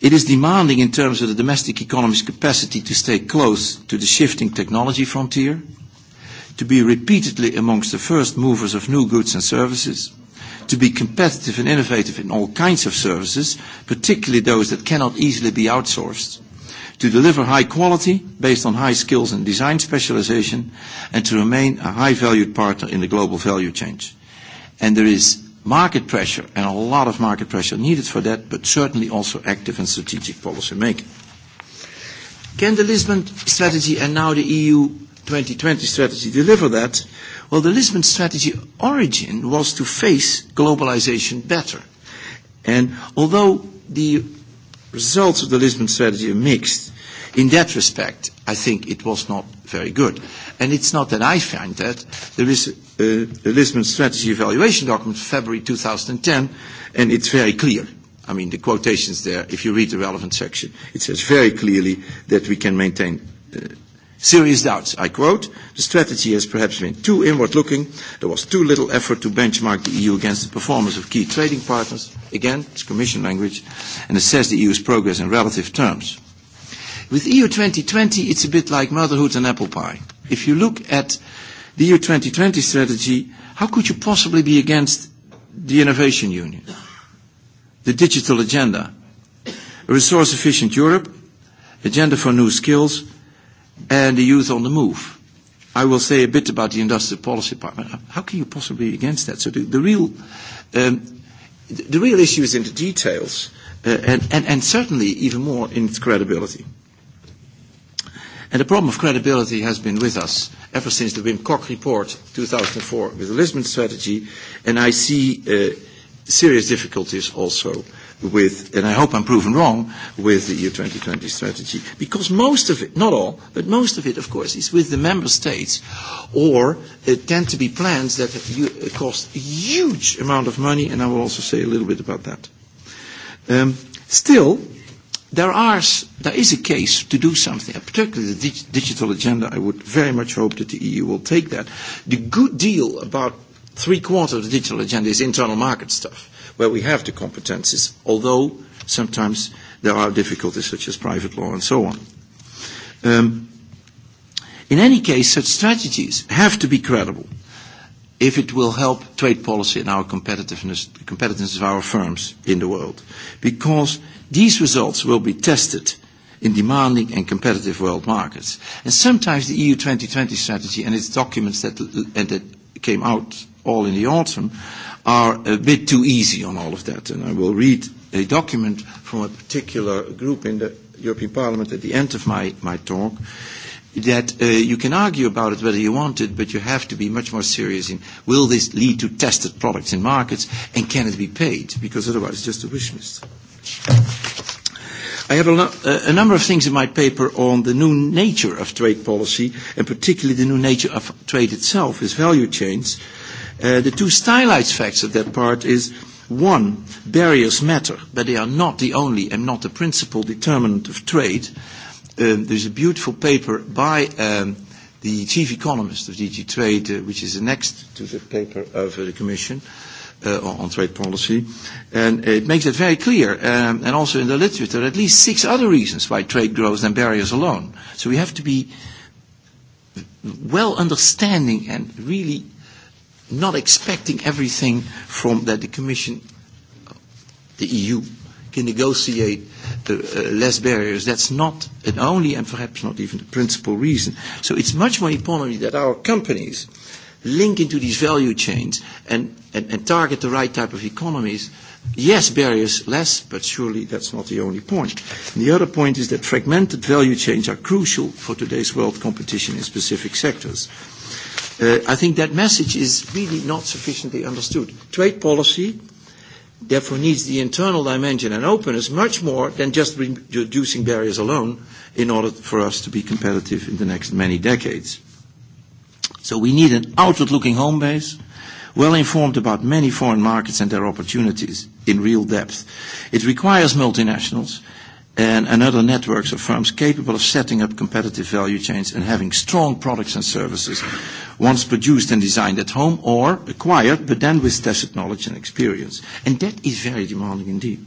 It is demanding in terms of the domestic economy's capacity to stay close to the shifting technology frontier, to be repeatedly amongst the first movers of new goods and services, to be competitive and innovative in all kinds of services, particularly those that cannot easily be outsourced, to deliver high quality based on high skills and design specialization, and to remain a high-valued partner in the global value change, And there is market pressure, and a lot of market pressure needed for that, but certainly also active and strategic policy making. Can the Lisbon strategy and now the EU 2020 strategy deliver that? Well, the Lisbon strategy origin was to face globalization better. And although the results of the Lisbon strategy are mixed, in that respect, I think it was not very good. And it's not that I find that. There is a Lisbon Strategy Evaluation document, February 2010, and it's very clear. I mean, the quotations there, if you read the relevant section, it says very clearly that we can maintain serious doubts. I quote, the strategy has perhaps been too inward-looking. There was too little effort to benchmark the EU against the performance of key trading partners. Again, it's Commission language, and it says the EU's progress in relative terms. With EU 2020, it's a bit like motherhood and apple pie. If you look at the EU 2020 strategy, how could you possibly be against the Innovation Union, the Digital Agenda, a resource-efficient Europe, Agenda for New Skills, and the Youth on the Move? I will say a bit about the Industrial Policy Department. How can you possibly be against that? So the real the real issue is in the details, and certainly even more in its credibility. And the problem of credibility has been with us ever since the Wim Kok report 2004 with the Lisbon strategy, and I see serious difficulties also with, and I hope I'm proven wrong, with the EU 2020 strategy, because most of it, not all, but most of it, of course, is with the member states, or it tend to be plans that cost a huge amount of money, and I will also say a little bit about that. Still, There are there is a case to do something, particularly the digital agenda. I would very much hope that the EU will take that. The good deal about three-quarters of the digital agenda is internal market stuff, where we have the competences, although sometimes there are difficulties such as private law and so on. In any case, such strategies have to be credible if it will help trade policy and our competitiveness, competitiveness of our firms in the world. Because these results will be tested in demanding and competitive world markets. And sometimes the EU 2020 strategy and its documents that, and that came out all in the autumn are a bit too easy on all of that. And I will read a document from a particular group in the European Parliament at the end of my, my talk that you can argue about it whether you want it, but you have to be much more serious in will this lead to tested products in markets and can it be paid? Because otherwise it's just a wish list. I have a number of things in my paper on the new nature of trade policy and particularly the new nature of trade itself, is value chains. The two stylized facts of that part is one, barriers matter, but they are not the only and not the principal determinant of trade. There's a beautiful paper by the chief economist of DG Trade, which is next to the paper of the Commission on trade policy, and it makes it very clear, and also in the literature, at least six other reasons why trade grows than barriers alone. So we have to be well understanding and really not expecting everything from that the Commission, the EU can negotiate the less barriers. That's not an only and perhaps not even the principal reason. So it's much more important that our companies link into these value chains and, and, and target the right type of economies. Yes, barriers less, but surely that's not the only point. And the other point is that fragmented value chains are crucial for today's world competition in specific sectors. I think that message is really not sufficiently understood. Trade policy therefore needs the internal dimension and openness much more than just reducing barriers alone in order for us to be competitive in the next many decades. So we need an outward-looking home base, well-informed about many foreign markets and their opportunities in real depth. It requires multinationals and other networks of firms capable of setting up competitive value chains and having strong products and services once produced and designed at home or acquired, but then with tested knowledge and experience. And that is very demanding indeed.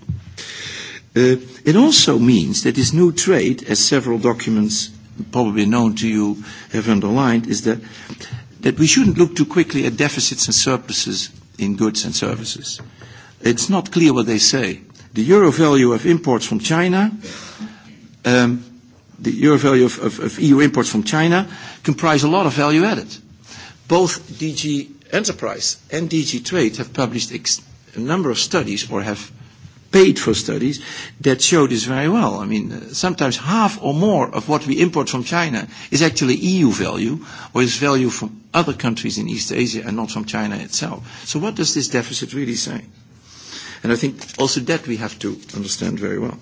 It also means that this new trade, as several documents probably known to you have underlined, is that that we shouldn't look too quickly at deficits and surpluses in goods and services. It's not clear what they say. The euro value of imports from China, the euro value of EU imports from China, comprise a lot of value added. Both DG Enterprise and DG Trade have published a number of studies or have paid for studies that show this very well. I mean, sometimes half or more of what we import from China is actually EU value or is value from other countries in East Asia and not from China itself. So what does this deficit really say? And I think also that we have to understand very well.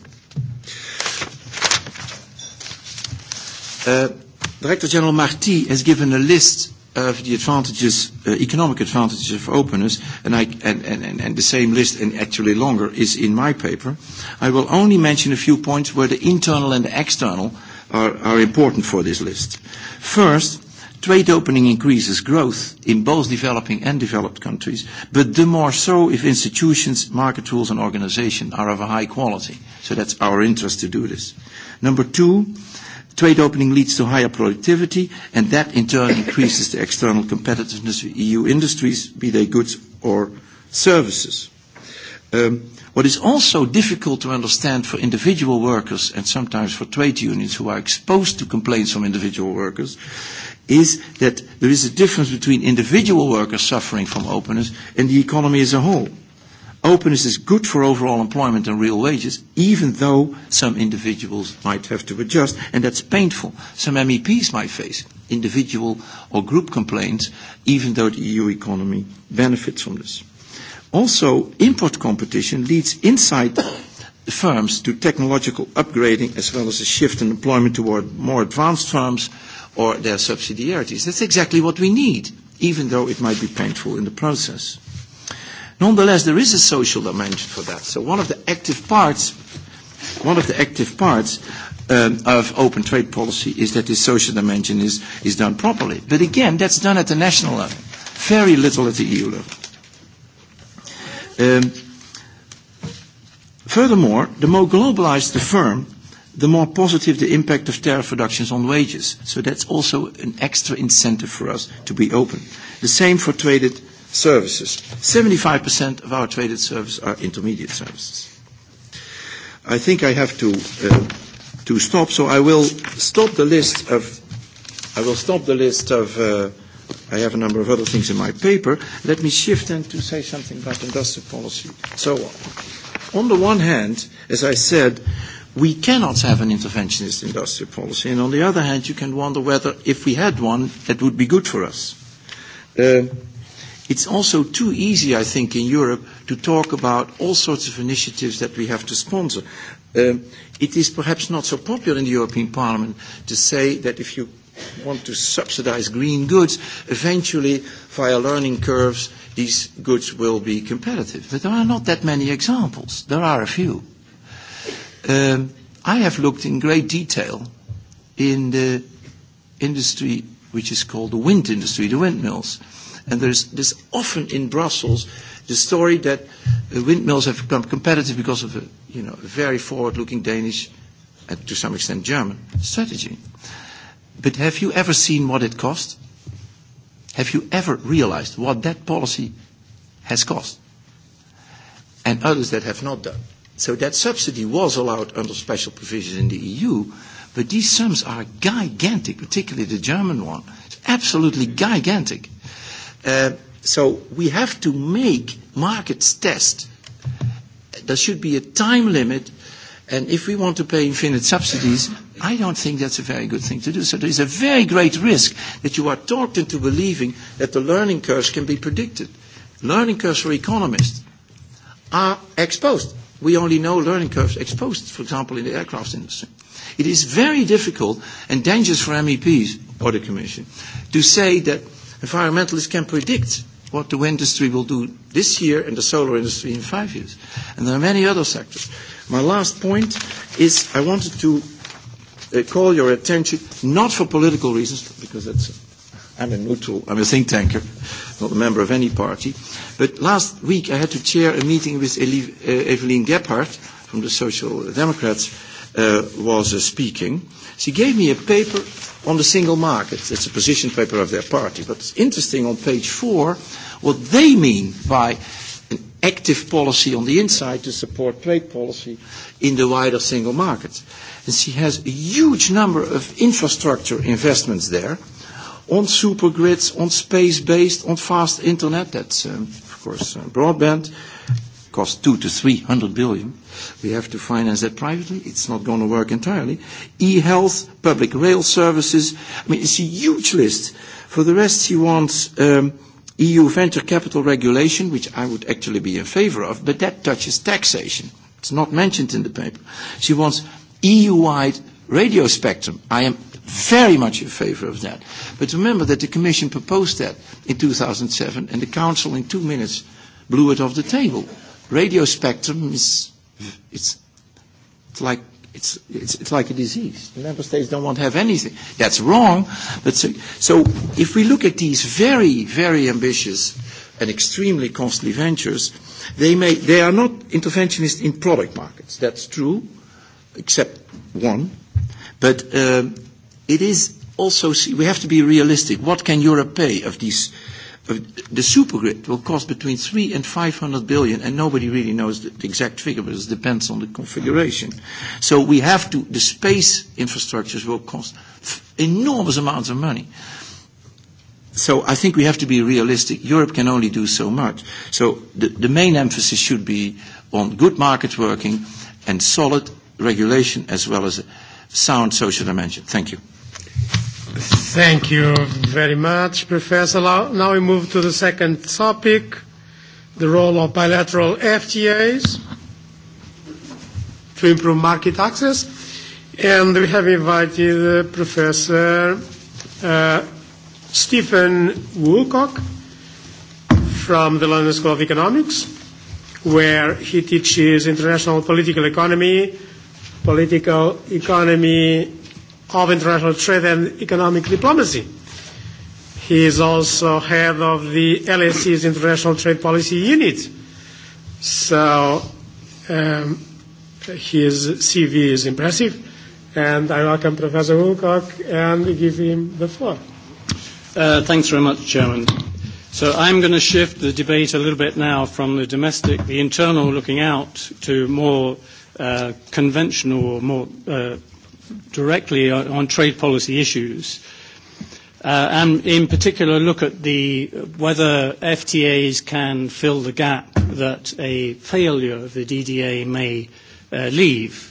Director General Marti has given a list of the advantages, economic advantages of openness, and, I, and, and, and the same list and actually longer is in my paper. I will only mention a few points where the internal and the external are, are important for this list. First, trade opening increases growth in both developing and developed countries, but the more so if institutions, market tools and organization are of a high quality. So that's our interest to do this. Number two, Trade opening leads to higher productivity, and that in turn increases the external competitiveness of EU industries, be they goods or services. What is also difficult to understand for individual workers and sometimes for trade unions who are exposed to complaints from individual workers is that there is a difference between individual workers suffering from openness and the economy as a whole openness is good for overall employment and real wages, even though some individuals might have to adjust, and that's painful. Some MEPs might face individual or group complaints, even though the EU economy benefits from this. Also, import competition leads inside firms to technological upgrading as well as a shift in employment toward more advanced firms or their subsidiarities. That's exactly what we need, even though it might be painful in the process. Nonetheless, there is a social dimension for that. So one of the active parts, one of the active parts of open trade policy is that this social dimension is, is done properly. But again, that's done at the national level, very little at the EU level. furthermore, the more globalized the firm, the more positive the impact of tariff reductions on wages. So that's also an extra incentive for us to be open. The same for traded services. 75% of our traded services are intermediate services. I think I have to to stop, so I will stop the list of. I will stop the list of. I have a number of other things in my paper. Let me shift then to say something about industrial policy. So, on the one hand, as I said, we cannot have an interventionist industrial policy, and on the other hand, you can wonder whether, if we had one, it would be good for us. It's also too easy, I think, in Europe to talk about all sorts of initiatives that we have to sponsor. It is perhaps not so popular in the European Parliament to say that if you want to subsidize green goods, eventually, via learning curves, these goods will be competitive. But there are not that many examples. There are a few. I have looked in great detail in the industry which is called the wind industry, the windmills And there's this often in Brussels the story that windmills have become competitive because of a, you know, a very forward-looking Danish, and to some extent German, strategy. But have you ever seen what it cost? Have you ever realized what that policy has cost? And others that have not done. So that subsidy was allowed under special provisions in the EU, but these sums are gigantic, particularly the German one. It's absolutely gigantic. So we have to make markets test. There should be a time limit, and if we want to pay infinite subsidies, I don't think that's a very good thing to do. So there is a very great risk that you are talked into believing that the learning curves can be predicted. Learning curves for economists are exposed. We only know learning curves exposed, for example, in the aircraft industry. It is very difficult and dangerous for MEPs or the Commission to say that environmentalists can predict what the wind industry will do this year and the solar industry in five years. And there are many other sectors. My last point is I wanted to call your attention, not for political reasons, because that's, I'm a neutral, I'm a think tanker, not a member of any party, but last week I had to chair a meeting with Evelyn Gebhardt from the Social Democrats, was speaking, she gave me a paper on the single market. It's a position paper of their party. But it's interesting on page four what they mean by an active policy on the inside to support trade policy in the wider single market. And she has a huge number of infrastructure investments there on supergrids, on space-based, on fast internet. That's, of course, broadband costs two to three hundred billion. We have to finance that privately. It's not going to work entirely. E-health, public rail services. I mean, it's a huge list. For the rest, she wants EU venture capital regulation, which I would actually be in favour of, but that touches taxation. It's not mentioned in the paper. She wants EU-wide radio spectrum. I am very much in favour of that. But remember that the Commission proposed that in 2007, and the Council in two minutes blew it off the table radio spectrum is it's like it's it's like a disease. The member states don't want to have anything. That's wrong. But so if we look at these very very ambitious and extremely costly ventures, they may they are not interventionist in product markets. That's true, except one. But it is also we have to be realistic. What can Europe pay of these the supergrid will cost between 3 and 500 billion, and nobody really knows the exact figure, but it depends on the configuration. So we have to, the space infrastructures will cost enormous amounts of money. So I think we have to be realistic. Europe can only do so much. So the main emphasis should be on good market working and solid regulation as well as a sound social dimension. Thank you. Thank you very much, Professor. Now we move to the second topic, the role of bilateral FTAs to improve market access. And we have invited Professor Stephen Woolcock from the London School of Economics, where he teaches international political economy, political economy of International Trade and Economic Diplomacy. He is also head of the LSE's International Trade Policy Unit. So his CV is impressive. And I welcome Professor Wilcock and give him the floor. Thanks very much, Chairman. So I'm going to shift the debate a little bit now from the domestic, the internal looking out, to more conventional or more directly on trade policy issues, and in particular look at the whether FTAs can fill the gap that a failure of the DDA may leave.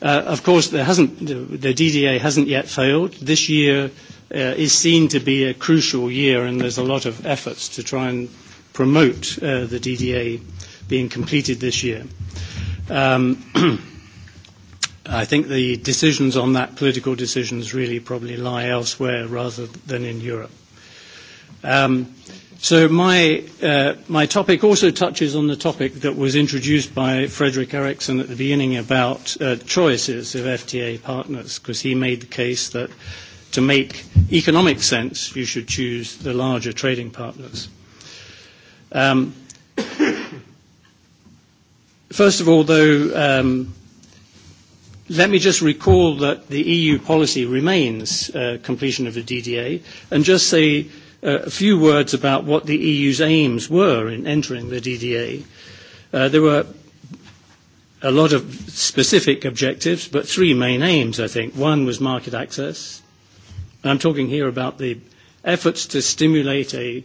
Of course, the DDA hasn't yet failed. This year is seen to be a crucial year, and there's a lot of efforts to try and promote the DDA being completed this year. I think the decisions on that, political decisions, really probably lie elsewhere rather than in Europe. So my my topic also touches on the topic that was introduced by Frederick Eriksson at the beginning about choices of FTA partners, because he made the case that to make economic sense, you should choose the larger trading partners. First of all, though, Let me just recall that the EU policy remains completion of the DDA and just say a few words about what the EU's aims were in entering the DDA. There were a lot of specific objectives, but three main aims, I think. One was market access. And I'm talking here about the efforts to stimulate a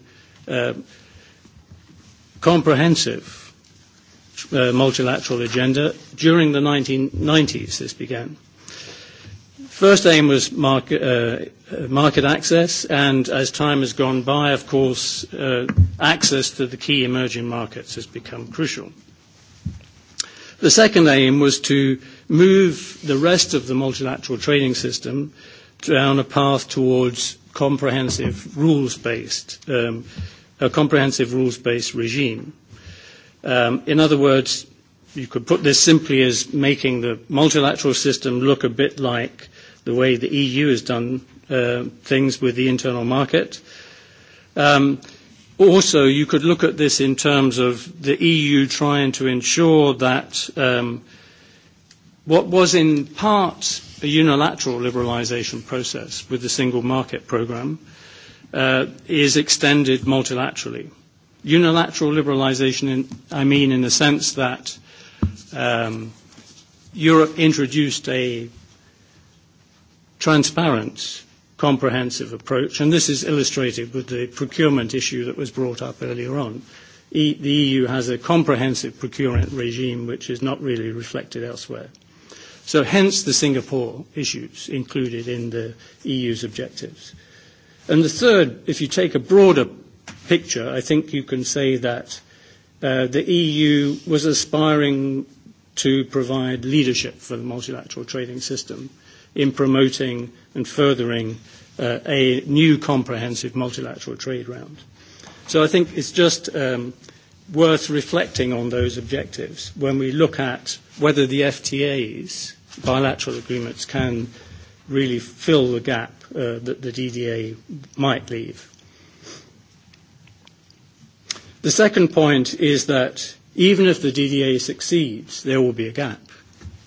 comprehensive multilateral agenda. During the 1990s, this began. First aim was market access, and as time has gone by, of course, access to the key emerging markets has become crucial. The second aim was to move the rest of the multilateral trading system down a path towards comprehensive rules-based, a comprehensive rules-based regime. In other words, you could put this simply as making the multilateral system look a bit like the way the EU has done things with the internal market. Also, you could look at this in terms of the EU trying to ensure that what was in part a unilateral liberalisation process with the single market programme is extended multilaterally. Unilateral liberalisation, I mean, in the sense that Europe introduced a transparent, comprehensive approach, and this is illustrated with the procurement issue that was brought up earlier on. The EU has a comprehensive procurement regime which is not really reflected elsewhere. So hence the Singapore issues included in the EU's objectives. And the third, if you take a broader picture, I think you can say that the EU was aspiring to provide leadership for the multilateral trading system in promoting and furthering a new comprehensive multilateral trade round. So I think it's just worth reflecting on those objectives when we look at whether the FTAs, bilateral agreements, can really fill the gap that the DDA might leave. The second point is that even if the DDA succeeds, there will be a gap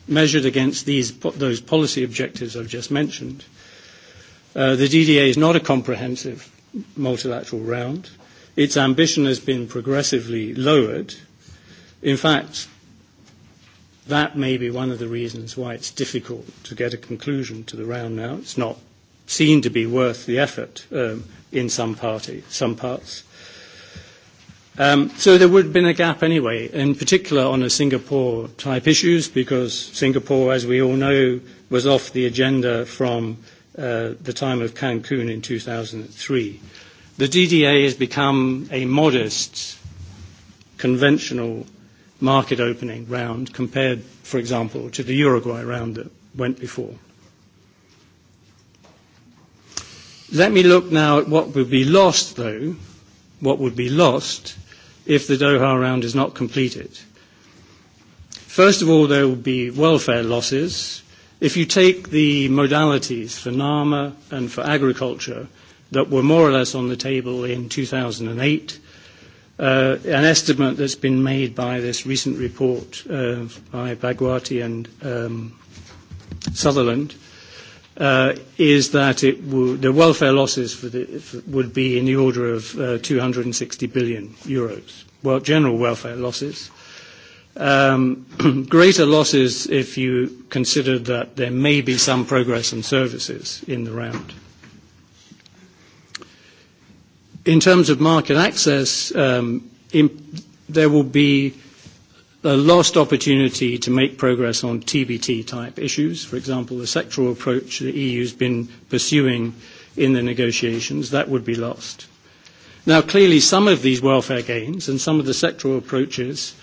measured against these those policy objectives I've just mentioned. The DDA is not a comprehensive multilateral round. Its ambition has been progressively lowered. In fact, that may be one of the reasons why it's difficult to get a conclusion to the round now. It's not seen to be worth the effort in some party, some parts. So there would have been a gap anyway, in particular on the Singapore-type issues, because Singapore, as we all know, was off the agenda from the time of Cancun in 2003. The DDA has become a modest, conventional market opening round compared, for example, to the Uruguay round that went before. Let me look now at what would be lost, though, what would be lost if the Doha round is not completed. First of all, there will be welfare losses. If you take the modalities for NAMA and for agriculture that were more or less on the table in 2008, an estimate that's been made by this recent report by Bagwati and Sutherland is that the welfare losses would be in the order of 260 billion euros, well, general welfare losses. Greater losses if you consider that there may be some progress in services in the round. In terms of market access, there will be a lost opportunity to make progress on TBT-type issues. For example, the sectoral approach the EU has been pursuing in the negotiations, that would be lost. Now, clearly, some of these welfare gains and some of the sectoral approaches,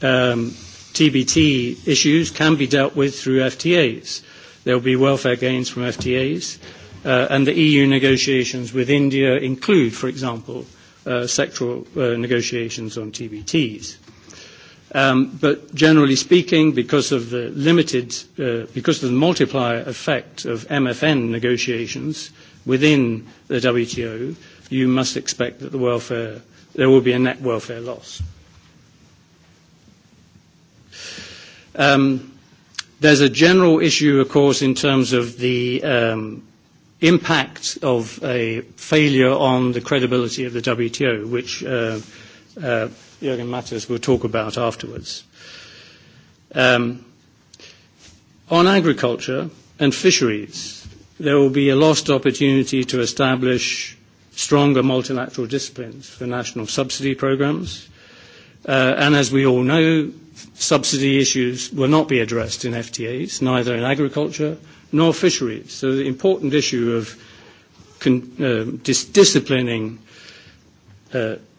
TBT issues, can be dealt with through FTAs. There will be welfare gains from FTAs, and the EU negotiations with India include, for example, sectoral negotiations on TBTs. But generally speaking, because of the limited, because of the multiplier effect of MFN negotiations within the WTO, you must expect that the welfare, there will be a net welfare loss. There's a general issue, of course, in terms of the impact of a failure on the credibility of the WTO, which Jürgen Matters will talk about afterwards. On agriculture and fisheries, there will be a lost opportunity to establish stronger multilateral disciplines for national subsidy programs. And as we all know, subsidy issues will not be addressed in FTAs, neither in agriculture nor fisheries. So the important issue of disciplining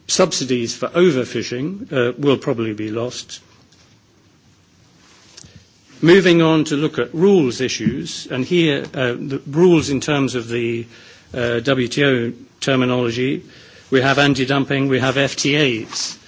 subsidies for overfishing will probably be lost. Moving on to look at rules issues, and here the rules in terms of the WTO terminology, we have anti-dumping, we have FTAs.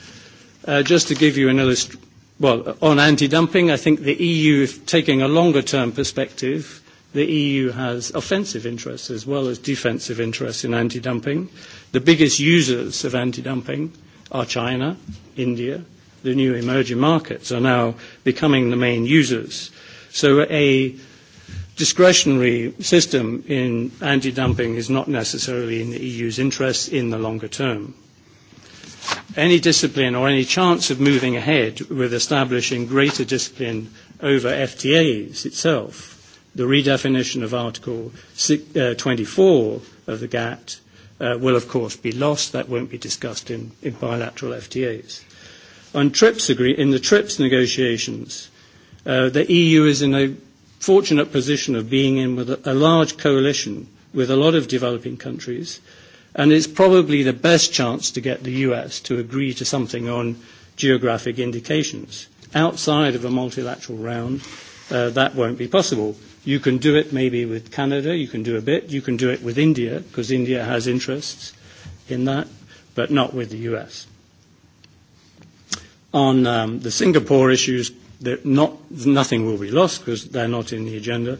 Just to give you an illustration, well, on anti-dumping, I think the EU, taking a longer-term perspective, The EU has offensive interests as well as defensive interests in anti-dumping. The biggest users of anti-dumping are China, India. The new emerging markets are now becoming the main users. So a discretionary system in anti-dumping is not necessarily in the EU's interests in the longer term. Any discipline or any chance of moving ahead with establishing greater discipline over FTAs itself the redefinition of Article 24 of the GATT will, of course, be lost. That won't be discussed in bilateral FTAs. On TRIPS in the TRIPS negotiations, the EU is in a fortunate position of being in with a large coalition with a lot of developing countries, and it's probably the best chance to get the US to agree to something on geographic indications. Outside of a multilateral round, that won't be possible. You can do it maybe with Canada, you can do a bit, you can do it with India, because India has interests in that, but not with the US. On the Singapore issues, nothing will be lost because they're not in the agenda.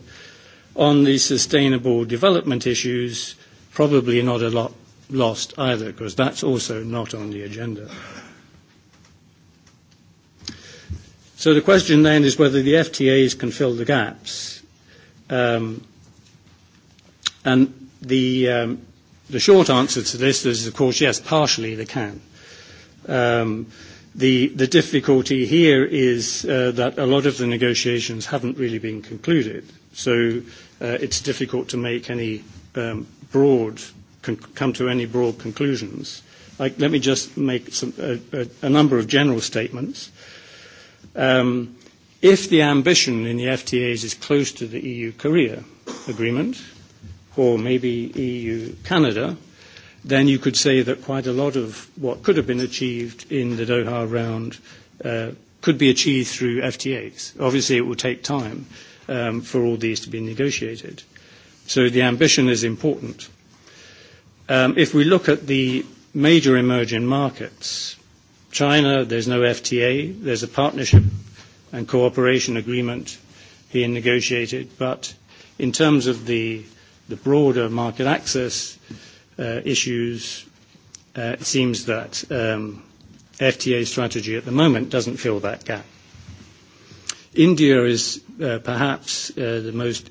On the sustainable development issues, probably not a lot lost either because that's also not on the agenda. So the question then is whether the FTAs can fill the gaps And the short answer to this is, of course, yes, partially they can. The difficulty here is that a lot of the negotiations haven't really been concluded, so it's difficult to make any broad, come to any broad conclusions. Let me just make a number of general statements. Um If the ambition in the FTAs is close to the EU-Korea agreement, or maybe EU-Canada, then you could say that quite a lot of what could have been achieved in the Doha round could be achieved through FTAs. Obviously, it will take time for all these to be negotiated. So the ambition is important. If we look at the major emerging markets, China, there's no FTA. There's a partnership and cooperation agreement being negotiated. But in terms of the broader market access issues, it seems that FTA strategy at the moment doesn't fill that gap. India is perhaps the most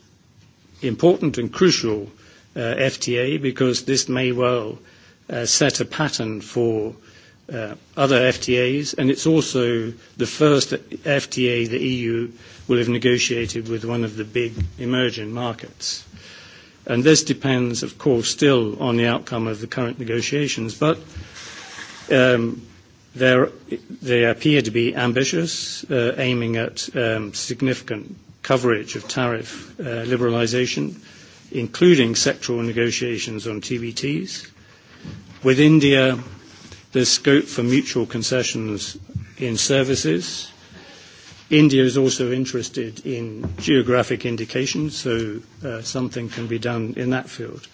important and crucial FTA because this may well set a pattern for other FTAs, and it's also the first FTA the EU will have negotiated with one of the big emerging markets. And this depends, of course, still on the outcome of the current negotiations, but they appear to be ambitious, aiming at significant coverage of tariff liberalisation, including sectoral negotiations on TBTs. With India, There's scope for mutual concessions in services. India is also interested in geographic indications, so something can be done in that field.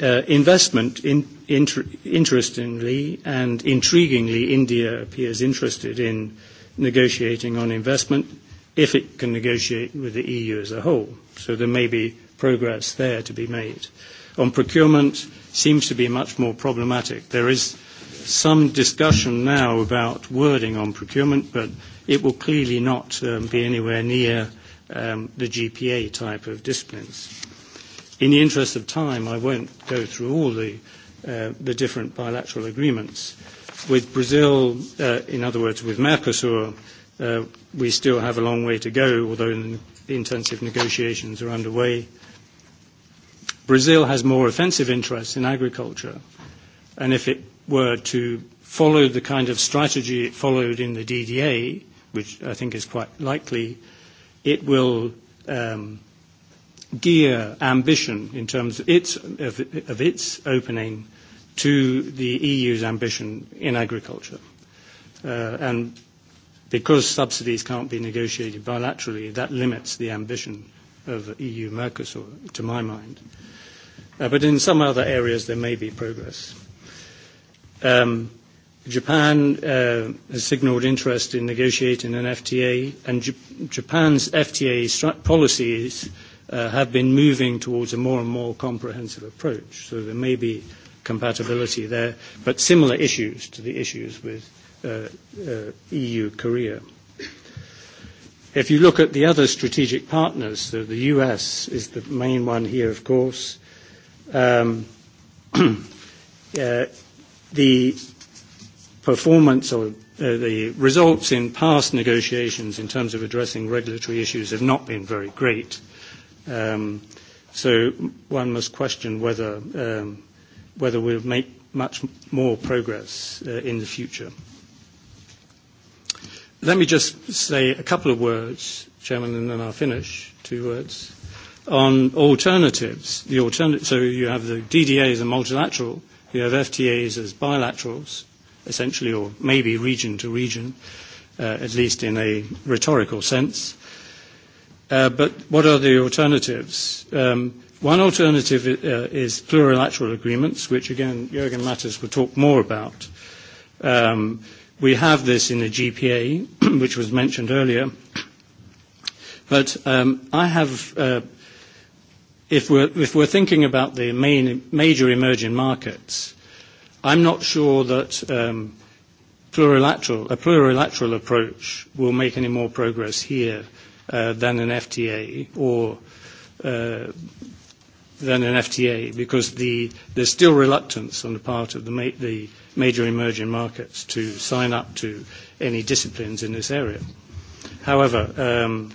Investment, interestingly and intriguingly, India appears interested in negotiating on investment if it can negotiate with the EU as a whole. So there may be progress there to be made. On procurement, seems to be much more problematic. There is some discussion now about wording on procurement, but it will clearly not be anywhere near the GPA type of disciplines. In the interest of time, I won't go through all the different bilateral agreements. With Brazil, in other words, with Mercosur, we still have a long way to go, although the intensive negotiations are underway. Brazil has more offensive interests in agriculture, and if it were to follow the kind of strategy it followed in the DDA, which I think is quite likely, it will gear ambition in terms of its opening to the EU's ambition in agriculture. And because subsidies can't be negotiated bilaterally, that limits the ambition of EU-Mercosur, to my mind. But in some other areas, there may be progress. Japan has signaled interest in negotiating an FTA, and Japan's FTA policies have been moving towards a more and more comprehensive approach. So there may be compatibility there, but similar issues to the issues with EU-Korea. If you look at the other strategic partners, the U.S. is the main one here, of course. The performance or the results in past negotiations in terms of addressing regulatory issues have not been very great. So one must question whether we'll make much more progress in the future. Let me just say a couple of words, Chairman, and then I'll finish. Two words. On alternatives, the alternative, so you have the DDA as multilateral, you have FTAs as bilaterals, essentially, or maybe region to region, at least in a rhetorical sense. But what are the alternatives? One alternative is plurilateral agreements, which again, Jürgen Mattis will talk more about. We have this in the GPA, which was mentioned earlier. But I have, if we're thinking about the main major emerging markets, I'm not sure that a plurilateral approach will make any more progress here than an FTA or than an FTA because the there's still reluctance on the part of the major emerging markets to sign up to any disciplines in this area. However,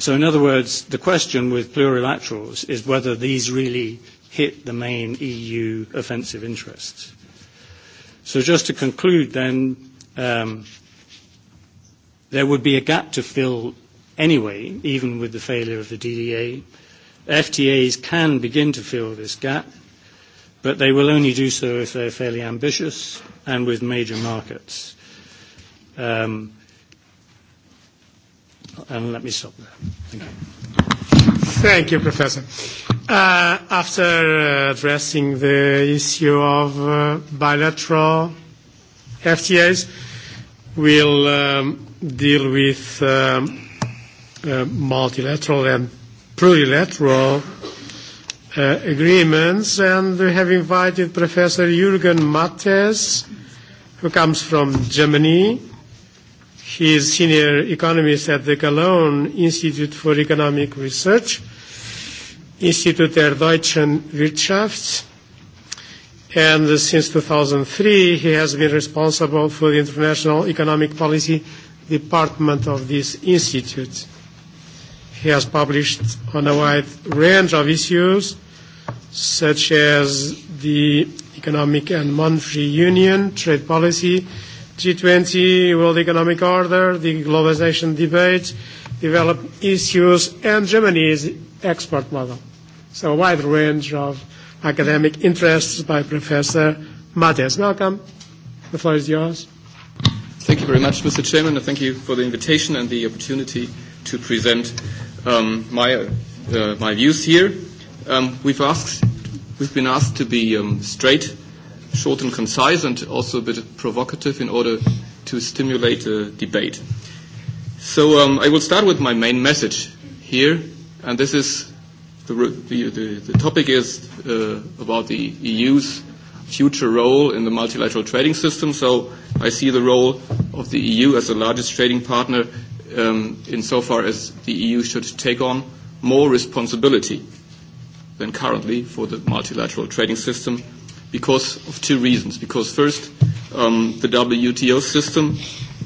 so in other words, the question with plurilaterals is whether these really hit the main EU offensive interests. So just to conclude then, there would be a gap to fill anyway, even with the failure of the DDA FTAs can begin to fill this gap, but they will only do so if they're fairly ambitious and with major markets. And let me stop there. Thank you. Thank you, Professor. After addressing the issue of bilateral FTAs, we'll deal with multilateral and plurilateral agreements, and we have invited Professor Jürgen Mattes, who comes from Germany. He is senior economist at the Cologne Institute for Economic Research, Institut der Deutschen Wirtschaft, and since 2003 he has been responsible for the International Economic Policy Department of this institute. He has published on a wide range of issues, such as the economic and monetary union, trade policy, G20, world economic order, the globalization debate, developed issues, and Germany's export model. So a wide range of academic interests by Professor Matthias. Welcome. The floor is yours. Thank you very much, Mr. Chairman, and thank you for the invitation and the opportunity to present my my views here. We've asked, we've been asked to be straight, short and concise, and also a bit provocative in order to stimulate a debate. So I will start with my main message here, and this is the the the topic is about the EU's future role in the multilateral trading system. So I see the role of the EU as the largest trading partner insofar as the EU should take on more responsibility than currently for the multilateral trading system because of two reasons. Because first, the WTO system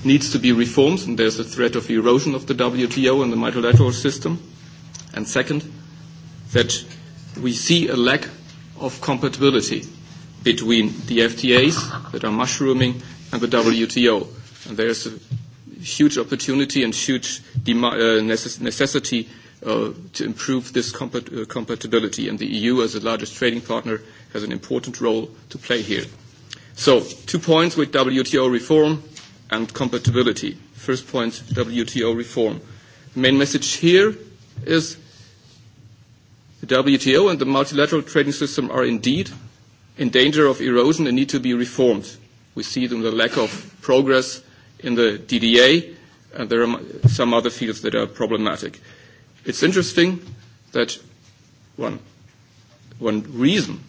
needs to be reformed and there's a threat of erosion of the WTO and the multilateral system. And second, that we see a lack of compatibility between the FTAs that are mushrooming and the WTO. And there's a huge opportunity and huge necessity to improve this compatibility, and the EU, as the largest trading partner, has an important role to play here. So, two points with WTO reform and compatibility. First point, WTO reform. The main message here is the WTO and the multilateral trading system are indeed in danger of erosion and need to be reformed. We see them the lack of progress in the DDA, and there are some other fields that are problematic. It's interesting that one one reason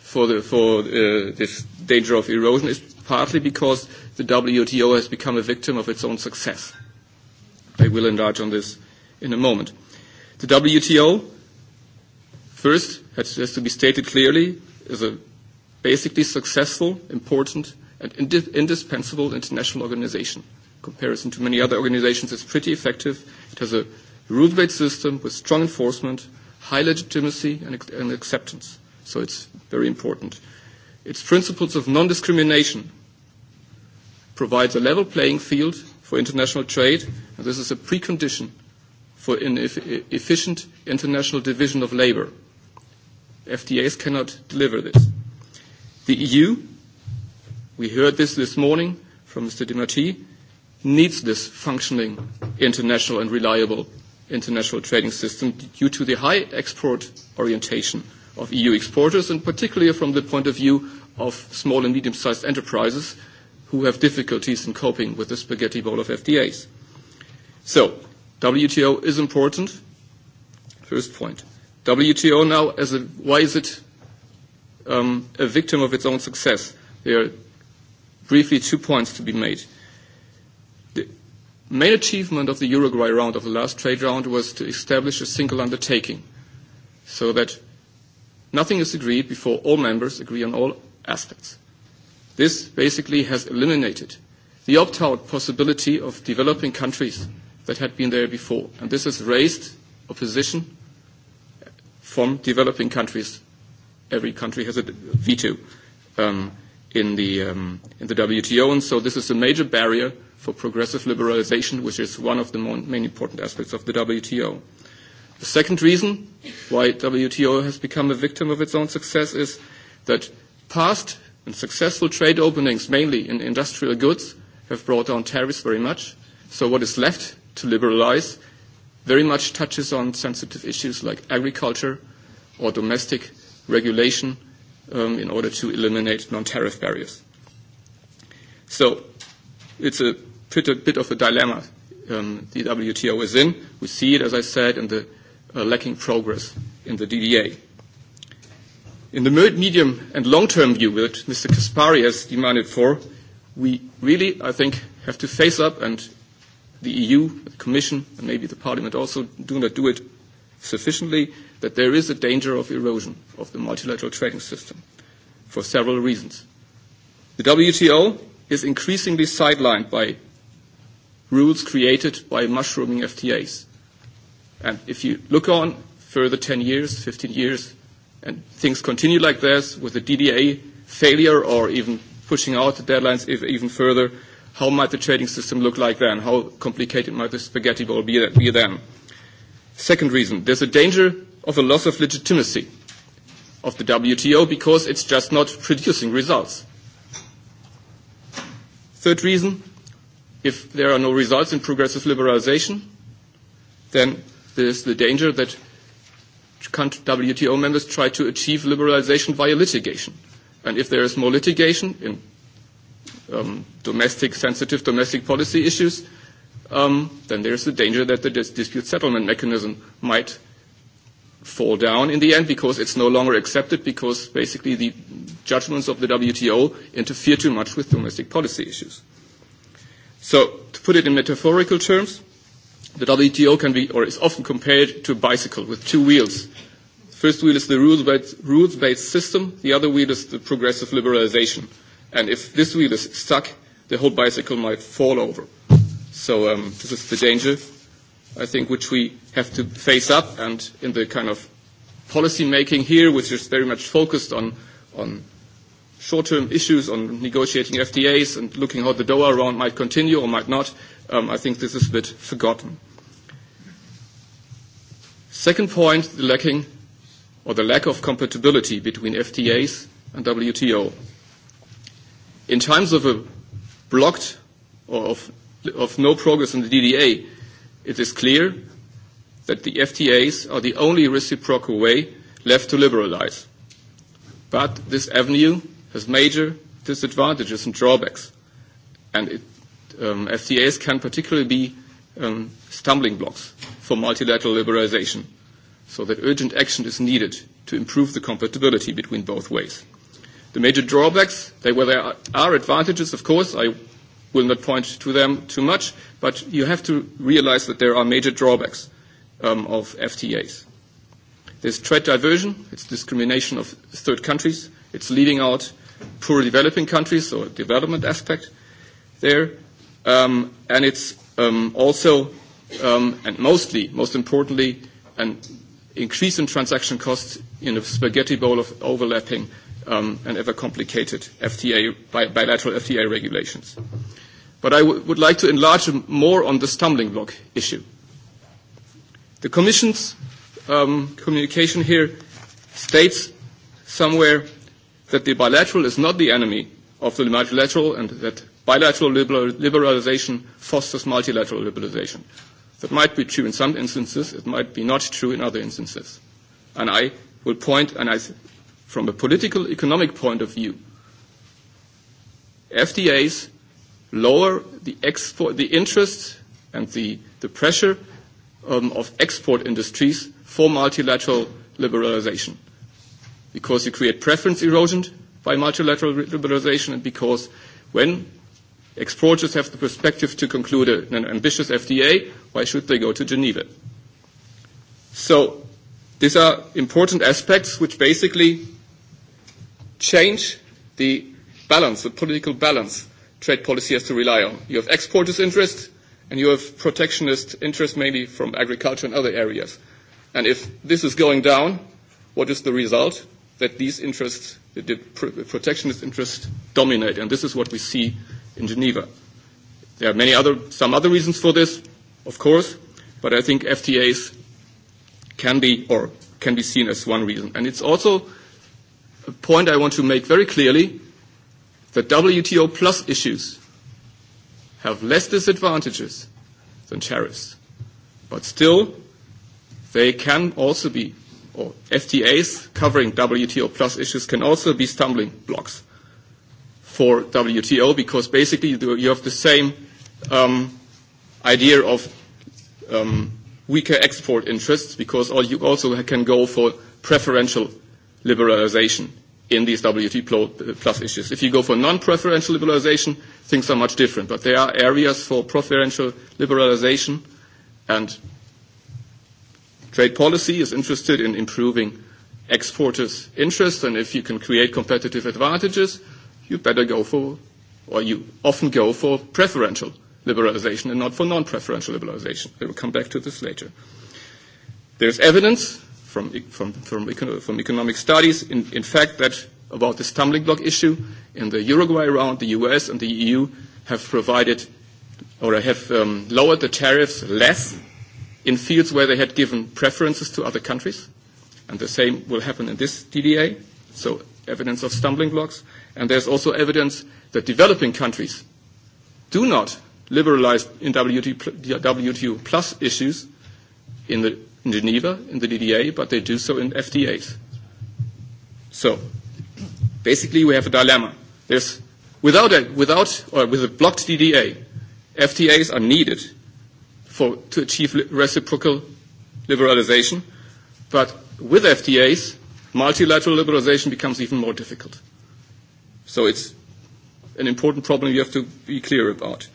for the for this danger of erosion is partly because the WTO has become a victim of its own success. I will enlarge on this in a moment. The WTO, first, has to be stated clearly, is a basically successful, important an indispensable international organization. Comparison to many other organizations it's pretty effective. It has a rules-based system with strong enforcement, high legitimacy and acceptance. So it's very important. Its principles of non-discrimination provides a level playing field for international trade, and this is a precondition for an efficient international division of labor. FDAs cannot deliver this. The EU we heard this this morning from Mr. Dimati, needs this functioning international and reliable international trading system due to the high export orientation of EU exporters, and particularly from the point of view of small and medium-sized enterprises who have difficulties in coping with the spaghetti bowl of FDAs. So, WTO is important. First point. WTO now, as a, why is it a victim of its own success? There are briefly two points to be made. The main achievement of the Uruguay round, of the last trade round, was to establish a single undertaking so that nothing is agreed before all members agree on all aspects. This basically has eliminated the opt-out possibility of developing countries that had been there before, and this has raised opposition from developing countries. Every country has a veto in the WTO. And so this is a major barrier for progressive liberalization, which is one of the main important aspects of the WTO. The second reason why WTO has become a victim of its own success is that past and successful trade openings, mainly in industrial goods, have brought down tariffs very much. So what is left to liberalize very much touches on sensitive issues like agriculture or domestic regulation in order to eliminate non-tariff barriers. So it's a bit of a dilemma the WTO is in. We see it, as I said, in the lacking progress in the DDA. In the medium and long-term view that Mr. Kaspari has demanded for, we really, I think, have to face up, and the EU, the Commission, and maybe the Parliament also do not do it sufficiently, that there is a danger of erosion of the multilateral trading system for several reasons. The WTO is increasingly sidelined by rules created by mushrooming FTAs. And if you look on further 10 years, 15 years, and things continue like this with the DDA failure or even pushing out the deadlines even further, how might the trading system look like then? How complicated might the spaghetti ball be then? Second reason, there's a danger of a loss of legitimacy of the WTO because it's just not producing results. Third reason, if there are no results in progressive liberalization, then there is the danger that WTO members try to achieve liberalization via litigation. And if there is more litigation in domestic, sensitive domestic policy issues, then there is the danger that the dispute settlement mechanism might fall down in the end because it's no longer accepted because basically the judgments of the WTO interfere too much with domestic policy issues. So to put it in metaphorical terms, the WTO can be or is often compared to a bicycle with two wheels. The first wheel is the rules-based system, the other wheel is the progressive liberalization. And if this wheel is stuck, the whole bicycle might fall over. So this is the danger I think, which we have to face up and in the kind of policy making here, which is very much focused on on short-term issues, on negotiating FTAs and looking how the Doha round might continue or might not, I think this is a bit forgotten. Second point, the lacking or the lack of compatibility between FTAs and WTO. In times of a blocked or of no progress in the DDA, it is clear that the FTAs are the only reciprocal way left to liberalize. But this avenue has major disadvantages and drawbacks, and FTAs can particularly be stumbling blocks for multilateral liberalization, so that urgent action is needed to improve the compatibility between both ways. The major drawbacks, they there are advantages, of course, I will not point to them too much, but you have to realize that there are major drawbacks of FTAs. There's trade diversion, it's discrimination of third countries, it's leaving out poor developing countries, so a development aspect there, and it's also, and mostly, most importantly, an increase in transaction costs in a spaghetti bowl of overlapping and ever complicated FTA, bilateral FTA regulations. But I would like to enlarge more on the stumbling block issue. The Commission's communication here states somewhere that the bilateral is not the enemy of the multilateral and that bilateral liberalization fosters multilateral liberalization. That might be true in some instances, it might be not true in other instances. And I will point, and I from a political economic point of view, FDAs lower the export, the interest and the the pressure of export industries for multilateral liberalization. because you create preference erosion by multilateral liberalization and because when exporters have the perspective to conclude an ambitious FDA, why should they go to Geneva? So these are important aspects which basically change the balance, the political balance trade policy has to rely on. You have exporters' interests and you have protectionist interest mainly from agriculture and other areas. And if this is going down, what is the result? That these interests, the protectionist interests, dominate. And this is what we see in Geneva. There are many other, some other reasons for this, of course, but I think FTAs can be or can be seen as one reason. And it's also the point I want to make very clearly, that WTO plus issues have less disadvantages than tariffs. But still, they can also be, or FTAs covering WTO plus issues can also be stumbling blocks for WTO because basically you have the same idea of weaker export interests because you also can go for preferential liberalisation in these WT plus issues. If you go for non-preferential liberalisation, things are much different. But there are areas for preferential liberalisation, and trade policy is interested in improving exporters' interests. And if you can create competitive advantages, you better go for, or you often go for preferential liberalisation and not for non-preferential liberalisation. We will come back to this later. There is evidence from from from economic studies, in in fact, that about the stumbling block issue in the Uruguay round, the US and the EU have provided or have lowered the tariffs less in fields where they had given preferences to other countries. And the same will happen in this DDA, so evidence of stumbling blocks. And there's also evidence that developing countries do not liberalize in WTO plus issues in the in Geneva, in the DDA, but they do so in FTAs. So basically we have a dilemma. There's without a without or with a blocked DDA, FTAs are needed for to achieve reciprocal liberalization, but with FTAs multilateral liberalization becomes even more difficult. So it's an important problem you have to be clear about.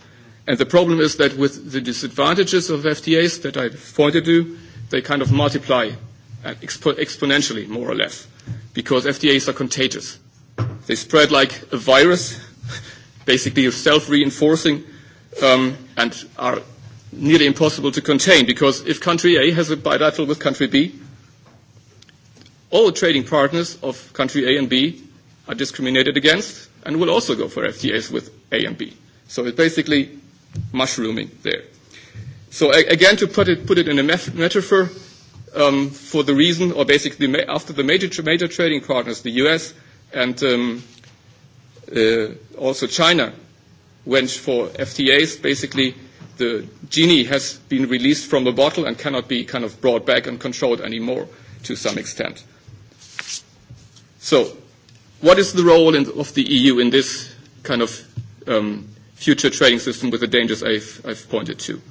And the problem is that with the disadvantages of FTAs that I pointed to they kind of multiply exponentially, more or less, because FDAs are contagious. They spread like a virus, basically self-reinforcing, and are nearly impossible to contain, because if country A has a bilateral with country B, all trading partners of country A and B are discriminated against and will also go for FTAs with A and B. So it's basically mushrooming there. So again, to put it put it in a metaphor, for the reason, or basically after the major major trading partners, the U.S. and also China, went for FTAs. Basically, the genie has been released from the bottle and cannot be kind of brought back and controlled anymore to some extent. So, what is the role of the EU in this kind of future trading system with the dangers I've pointed to?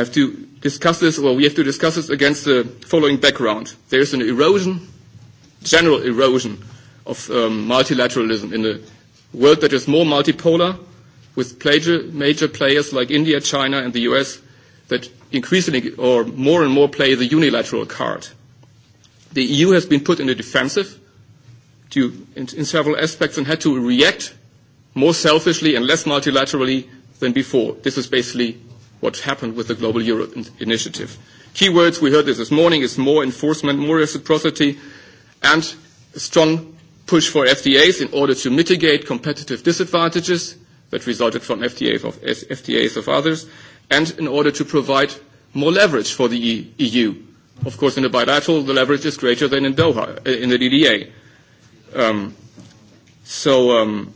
have to discuss this, or we have to discuss this against the following background. There is an erosion, general erosion, of multilateralism in a world that is more multipolar, with major players like India, China, and the US that increasingly or more and more play the unilateral card. The EU has been put in the defensive to in several aspects and had to react more selfishly and less multilaterally than before. This is basically what happened with the Global Europe Initiative. Key words we heard this this morning is more enforcement, more reciprocity, and a strong push for FDAs in order to mitigate competitive disadvantages that resulted from FTAs of others, and in order to provide more leverage for the EU. Of course, in the bilateral, the leverage is greater than in Doha, in the DDA. So,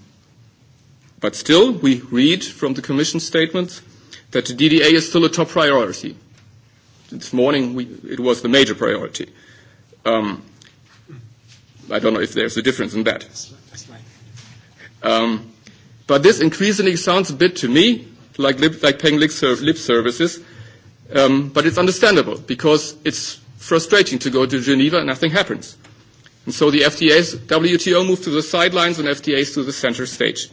but still, we read from the Commission statements that DDA is still a top priority. This morning it was the major priority. I don't know if there's a difference in that. But this increasingly sounds a bit to me like like paying lip services, but it's understandable because it's frustrating to go to Geneva and nothing happens. And so the FTA's WTO moved to the sidelines and FTAs to the center stage.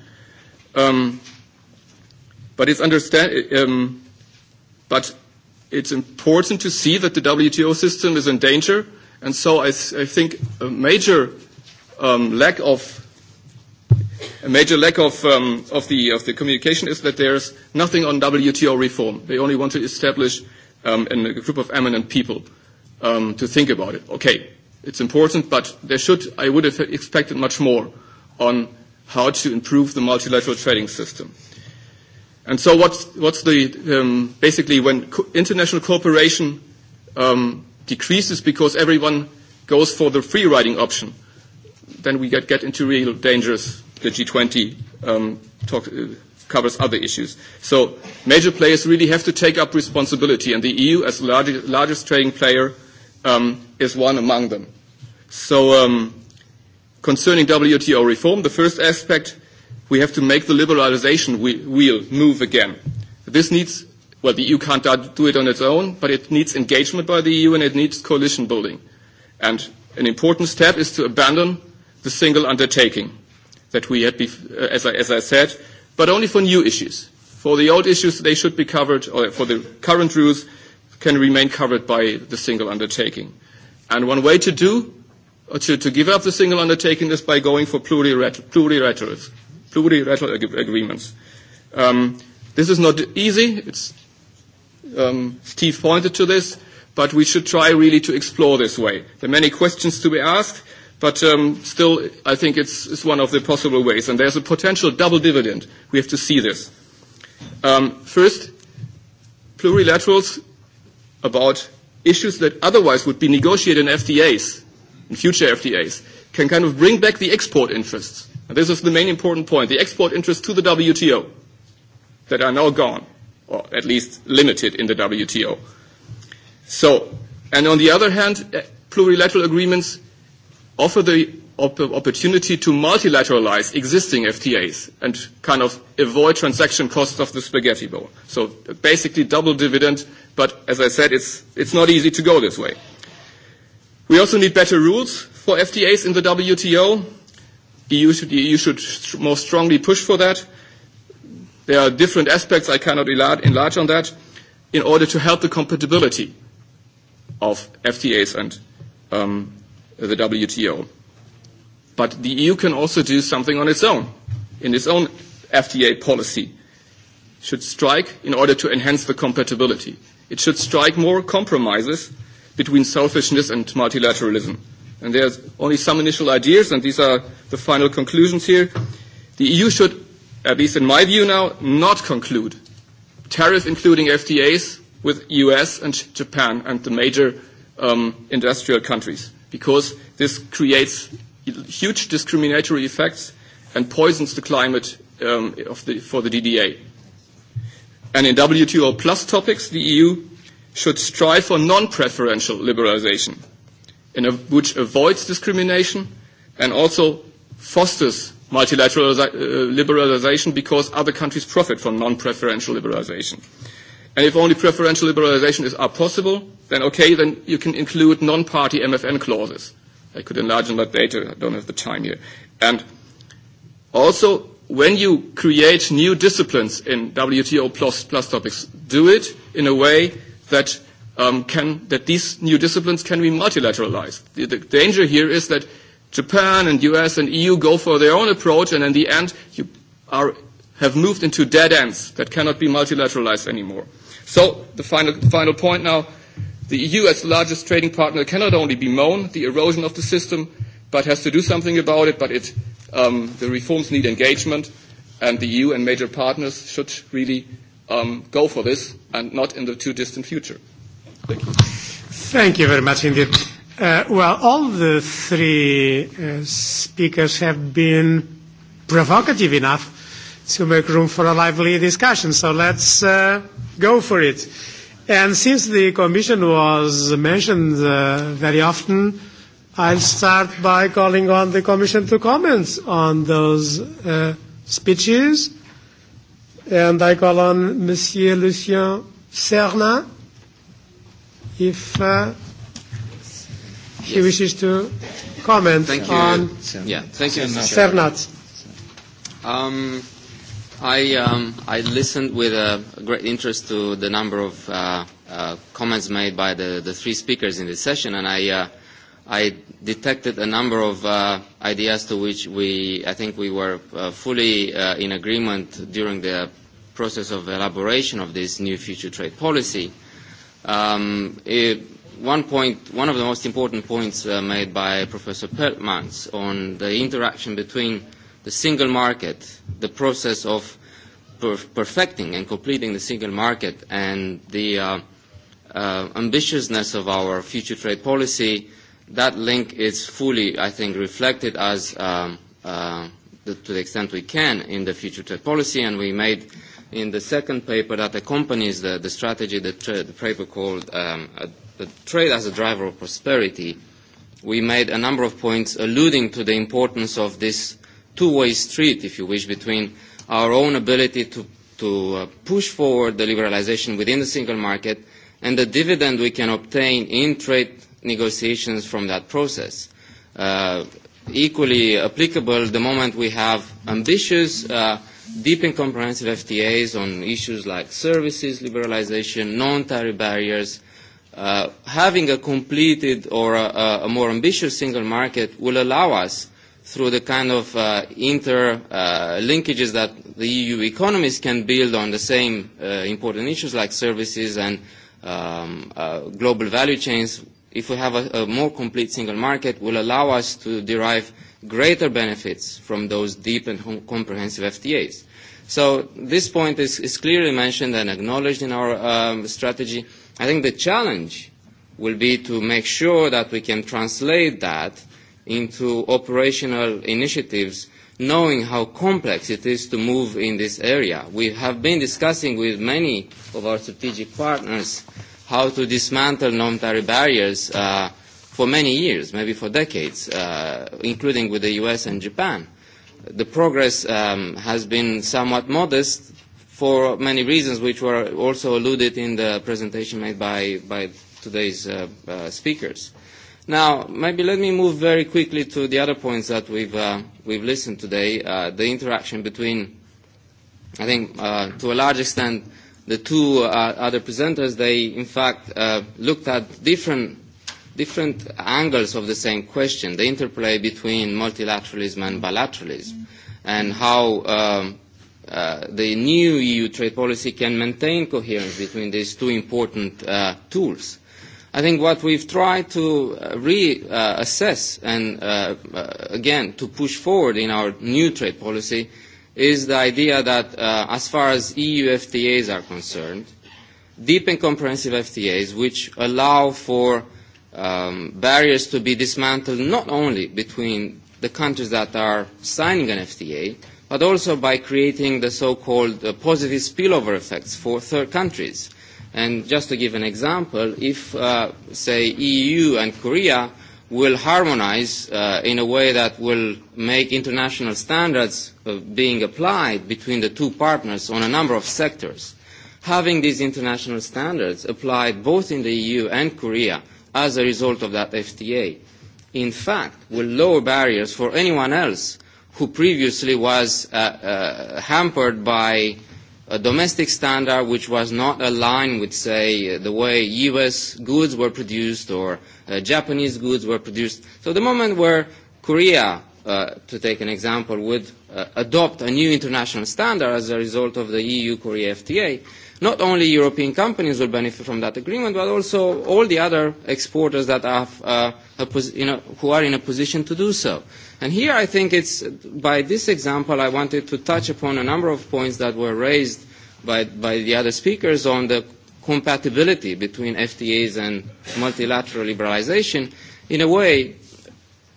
But it's understand, but it's important to see that the WTO system is in danger, and so I think a major lack of a major lack of of the of the communication is that there's nothing on WTO reform. They only want to establish a group of eminent people to think about it. Okay, it's important, but there should I would have expected much more on how to improve the multilateral trading system. And so what's, what's the, um, basically when international cooperation um, decreases because everyone goes for the free riding option, then we get, get into real dangers. The G20 um, covers other issues. So major players really have to take up responsibility, and the EU, as the largest trading player, um, is one among them. So um, concerning WTO reform, the first aspect we have to make the liberalisation wheel move again. This needs, well, the EU can't do it on its own, but it needs engagement by the EU and it needs coalition building. And an important step is to abandon the single undertaking that we had, as I said, but only for new issues. For the old issues, they should be covered, or for the current rules, can remain covered by the single undertaking. And one way to do, to give up the single undertaking is by going for plurilateralism plurilateral agreements. This is not easy. It's um Steve pointed to this, but we should try really to explore this way. There are many questions to be asked, but um still, I think it's one of the possible ways. And there's a potential double dividend. We have to see this. Um First, plurilaterals about issues that otherwise would be negotiated in FTAs, in future FTAs, can kind of bring back the export interests. And this is the main important point. The export interests to the WTO that are now gone, or at least limited in the WTO. So, and on the other hand, plurilateral agreements offer the opportunity to multilateralize existing FTAs and kind of avoid transaction costs of the spaghetti bowl. So basically double dividend, but as I said, it's, it's not easy to go this way. We also need better rules for FTAs in the WTO EU should, the EU should more strongly push for that. There are different aspects, I cannot enlarge on that, in order to help the compatibility of FTAs and the WTO. But the EU can also do something on its own, in its own FTA policy. It Should strike in order to enhance the compatibility. It should strike more compromises between selfishness and multilateralism and there's only some initial ideas, and these are the final conclusions here. The EU should, at least in my view now, not conclude tariffs, including FTAs with US and Japan and the major industrial countries, because this creates huge discriminatory effects and poisons the climate for the DDA. And in WTO plus topics, the EU should strive for non-preferential liberalisation which avoids discrimination and also fosters multilateral liberalisation because other countries profit from non-preferential liberalisation. And if only preferential liberalisation is possible, then okay, then you can include non-party MFN clauses. I could enlarge on that later. I don't have the time here. And also, when you create new disciplines in WTO plus topics, do it in a way that can that these new disciplines can be multilateralized. The danger here is that Japan and US and EU go for their own approach and in the end you are have moved into dead ends that cannot be multilateralized anymore. So the final final point now the EU as the largest trading partner cannot only bemoan the erosion of the system but has to do something about it, but it the reforms need engagement and the EU and major partners should really go for this and not in the too distant future. Thank you very much indeed. Well, all the three speakers have been provocative enough to make room for a lively discussion, so let's go for it. And since the Commission was mentioned very often, I'll start by calling on the Commission to comment on those speeches. And I call on Monsieur Lucien Cernat if he wishes to comment on yeah i um i listened with a great interest to the number of comments made by the the three speakers in this session and i i detected a number of ideas to which we i think we were fully in agreement during the process of elaboration of this new future trade policy One one of the most important points made by Professor Peltmans on the interaction between the single market, the process of perfecting and completing the single market, and the ambitiousness of our future trade policy, that link is fully, I think, reflected as to the extent we can in the future trade policy, and we made in the second paper that accompanies the strategy, the paper called Trade as a Driver of Prosperity, we made a number of points alluding to the importance of this two-way street, if you wish, between our own ability to push forward the liberalisation within the single market and the dividend we can obtain in trade negotiations from that process. Equally applicable, the moment we have ambitious deep and comprehensive FTAs on issues like services liberalization, non-tariff barriers. Having a completed or a more ambitious single market will allow us, through the kind of inter-linkages that the EU economies can build on the same important issues like services and global value chains, if we have a more complete single market, will allow us to derive greater benefits from those deep and comprehensive FTAs. So this point is clearly mentioned and acknowledged in our strategy. I think the challenge will be to make sure that we can translate that into operational initiatives, knowing how complex it is to move in this area. We have been discussing with many of our strategic partners how to dismantle non-tariff barriers for many years, maybe for decades, including with the US and Japan. The progress has been somewhat modest for many reasons which were also alluded in the presentation made by today's speakers. Now, maybe let me move very quickly to the other points that we've listened today, the interaction between, I think, to a large extent, the two other presenters, they in fact looked at different different angles of the same question, the interplay between multilateralism and bilateralism, and how the new EU trade policy can maintain coherence between these two important tools. I think what we've tried to reassess and, again, to push forward in our new trade policy is the idea that, as far as EU FTAs are concerned, deep and comprehensive FTAs which allow for barriers to be dismantled not only between the countries that are signing an FTA, but also by creating the so-called positive spillover effects for third countries. And just to give an example, if, say, EU and Korea will harmonize in a way that will make international standards being applied between the two partners on a number of sectors, having these international standards applied both in the EU and Korea as a result of that FTA, in fact, will lower barriers for anyone else who previously was hampered by a domestic standard which was not aligned with, say, the way U.S. goods were produced or Japanese goods were produced. So the moment where Korea, to take an example, would adopt a new international standard as a result of the EU-Korea FTA, Not only European companies will benefit from that agreement, but also all the other exporters that who are in a position to do so. And here I think it's, by this example, I wanted to touch upon a number of points that were raised by the other speakers on the compatibility between FTAs and multilateral liberalisation. In a way,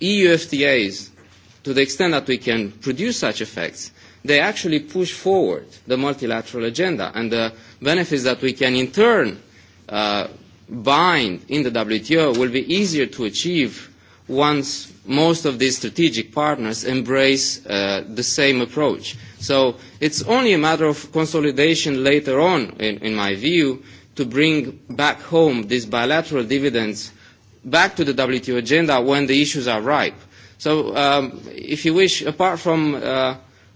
EU FTAs, to the extent that we can produce such effects, they actually push forward the multilateral agenda and the benefits that we can in turn bind in the WTO will be easier to achieve once most of these strategic partners embrace the same approach. So it's only a matter of consolidation later on, in my view, to bring back home these bilateral dividends back to the WTO agenda when the issues are ripe. So if you wish, apart from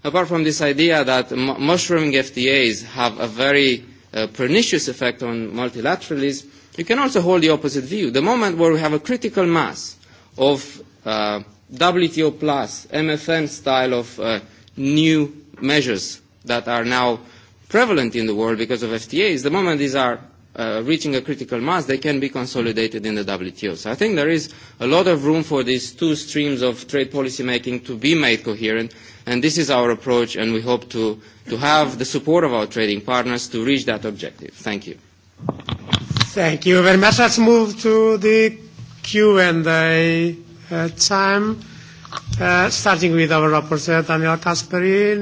apart from this idea that mushrooming FTAs have a very pernicious effect on multilateralism, you can also hold the opposite view. The moment where we have a critical mass of WTO plus, MFN style of new measures that are now prevalent in the world because of FTAs, the moment these are reaching a critical mass, they can be consolidated in the WTO. So I think there is a lot of room for these two streams of trade policy making to be made coherent, and this is our approach, and we hope to have the support of our trading partners to reach that objective. Thank you. Thank you very much. Let's move to the Q&A time, starting with our rapporteur, Daniel Caspary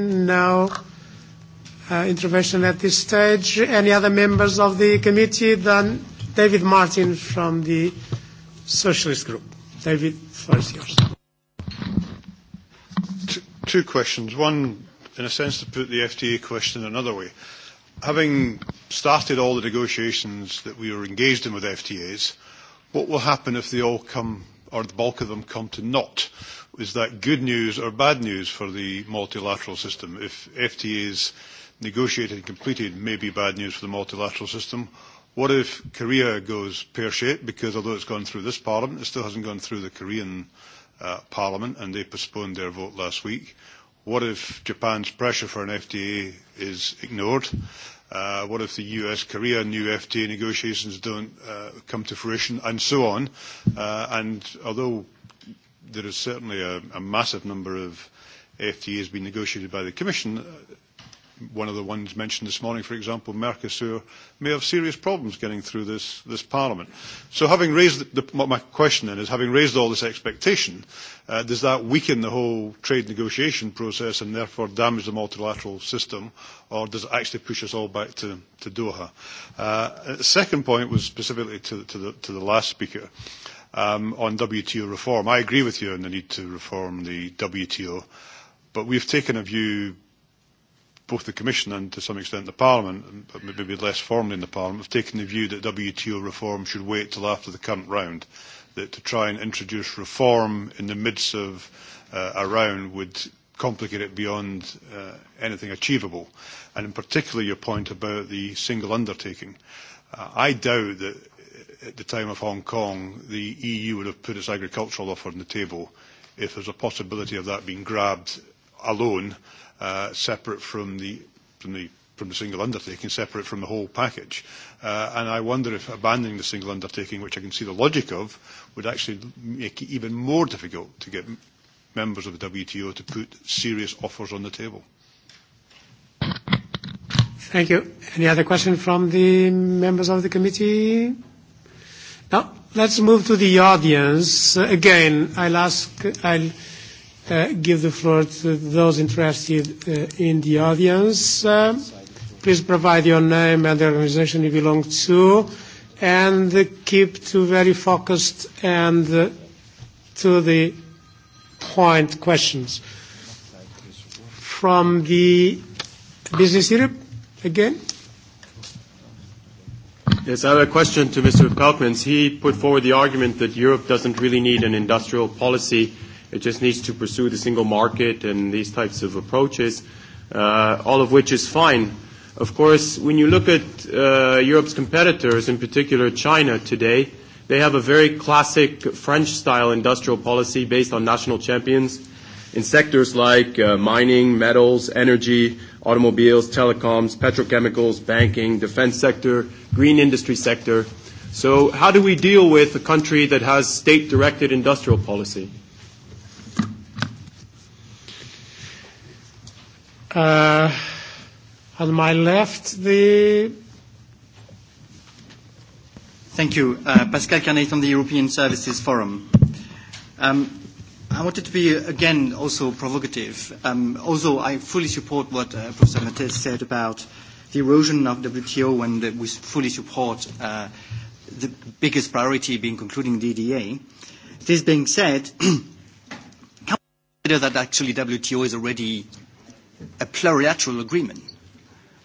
intervention at this stage. Any other members of the committee? than David Martin from the Socialist Group. David, floor is yours. Two questions. One, in a sense, to put the FTA question another way. Having started all the negotiations that we were engaged in with FTAs, what will happen if they all come, or the bulk of them come to naught? Is that good news or bad news for the multilateral system if FTAs negotiated and completed may be bad news for the multilateral system. What if Korea goes pear-shaped, because although it's gone through this parliament, it still hasn't gone through the Korean parliament, and they postponed their vote last week? What if Japan's pressure for an FTA is ignored? What if the US-Korea new FTA negotiations don't come to fruition, and so on? And although there is certainly a massive number of FTAs being negotiated by the Commission, one of the ones mentioned this morning, for example, Mercosur, may have serious problems getting through this, Parliament. So having raised, my question then is, having raised all this expectation, does that weaken the whole trade negotiation process and therefore damage the multilateral system, or does it actually push us all back to, Doha? the second point was specifically to, the, to the last speaker on WTO reform. I agree with you on the need to reform the WTO, but we've taken a view both the Commission and to some extent the Parliament, but maybe less formally in the Parliament, have taken the view that WTO reform should wait till after the current round, that to try and introduce reform in the midst of a round would complicate it beyond anything achievable, and in particular your point about the single undertaking. I doubt that at the time of Hong Kong the EU would have put its agricultural offer on the table if there's a possibility of that being grabbed alone separate from the from the single undertaking, separate from the whole package. And I wonder if abandoning the single undertaking, which I can see the logic of, would actually make it even more difficult to get members of the WTO to put serious offers on the table. Thank you. Any other question from the members of the committee? Now, let's move to the audience. Again, I'll ask, I'll give the floor to those interested in the audience. Please provide your name and the organization you belong to, and keep to very focused and to the point questions. From the Business Europe, again. Yes, I have a question to Mr. Pelkmans. He put forward the argument that Europe doesn't really need an industrial policy It just needs to pursue the single market and these types of approaches, all of which is fine. Of course, when you look at Europe's competitors, in particular China today, they have a very classic French-style industrial policy based on national champions in sectors like mining, metals, energy, automobiles, telecoms, petrochemicals, banking, defense sector, green industry sector. So how do we deal with a country that has state-directed industrial policy? On my left, the. Thank you. Pascal Carnet from the European Services Forum. I wanted to be, again, also provocative. Although I fully support what Professor Mattes said about the erosion of WTO, and we fully support the biggest priority being concluding DDA. This being said, can we consider that actually WTO is already a plurilateral agreement,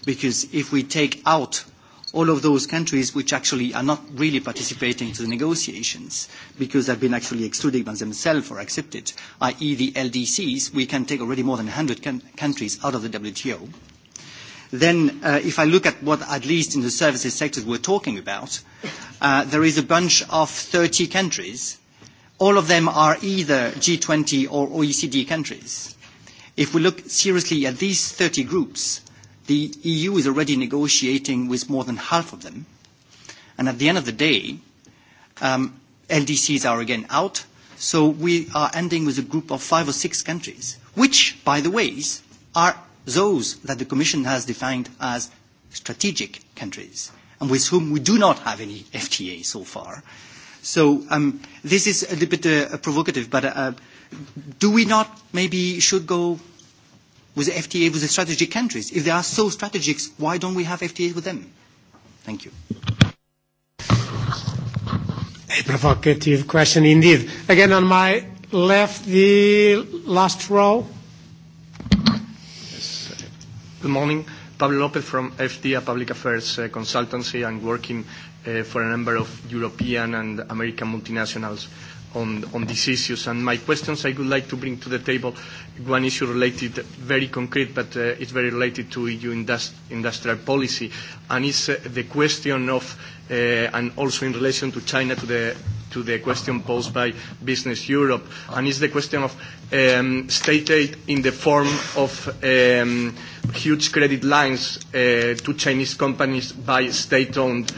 because if we take out all of those countries which actually are not really participating in the negotiations because they have been actually excluded by themselves or accepted, i.e. the LDCs, we can take already more than 100 countries out of the WTO. Then, if I look at what at least in the services sector are talking about, there is a bunch of 30 countries. All of them are either G20 or OECD countries. If we look seriously at these 30 groups, the EU is already negotiating with more than half of them. And at the end of the day, LDCs are again out. So we are ending with a group of five or six countries, which, by the way, are those that the Commission has defined as strategic countries, and with whom we do not have any FTA so far. So this is a little bit provocative, but do we not maybe should go with the FTA with the strategic countries? If they are so strategic, why don't we have FTA with them? Thank you. A provocative question indeed. Again, on my left, the last row. Good morning. Pablo López from FDA Public Affairs Consultancy. and working for a number of European and American multinationals on these issues. And my questions I would like to bring to the table one issue related, very concrete, but it's very related to EU industrial policy, and is the question of, and also in relation to China, to the to the question posed by Business Europe, and is the question of state aid in the form of huge credit lines to Chinese companies by state-owned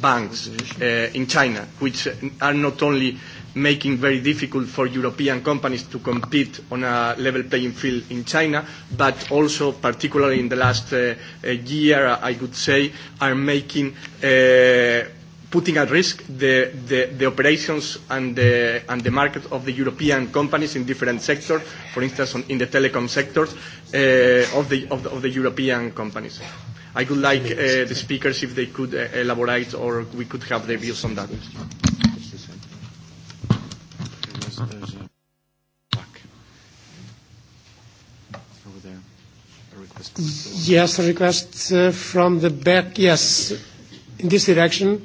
banks in China, which are not only making very difficult for European companies to compete on a level playing field in China, but also, particularly in the last year, I would say, are making putting at risk the, the, the operations and the, and the market of the European companies in different sectors, for instance, in the telecom sectors of, the, of, the, European companies. I would like the speakers if they could elaborate or we could have their views on that. Yes, a request from the back. Yes, in this direction.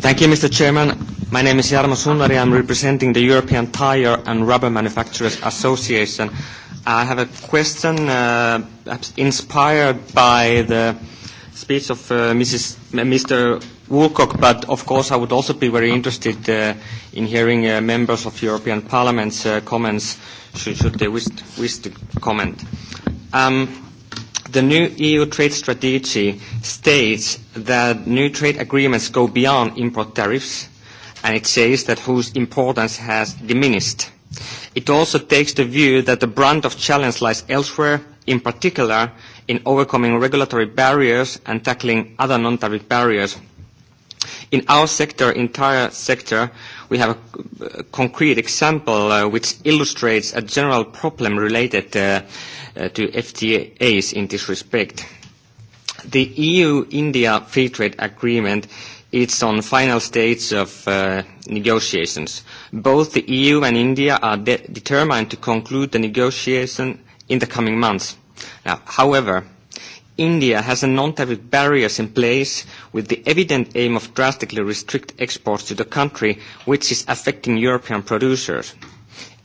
Thank you, Mr. Chairman. My name is Jarmo Sunnari. I'm representing the European Tire and Rubber Manufacturers Association. I have a question inspired by the speech of Mrs. Mr. Woolcock, but of course I would also be very interested in hearing members of European Parliament's comments, should they wish to comment. The new EU trade strategy states that new trade agreements go beyond import tariffs, and it says that whose importance has diminished. It also takes the view that the brunt of challenge lies elsewhere, in particular in overcoming regulatory barriers and tackling other non-tariff barriers. In our sector, entire sector, we have a concrete example which illustrates a general problem related to FTAs in this respect. The EU-India Free Trade Agreement is on final stage of negotiations. Both the EU and India are determined to conclude the negotiation in the coming months. However, India has a non-tariff barriers in place with the evident aim of drastically restrict exports to the country, which is affecting European producers.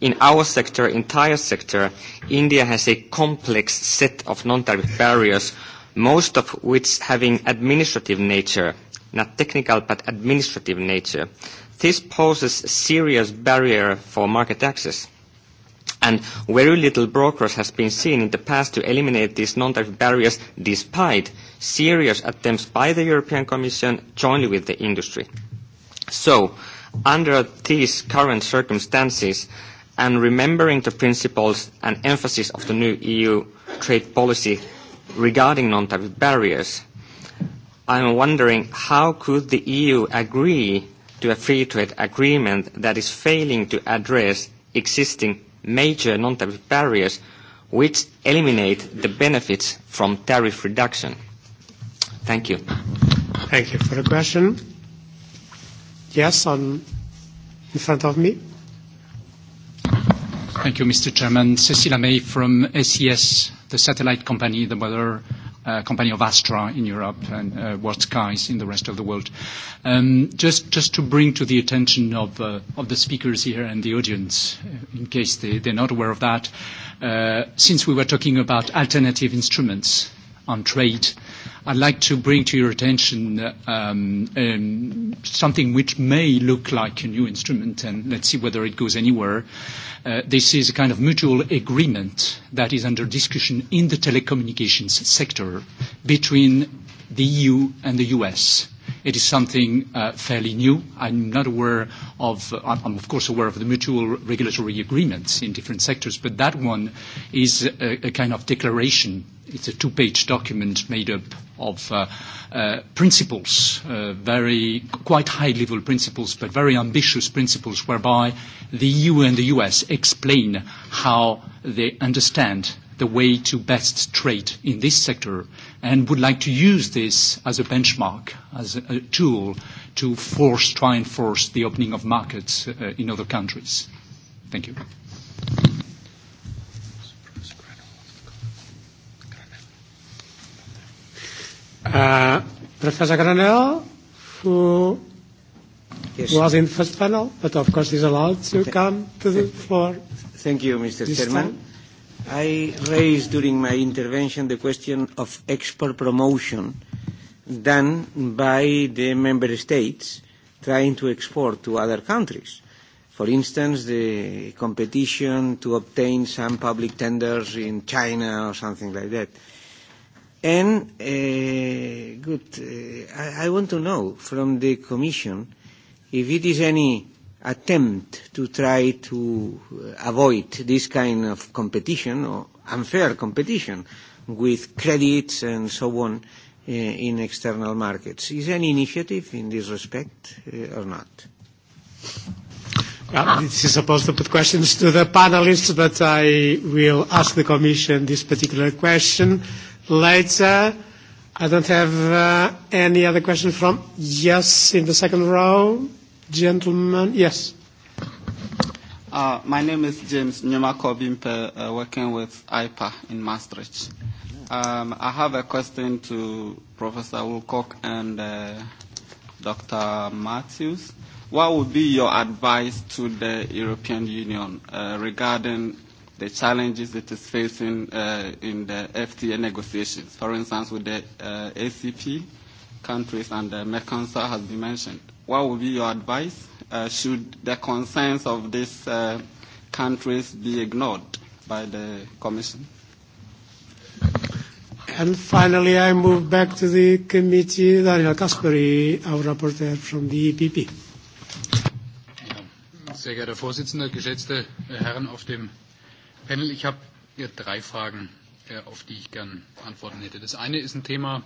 In our sector, entire sector, India has a complex set of non-tariff barriers, most of which having administrative nature, not technical but administrative nature, This poses a serious barrier for market access, and very little progress has been seen in the past to eliminate these non-tariff barriers despite serious attempts by the European Commission jointly with the industry. So, under these current circumstances, and remembering the principles and emphasis of the new EU trade policy regarding non-tariff barriers, I am wondering how could the EU agree to a free trade agreement that is failing to address existing major non-tariff barriers which eliminate the benefits from tariff reduction? Thank you. Thank you for the question. Yes, on in front of me. Thank you, Mr. Chairman. Cecilia May from SES, the satellite company, the weather company of Astra in Europe and World Skies in the rest of the world. Just to bring to the attention of the speakers here and the audience, in case they're not aware of that, since we were talking about alternative instruments, on trade, I'd like to bring to your attention something which may look like a new instrument, and let's see whether it goes anywhere. This is a kind of mutual agreement that is under discussion in the telecommunications sector between the EU and the US. It is something fairly new. I'm not aware of, I'm of course aware of the mutual regulatory agreements in different sectors, but that one is a kind of declaration It's a two-page document made up of principles, very quite high-level principles, but very ambitious principles, whereby the EU and the US explain how they understand the way to best trade in this sector, and would like to use this as a benchmark, as a tool to force, try and force the opening of markets in other countries. Thank you. Professor Grinnell, who was in the first panel, but of course is allowed to come to the floor. Thank you, Mr. Chairman. I raised during my intervention the question of export promotion done by the member states trying to export to other countries. For instance, the competition to obtain some public tenders in China or something like that. And good, I want to know from the Commission if it is any attempt to try to avoid this kind of competition or unfair competition with credits and so on in external markets. Is any initiative in this respect or not? This is supposed to put questions to the panelists, but I will ask the Commission this particular question later. I don't have any other question from... Yes, in the second row. gentlemen yes. My name is James Nyomako Bimpe, working with IPA in Maastricht. I have a question to Professor Wilcock and Dr. Matthews. What would be your advice to the European Union regarding the challenges it is facing in the FTA negotiations. For instance, with the ACP countries and the Mercosur has been mentioned. What would be your advice? Should the concerns of these countries be ignored by the Commission? And finally, I move back to the committee, Daniel Kasperi, our rapporteur from the EPP. Sehr geehrter Vorsitzender, geschätzte Herren auf dem Panel. Ich habe hier drei Fragen, auf die ich gern Antworten hätte. Das eine ist ein Thema,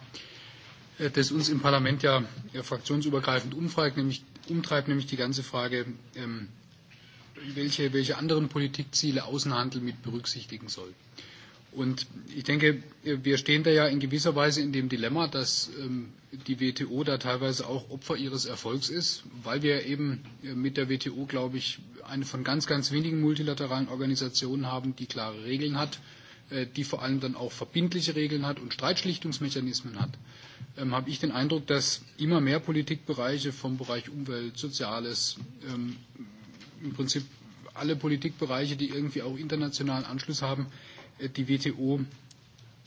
das uns im Parlament ja fraktionsübergreifend umtreibt, nämlich die ganze Frage, welche anderen Politikziele Außenhandel mit berücksichtigen soll. Und ich denke, wir stehen da ja in gewisser Weise in dem Dilemma, dass die WTO da teilweise auch Opfer ihres Erfolgs ist, weil wir eben mit der WTO, glaube ich, eine von ganz, ganz wenigen multilateralen Organisationen haben, die klare Regeln hat, die vor allem dann auch verbindliche Regeln hat und Streitschlichtungsmechanismen hat. Habe ich den Eindruck, dass immer mehr Politikbereiche vom Bereich Umwelt, Soziales, im Prinzip alle Politikbereiche, die irgendwie auch internationalen Anschluss haben, die WTO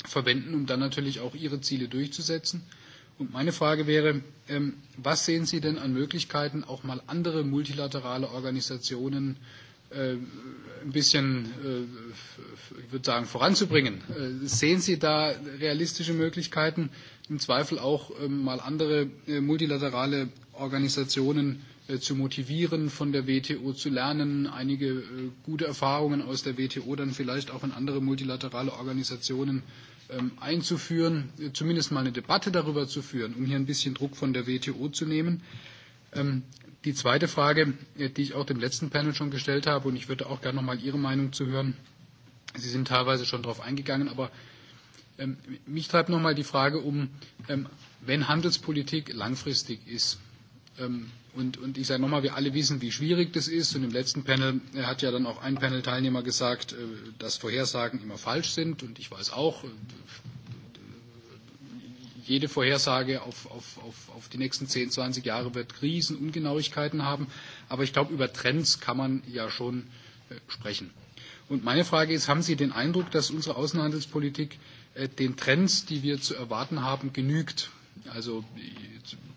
verwenden, um dann natürlich auch ihre Ziele durchzusetzen. Und meine Frage wäre, was sehen Sie denn an Möglichkeiten, auch mal andere multilaterale Organisationen ein bisschen, ich würde sagen, voranzubringen? Sehen Sie da realistische Möglichkeiten, im Zweifel auch mal andere multilaterale Organisationen zu motivieren, von der WTO zu lernen, einige gute Erfahrungen aus der WTO dann vielleicht auch in andere multilaterale Organisationen einzuführen, zumindest mal eine Debatte darüber zu führen, um hier ein bisschen Druck von der WTO zu nehmen. Die zweite Frage, die ich auch dem letzten Panel schon gestellt habe, und ich würde auch gerne noch mal Ihre Meinung zu hören. Sie sind teilweise schon darauf eingegangen, aber mich treibt noch mal die Frage um, wenn Handelspolitik langfristig ist, Und, und ich sage nochmal, wir alle wissen, wie schwierig das ist. Und im letzten Panel hat ja dann auch ein Panel-Teilnehmer gesagt, dass Vorhersagen immer falsch sind. Und ich weiß auch, jede Vorhersage auf, auf, auf, auf die nächsten 10, 20 Jahre wird Riesenungenauigkeiten haben. Aber ich glaube, über Trends kann man ja schon sprechen. Und meine Frage ist, haben Sie den Eindruck, dass unsere Außenhandelspolitik den Trends, die wir zu erwarten haben, genügt? Also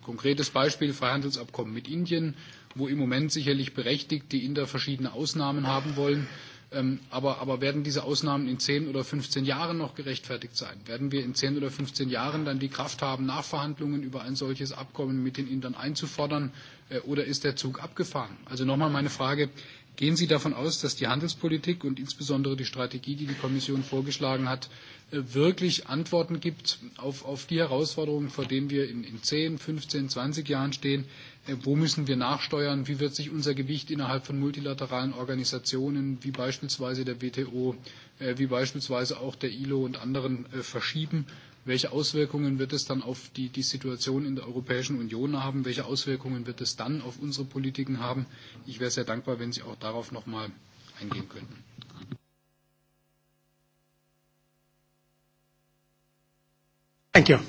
konkretes Beispiel Freihandelsabkommen mit Indien, wo im Moment sicherlich berechtigt die Inder verschiedene Ausnahmen haben wollen. Aber werden diese Ausnahmen in zehn oder fünfzehn Jahren noch gerechtfertigt sein? Werden wir in zehn oder fünfzehn Jahren dann die Kraft haben, Nachverhandlungen über ein solches Abkommen mit den Indern einzufordern? Oder ist der Zug abgefahren? Also nochmal meine Frage, Gehen Sie davon aus, dass die Handelspolitik und insbesondere die Strategie, die die Kommission vorgeschlagen hat, wirklich Antworten gibt auf die Herausforderungen, vor denen wir in 10, 15, 20 Jahren stehen? Wo müssen wir nachsteuern? Wie wird sich unser Gewicht innerhalb von multilateralen Organisationen wie beispielsweise der WTO, wie beispielsweise auch der ILO und anderen verschieben? Welche Auswirkungen wird es dann auf die Situation in der Europäischen Union haben? Welche Auswirkungen wird es dann auf unsere Politiken haben? Ich wäre sehr dankbar, wenn Sie auch darauf noch mal eingehen könnten. Thank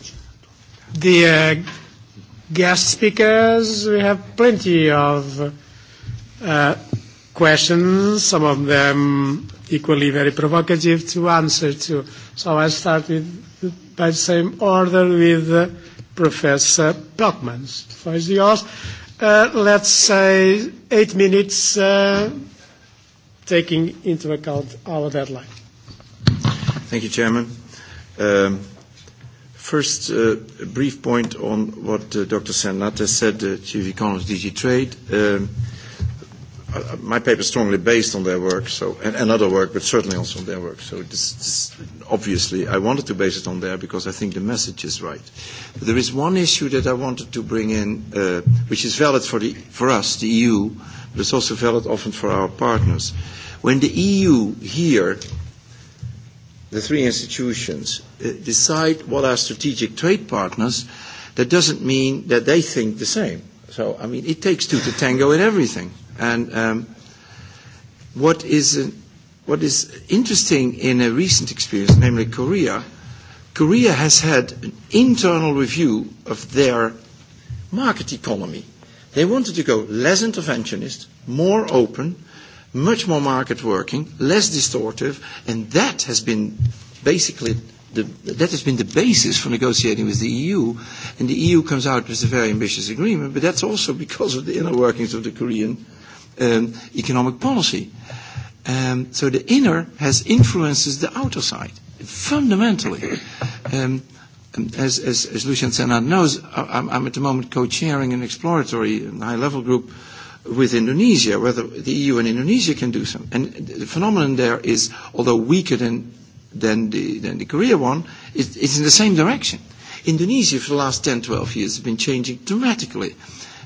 So start by the same order with Professor Pelkman. Let's say eight minutes, taking into account our deadline. Thank you, Chairman. First, a brief point on what Dr. Sennate said, Chief Economist of DG Trade my paper is strongly based on their work, so and other work, but certainly also on their work. So obviously, I wanted to base it on there because I think the message is right. But there is one issue that I wanted to bring in, which is valid for the for us, the EU, but it's also valid often for our partners. When the EU here, the three institutions, decide what are strategic trade partners, that doesn't mean that they think the same. So I mean, it takes two to tango in everything. And what is what is interesting in a recent experience, namely Korea, Korea has had an internal review of their market economy. They wanted to go less interventionist, more open, much more market working, less distortive, and that has been basically the, that has been the basis for negotiating with the EU. And the EU comes out with a very ambitious agreement, but that's also because of the inner workings of the Korean economic policy. So the inner has influences the outer side fundamentally. As as Lucien Senat knows, I'm at the moment co-chairing an exploratory high-level group with Indonesia, whether the EU and Indonesia can do some. And the phenomenon there is, although weaker than than the than the Korea one, it's in the same direction. Indonesia for the last 10, 12 years has been changing dramatically,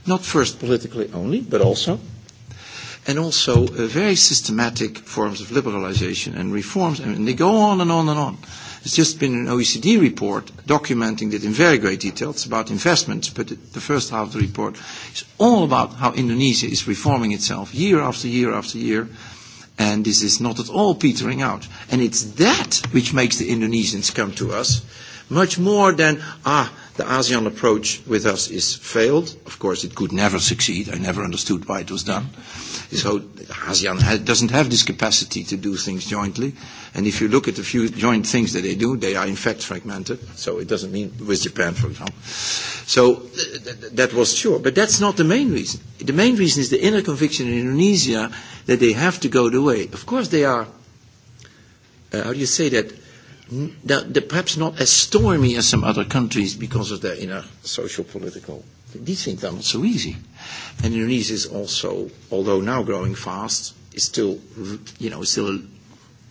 not first politically only, but also and also very systematic forms of liberalisation and reforms, and they go on and on and on. There's just been an OECD report documenting it in very great detail. It's about investments, but the first half of the report is all about how Indonesia is reforming itself year after year after year, and this is not at all petering out. And it's that which makes the Indonesians come to us, much more than, ah, The ASEAN approach with us is failed. Of course, it could never succeed. I never understood why it was done. So ASEAN doesn't have this capacity to do things jointly. And if you look at the few joint things that they do, they are in fact fragmented. So it doesn't mean with Japan, for example. So that was sure. But that's not the main reason. The main reason is the inner conviction in Indonesia that they have to go the way. Of course, they are, how do you say that, perhaps not as stormy as some other countries because of their inner social political. These things are not so easy. And Indonesia is also, although now growing fast, is still, you know, still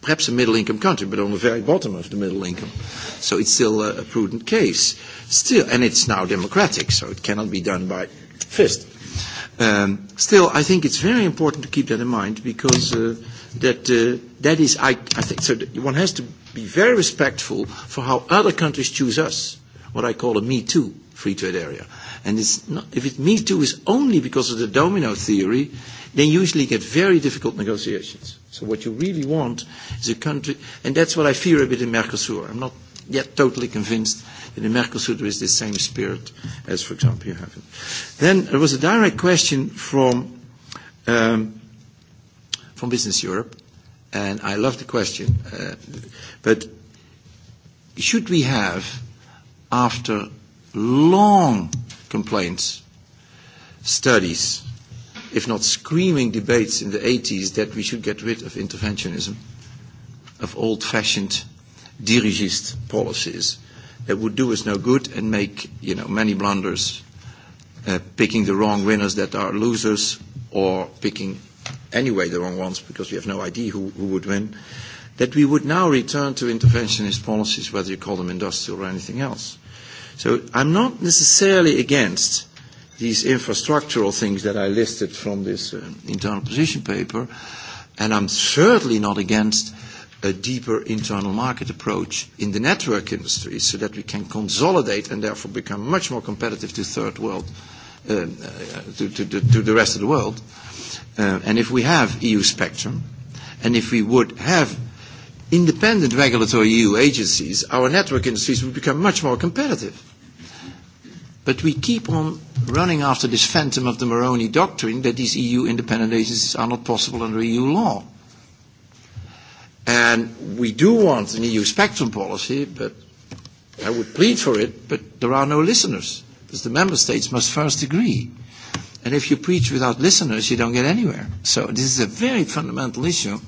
perhaps a middle-income country, but on the very bottom of the middle income. So it's still a prudent case. Still, and it's now democratic, so it cannot be done by fist. Still, I think it's very important to keep that in mind because that that is, I think, so one has to be very respectful for how other countries choose us, what I call a Me Too free trade area. And not, if it Me Too is only because of the domino theory, then usually get very difficult negotiations. So what you really want is a country, and that's what I fear a bit in Mercosur. I'm not yet totally convinced that in Mercosur there is the same spirit as, for example, you have. it. Then there was a direct question from from Business Europe, and I love the question, but should we have, after long complaints, studies, if not screaming debates in the 80s that we should get rid of interventionism, of old-fashioned dirigist policies that would do us no good and make you know many blunders picking the wrong winners that are losers or picking anyway the wrong ones because we have no idea who would win that we would now return to interventionist policies whether you call them industrial or anything else so i'm not necessarily against these infrastructural things that i listed from this internal position paper and i'm certainly not against a deeper internal market approach in the network industry so that we can consolidate and therefore become much more competitive to third world to the rest of the world and if we have EU spectrum and if we would have independent regulatory EU agencies our network industries would become much more competitive but we keep on running after this phantom of the Moroni doctrine that these EU independent agencies are not possible under EU law And we do want an EU spectrum policy, but I would plead for it, but there are no listeners, because the member states must first agree. And if you preach without listeners, you don't get anywhere. So this is a very fundamental issue.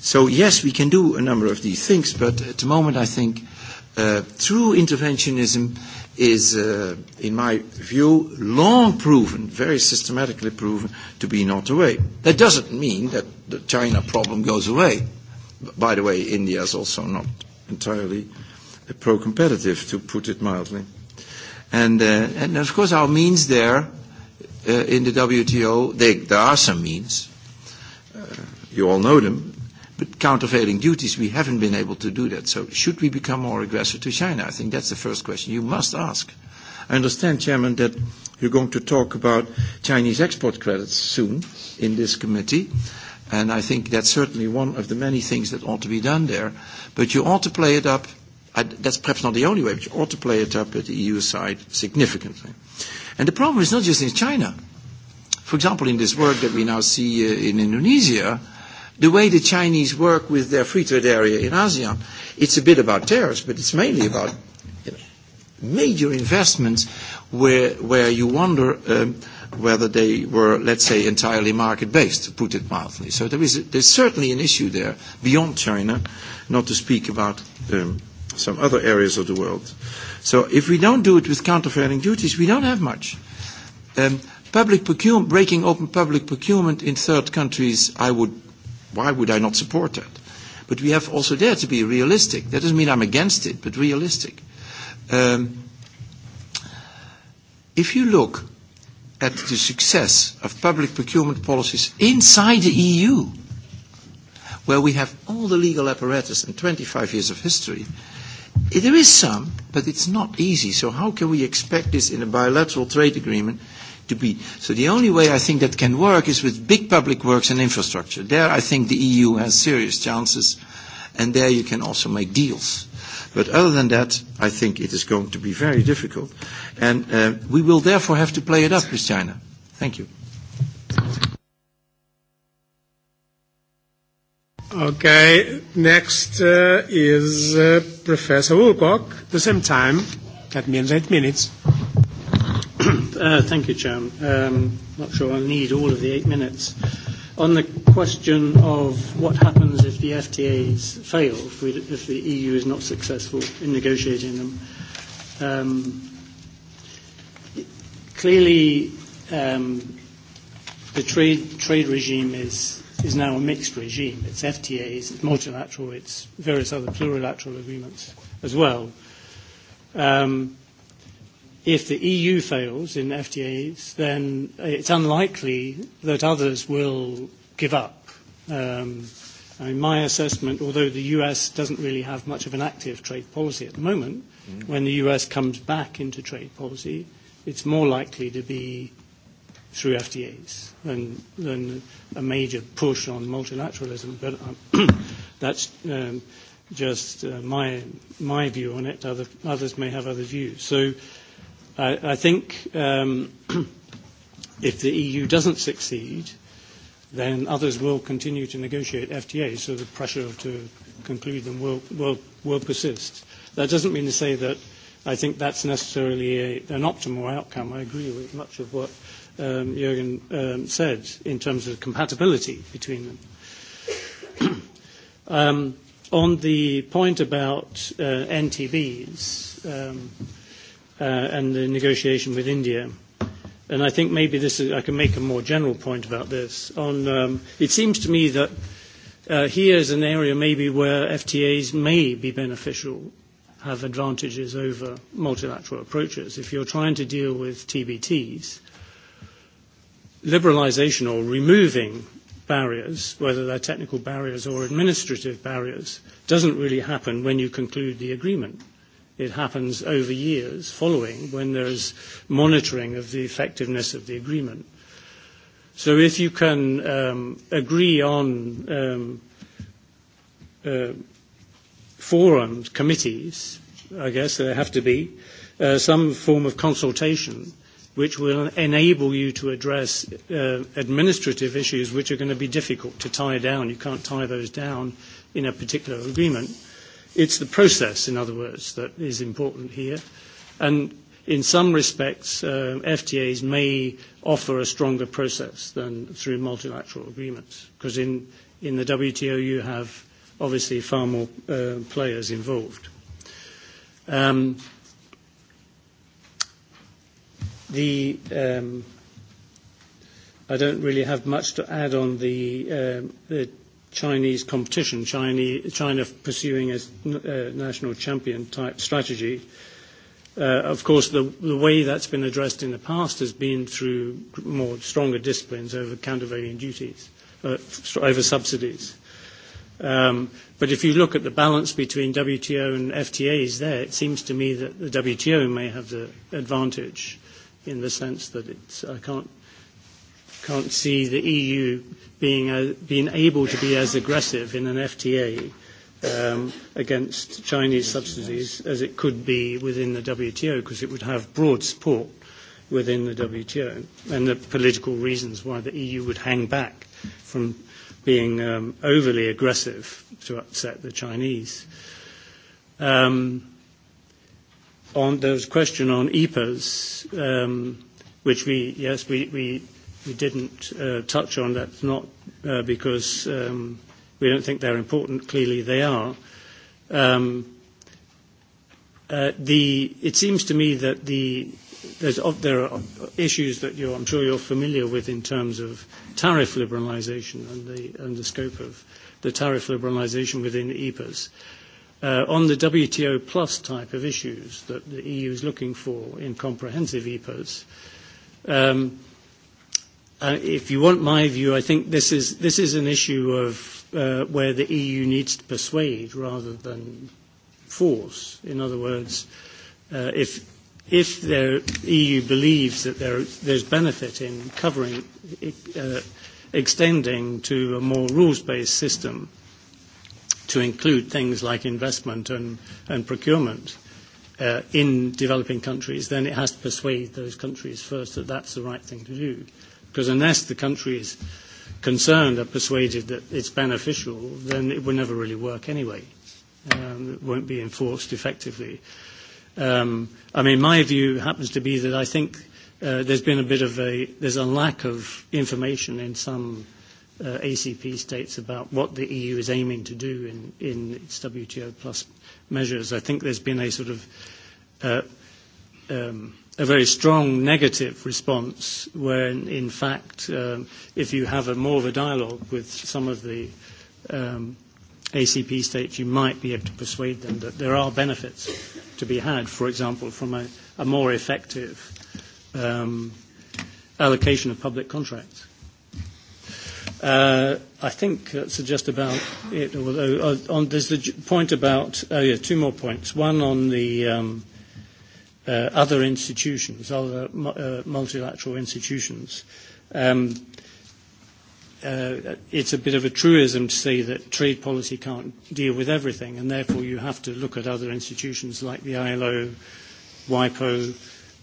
So yes, we can do a number of these things, but at the moment I think True interventionism is, in my view, long proven, very systematically proven, to be not the way. That doesn't mean that the China problem goes away. By the way, India is also not entirely pro-competitive, to put it mildly. And of course our means there in the WTO, there are some means. You all know them. But countervailing duties, we haven't been able to do that. So should we become more aggressive to China? I think that's the first question you must ask. I understand, Chairman, that you're going to talk about Chinese export credits soon in this committee, and I think that's certainly one of the many things that ought to be done there. But you ought to play it up. That's perhaps not the only way, but you ought to play it up at the EU side significantly. And the problem is not just in China. For example, in this work that we now see in Indonesia, the way the Chinese work with their free trade area in ASEAN, it's a bit about tariffs, but it's mainly about major investments where where you wonder whether they were, let's say, entirely market-based, to put it mildly. So there is there's certainly an issue there beyond China, not to speak about some other areas of the world. So if we don't do it with countervailing duties, we don't have much. Public procurement, breaking open public procurement in third countries, I would Why would I not support that? But we have also there to be realistic. That doesn't mean I'm against it, but realistic. If you look at the success of public procurement policies inside the EU, where we have all the legal apparatus and 25 years of history, there is some, but it's not easy. So how can we expect this in a bilateral trade agreement to be. So the only way I think that can work is with big public works and infrastructure. There I think the EU has serious chances, and there you can also make deals. But other than that, I think it is going to be very difficult, and we will therefore have to play it up with China. Thank you. Okay, next is Professor Wilcock. The same time, that means eight minutes. Thank you, Chairman. I'm not sure I'll need all of the eight minutes. On the question of what happens if the FTAs fail, if the EU is not successful in negotiating them, um clearly um the trade trade regime is is now a mixed regime. It's FTAs, it's multilateral, it's various other plurilateral agreements as well. Um if the EU fails in FTAs, then it's unlikely that others will give up. My assessment, although the US doesn't really have much of an active trade policy at the moment, when the US comes back into trade policy, it's more likely to be through FTAs than a major push on multilateralism. But that's just my view on it. Others may have other views. So I think if the EU doesn't succeed, then others will continue to negotiate FTAs, so the pressure to conclude them will persist. That doesn't mean to say that I think that's necessarily an optimal outcome. I agree with much of what Jürgen said in terms of compatibility between them. On the point about NTBs, and the negotiation with India. And I think maybe this I can make a more general point about this. On, it seems to me that here is an area maybe where FTAs may be beneficial, have advantages over multilateral approaches. If you're trying to deal with TBTs, liberalisation or removing barriers, whether they're technical barriers or administrative barriers, doesn't really happen when you conclude the agreement. It happens over years following when there is monitoring of the effectiveness of the agreement. So if you can agree on forums, committees, I guess there have to be, some form of consultation which will enable you to address administrative issues which are going to be difficult to tie down. You can't tie those down in a particular agreement. It's the process, in other words, that is important here. And in some respects, FTAs may offer a stronger process than through multilateral agreements, because in in the WTO you have obviously far more players involved. The I don't really have much to add on the Chinese competition, China pursuing a national champion type strategy. Of course, the way that's been addressed in the past has been through more stronger disciplines over countervailing duties, over subsidies. But if you look at the balance between WTO and FTAs there, it seems to me that the WTO may have the advantage in the sense that it's, I can't can't see the EU being being able to be as aggressive in an FTA against Chinese subsidies as it could be within the WTO, because it would have broad support within the WTO, and the political reasons why the EU would hang back from being overly aggressive to upset the Chinese. There was a question on EPAs, which we, yes, we we didn't touch on. That's not because we don't think they're important. Clearly, they are. It seems to me that the there are issues that I'm sure you're familiar with in terms of tariff liberalisation and the scope of the tariff liberalisation within EPAs. On the WTO plus type of issues that the EU is looking for in comprehensive EPAs, If you want my view, I think this is this is an issue of where the EU needs to persuade rather than force. In other words, if if the EU believes that there there's benefit in covering extending to a more rules-based system to include things like investment and and procurement in developing countries, then it has to persuade those countries first that that's the right thing to do. Because unless the country is concerned or persuaded that it's beneficial, then it will never really work anyway. It won't be enforced effectively. I mean, my view happens to be that I think there's been a bit of a, there's a lack of information in some ACP states about what the EU is aiming to do in its WTO plus measures. I think there's been a sort of a very strong negative response when in fact if you have more of a dialogue with some of the ACP states you might be able to persuade them that there are benefits to be had for example from a more effective allocation of public contracts I think that's just about it on there's the point about oh yeah two more points one on the other institutions, other multilateral institutions. It's a bit of a truism to say that trade policy can't deal with everything, and therefore you have to look at other institutions like the ILO, WIPO,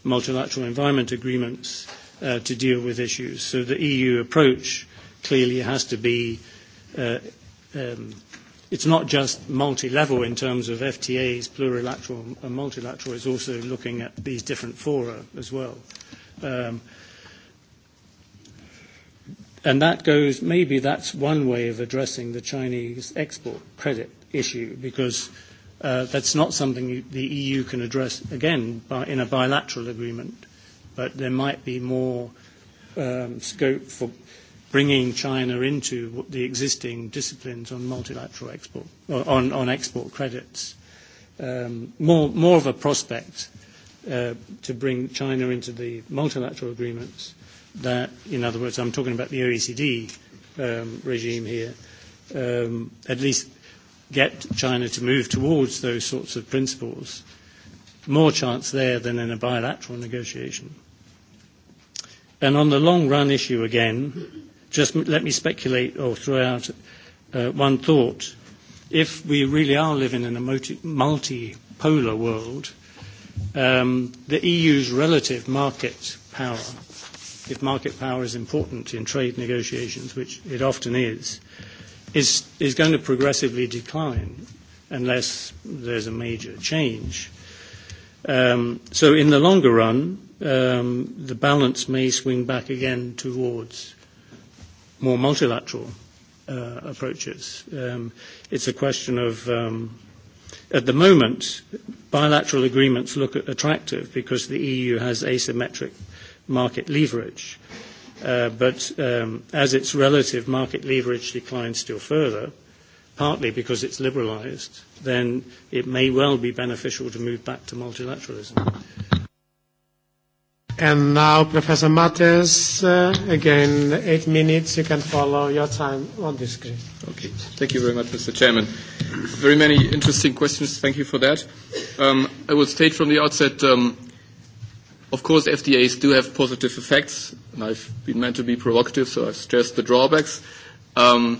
multilateral environment agreements to deal with issues. So the EU approach clearly has to be It's not just multi-level in terms of FTAs, plurilateral and multilateral. It's also looking at these different fora as well. And that goes, maybe that's one way of addressing the Chinese export credit issue, because that's not something the EU can address, again, in a bilateral agreement. But there might be more scope for bringing China into the existing disciplines on multilateral export, on export credits. More of a prospect to bring China into the multilateral agreements that, in other words, I'm talking about the OECD regime here, at least get China to move towards those sorts of principles. More chance there than in a bilateral negotiation. And on the long run issue again, Just let me speculate or throw out one thought. If we really are living in a multipolar world, the EU's relative market power, if market power is important in trade negotiations, which it often is, is going to progressively decline unless there's a major change. So in the longer run, the balance may swing back again towards more multilateral approaches. It's a question of, at the moment, bilateral agreements look attractive because the EU has asymmetric market leverage. But as its relative market leverage declines still further, partly because it's liberalised, then it may well be beneficial to move back to multilateralism. And now, Professor Mates, again, eight minutes. You can follow your time on this screen. Okay. Thank you very much, Mr. Chairman. Very many interesting questions. Thank you for that. Um, I will state from the outset, of course, FDAs do have positive effects, and I've been meant to be provocative, so I've stressed the drawbacks. Um,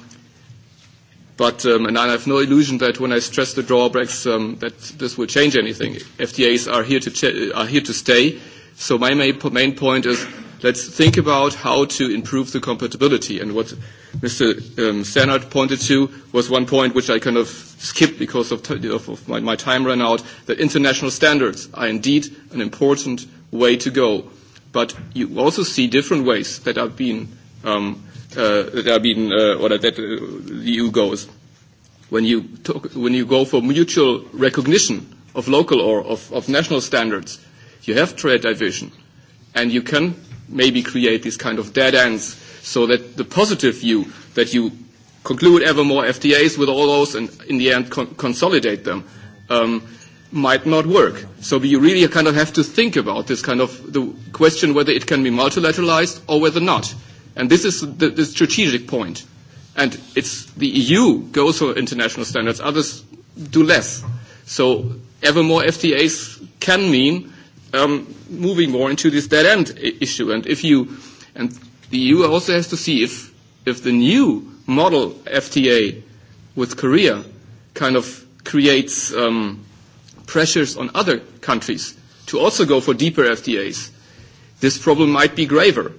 But and I have no illusion that when I stress the drawbacks that this will change anything. FDAs are here to are here to stay. So my main point is let's think about how to improve the compatibility. And what Mr. Sennard pointed to was one point which I kind of skipped because of my time ran out, that international standards are indeed an important way to go. But you also see different ways that are being that are being or that the EU goes. When you when you go for mutual recognition of local or of national standards, You have trade division, and you can maybe create these kind of dead ends so that the positive view that you conclude ever more FTAs with all those and in the end consolidate them might not work. So we really kind of have to think about this kind of the question whether it can be multilateralized or whether not. And this is the, the strategic point. And it's the EU goes for international standards, others do less. So ever more FTAs can mean moving more into this dead end issue. And if you, and the EU also has to see if if the new model FTA with Korea kind of creates pressures on other countries to also go for deeper FTAs, this problem might be graver.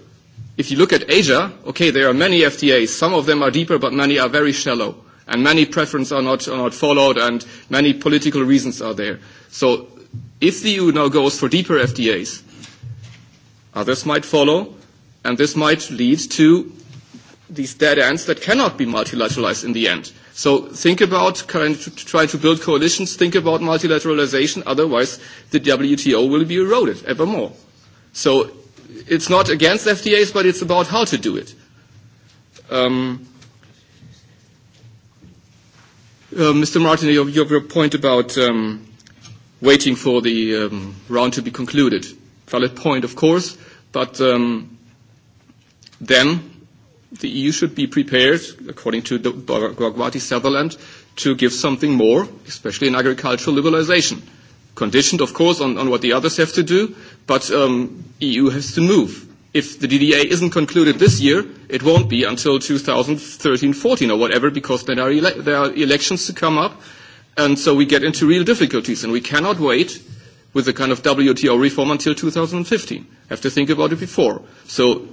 If you look at Asia, okay, there are many FTAs. Some of them are deeper, but many are very shallow. And many preferences are not followed, and many political reasons are there. So If the EU now goes for deeper FDAs, others might follow, and this might lead to these dead ends that cannot be multilateralized in the end. So think about trying to build coalitions, think about multilateralization, otherwise the WTO will be eroded ever more. So it's not against FDAs, but it's about how to do it. Mr. Martin, your point about waiting for the round to be concluded. Valid point, of course, but then the EU should be prepared, according to the Gorgwati Sutherland, to give something more, especially in agricultural liberalisation. Conditioned, of course, on what the others have to do, but EU has to move. If the DDA isn't concluded this year, it won't be until 2013-14 or whatever, because then there are elections to come up, And so we get into real difficulties, and we cannot wait with the kind of WTO reform until 2015. Have to think about it before. So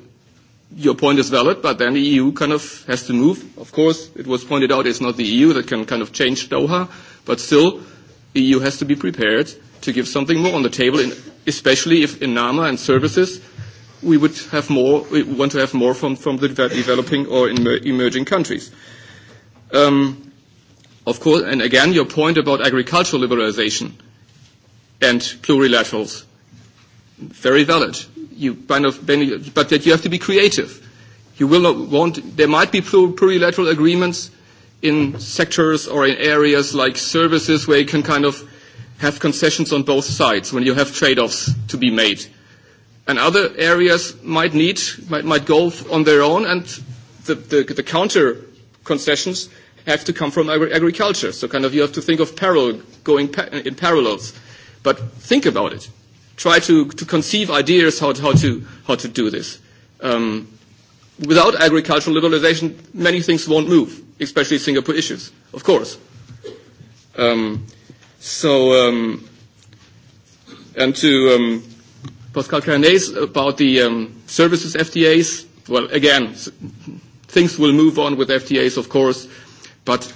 your point is valid, but then the EU kind of has to move. Of course, it was pointed out it's not the EU that can kind of change Doha, but still, the EU has to be prepared to give something more on the table, especially if in NAMA and services we would have more, we want to have more from, the developing or emerging countries. Of course, and again, your point about agricultural liberalization and plurilaterals, very valid. You kind of, but that you have to be creative. You will not There might be plurilateral agreements in sectors or in areas like services where you can kind of have concessions on both sides when you have trade-offs to be made. And other areas might need, might, might go on their own, and the, the, the counter concessions have to come from agriculture. So kind of you have to think of parallel, going in parallels. But think about it. Try to, to conceive ideas how to, how to, how to do this. Um, without agricultural liberalization, many things won't move, especially Singapore issues, of course. Um, so, um, and to um, Pascal Carnet's about the um, services FTAs, well, again, things will move on with FTAs, of course But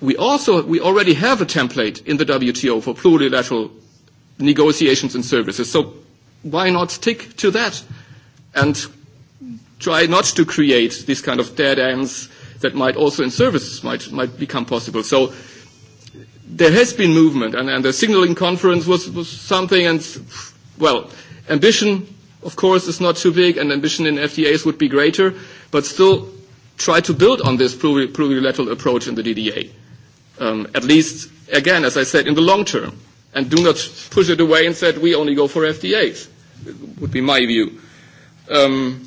we also we already have a template in the WTO for plurilateral negotiations and services. So why not stick to that and try not to create these kind of dead ends that might also in services might might become possible. So there has been movement and, and the signaling conference was, was something and well ambition of course is not too big and ambition in FTAs would be greater but still try to build on this plurilateral approach in the DDA, at least, again, as I said, in the long term, and do not push it away and say we only go for FDAs would be my view. The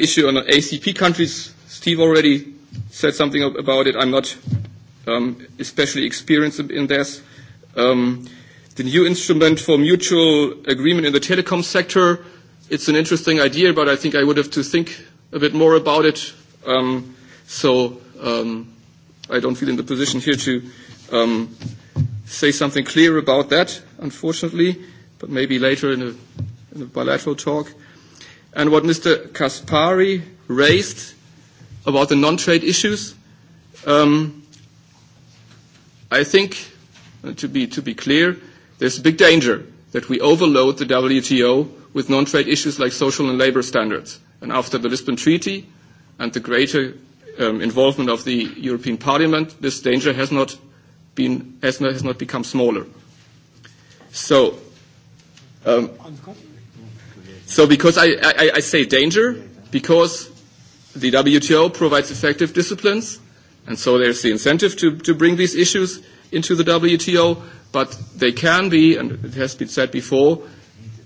issue on ACP countries, Steve already said something about it. I'm not especially experienced in this the new instrument for mutual agreement in the telecom sector. It's an interesting idea, but I think I would have to think a bit more about it. So I don't feel in the position here to say something clear about that, unfortunately, but maybe later in a bilateral talk. And what Mr. Kaspari raised about the non-trade issues, I think, to be to be clear, There's a big danger that we overload the WTO with non-trade issues like social and labour standards. And after the Lisbon Treaty and the greater involvement of the European Parliament, this danger has not been has not become smaller. So so because I I I say danger because the WTO provides effective disciplines and so there's the incentive to to bring these issues into the WTO but they can be, and it has been said before,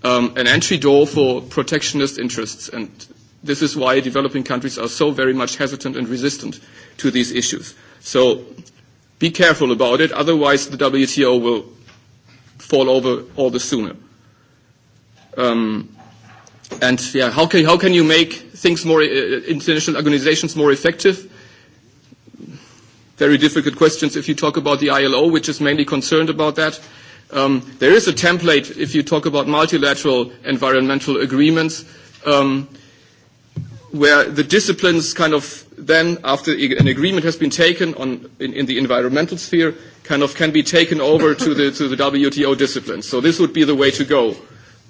an entry door for protectionist interests. And this is why developing countries are so very much hesitant and resistant to these issues. So be careful about it, otherwise the WTO will fall over all the sooner. And yeah, how can how can you make things more international organizations more effective? very difficult questions if you talk about the ILO, which is mainly concerned about that. There is a template if you talk about multilateral environmental agreements, where the disciplines kind of then, after an agreement has been taken on in the environmental sphere, kind of can be taken over to the to the WTO disciplines. So this would be the way to go.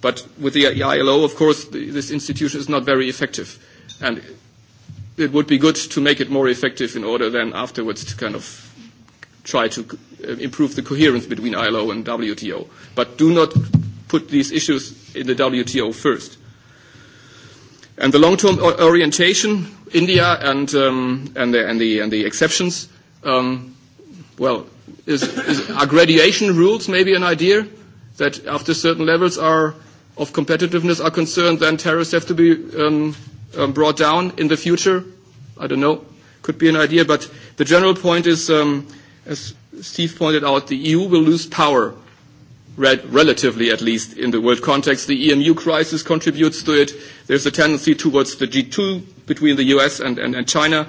But with the ILO, of course, this institution is not very effective. And it would be good to make it more effective in order then afterwards to kind of try to improve the coherence between ILO and WTO. But do not put these issues in the WTO first. And the long-term orientation, India and the exceptions, well, are graduation rules maybe an idea that after certain levels are of competitiveness are concerned, then tariffs have to be brought down in the future. I don't know. Could be an idea. But the general point is, as Steve pointed out, the EU will lose power, relatively at least, in the world context. The EMU crisis contributes to it. There's a tendency towards the G2 between the US and China.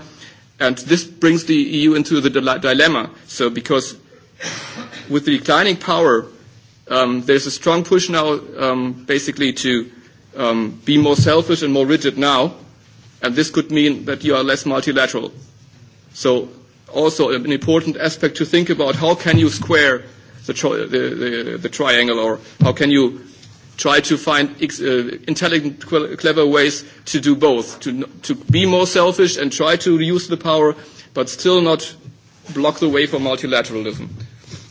And this brings the EU into the dilemma. So because with the declining power, there's a strong push now basically to be more selfish and more rigid now, and this could mean that you are less multilateral. So also an important aspect to think about, how can you square the triangle, or how can you try to find intelligent, clever ways to do both, to be more selfish and try to use the power, but still not block the way for multilateralism.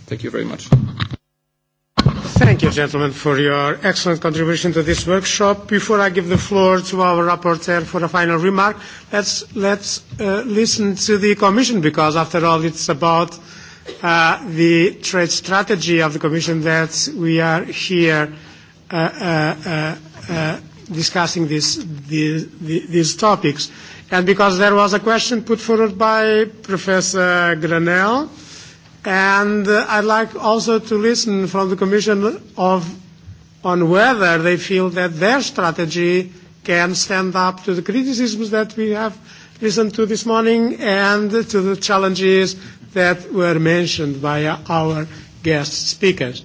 Thank you very much. Thank you, gentlemen, for your excellent contribution to this workshop. Before I give the floor to our rapporteur for a final remark, let's let's listen to the Commission because, after all, it's about the trade strategy of the Commission that we are here discussing these topics. And because there was a question put forward by Professor Granell And I'd like also to listen from the Commission of on whether they feel that their strategy can stand up to the criticisms that we have listened to this morning and to the challenges that were mentioned by our guest speakers.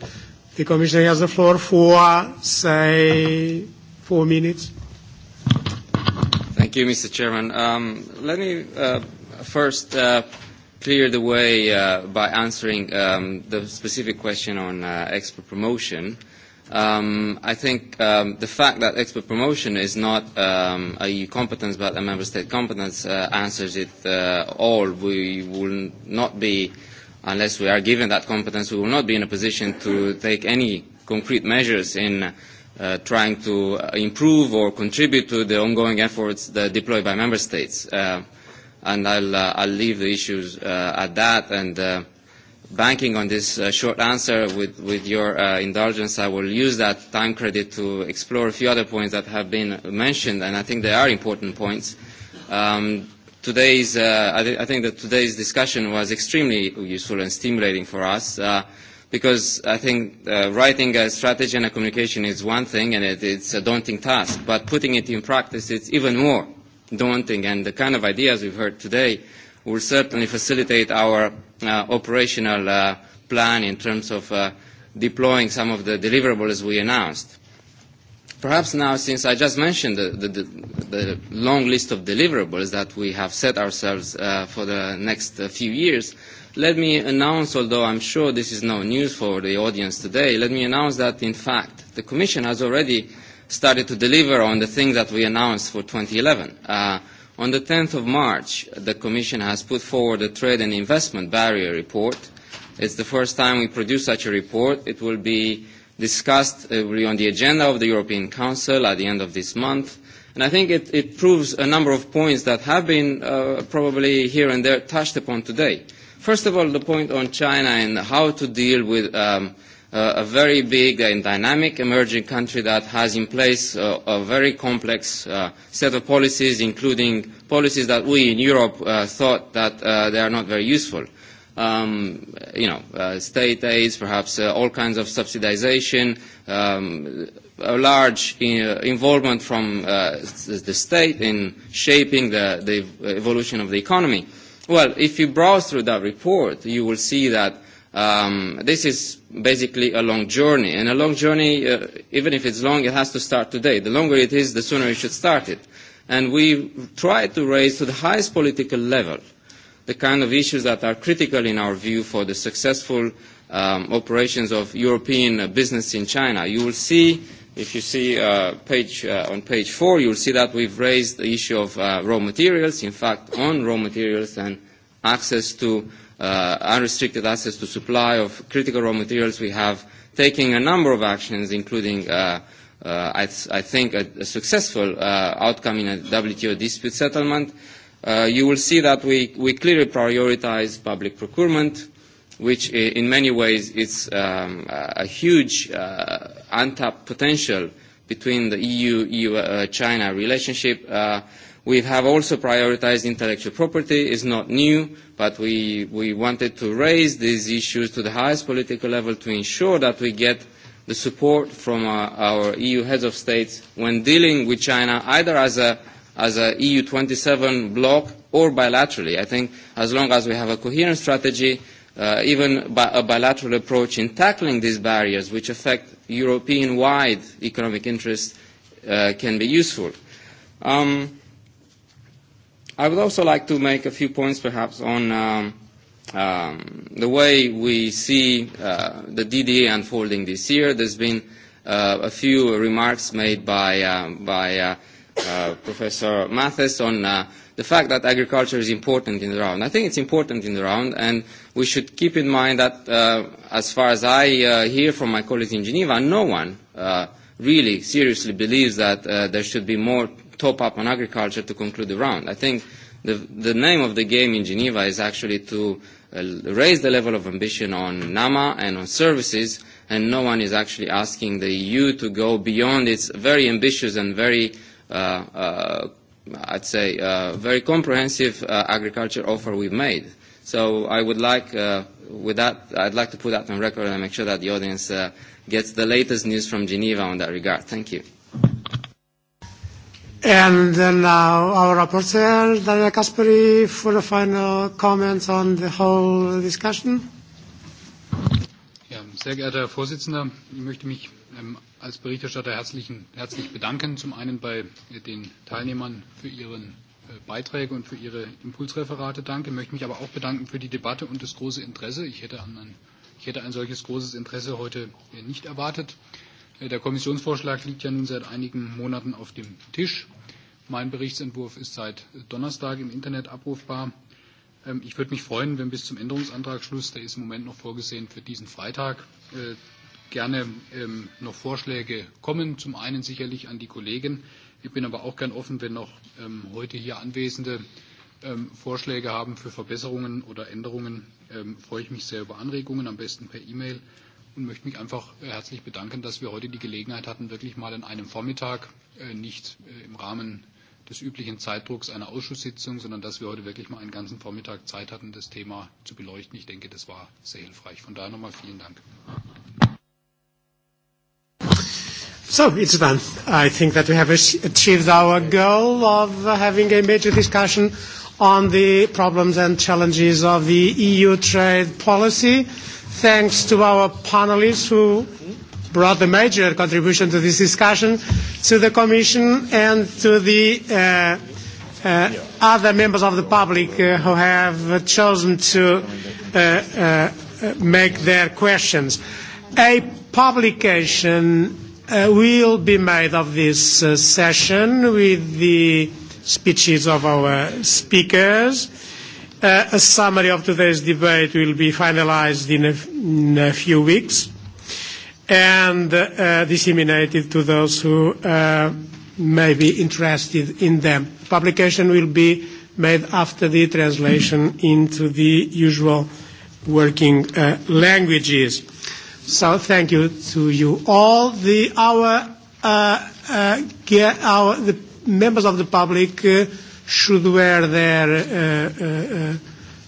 The Commission has the floor for, say, four minutes. Thank you, Mr. Chairman. Let me first clear the way by answering the specific question on expert promotion. I think the fact that expert promotion is not a EU competence but a member state competence answers it all. We will not be, unless we are given that competence, we will not be in a position to take any concrete measures in trying to improve or contribute to the ongoing efforts deployed by member states and I'll I'll leave the issues at that and banking on this short answer with with your indulgence I will use that time credit to explore a few other points that have been mentioned and I think they are important points. Today's I think that today's discussion was extremely useful and stimulating for us because I think writing a strategy and a communication is one thing and it's a daunting task but putting it in practice it's even more daunting, and the kind of ideas we've heard today will certainly facilitate our operational plan in terms of deploying some of the deliverables we announced. Perhaps now, since I just mentioned the long list of deliverables that we have set ourselves for the next few years, let me announce, although I'm sure this is no news for the audience today, let me announce that, in fact, the Commission has already started to deliver on the things that we announced for 2011. On the 10th of March, the Commission has put forward a trade and investment barrier report. It's the first time we produce such a report. It will be discussed on the agenda of the European Council at the end of this month. And I think it proves a number of points that have been probably here and there touched upon today. First of all, the point on China and how to deal with a very big and dynamic emerging country that has in place a very complex set of policies, including policies that we in Europe thought that they are not very useful. You know, state aids, perhaps all kinds of subsidization, a large involvement from the state in shaping the evolution of the economy. Well, if you browse through that report, you will see that This is basically a long journey, and a long journey, even if it's long, it has to start today. The longer it is, the sooner you should start it. And we try to raise to the highest political level the kind of issues that are critical in our view for the successful operations of European business in China. You will see, if you see on page four, you will see that we've raised the issue of raw materials, in fact, on raw materials and access to unrestricted access to supply of critical raw materials, we have taken a number of actions, including, I think, a successful outcome in a WTO dispute settlement. You will see that we clearly prioritize public procurement, which in many ways is a huge untapped potential between the EU-China relationship. We have also prioritized intellectual property. is not new, but we wanted to raise these issues to the highest political level to ensure that we get the support from our EU heads of states when dealing with China, either as an EU27 bloc or bilaterally. I think as long as we have a coherent strategy, even a bilateral approach in tackling these barriers, which affect European-wide economic interests, can be useful. I would also like to make a few points perhaps on the way we see the DDA unfolding this year. There's been a few remarks made by Professor Mathis on the fact that agriculture is important in the round. I think it's important in the round, and we should keep in mind that, as far as I hear from my colleagues in Geneva, no one really seriously believes that there should be more top up on agriculture to conclude the round. I think the name of the game in Geneva is actually to raise the level of ambition on NAMA and on services, and no one is actually asking the EU to go beyond its very ambitious and very, I'd say, very comprehensive agriculture offer we've made. So I would like, with that, I'd like to put that on record and make sure that the audience gets the latest news from Geneva on that regard. Thank you. And then our rapporteur, Daniel Kasperi, for the final comments on the whole discussion. Sehr geehrter Herr Vorsitzender, ich möchte mich als Berichterstatter herzlich bedanken, zum einen bei den Teilnehmern für ihre Beiträge und für ihre Impulsreferate. Danke. Ich möchte mich aber auch bedanken für die Debatte und das große Interesse. Ich hätte ein solches großes Interesse heute nicht erwartet. Der Kommissionsvorschlag liegt ja nun seit einigen Monaten auf dem Tisch. Mein Berichtsentwurf ist seit Donnerstag im Internet abrufbar. Ich würde mich freuen, wenn bis zum Änderungsantragsschluss, der ist im Moment noch vorgesehen für diesen Freitag, gerne noch Vorschläge kommen. Zum einen sicherlich an die Kollegen. Ich bin aber auch gern offen, wenn noch heute hier Anwesende Vorschläge haben für Verbesserungen oder Änderungen, freue ich mich sehr über Anregungen, am besten per E-Mail und möchte mich einfach herzlich bedanken, dass wir heute die Gelegenheit hatten, wirklich mal an einem Vormittag, nicht im Rahmen des üblichen Zeitdrucks einer Ausschusssitzung, sondern dass wir heute wirklich mal einen ganzen Vormittag Zeit hatten, das Thema zu beleuchten. Ich denke, das war sehr hilfreich. Von daher nochmal vielen Dank. So, it's done. I think that we have achieved our goal of having a major discussion on the problems and challenges of the EU trade policy thanks to our panelists who brought a major contribution to this discussion, to the Commission and to the other members of the public who have chosen to make their questions. A publication will be made of this session with the speeches of our speakers A summary of today's debate will be finalized in a few weeks and disseminated to those who may be interested in them. Publication will be made after the translation into the usual working languages. So thank you to you all. our the members of the public should wear their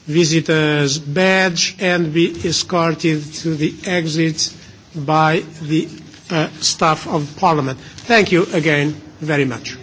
visitors badge and be escorted to the exit by the staff of Parliament. Thank you again very much.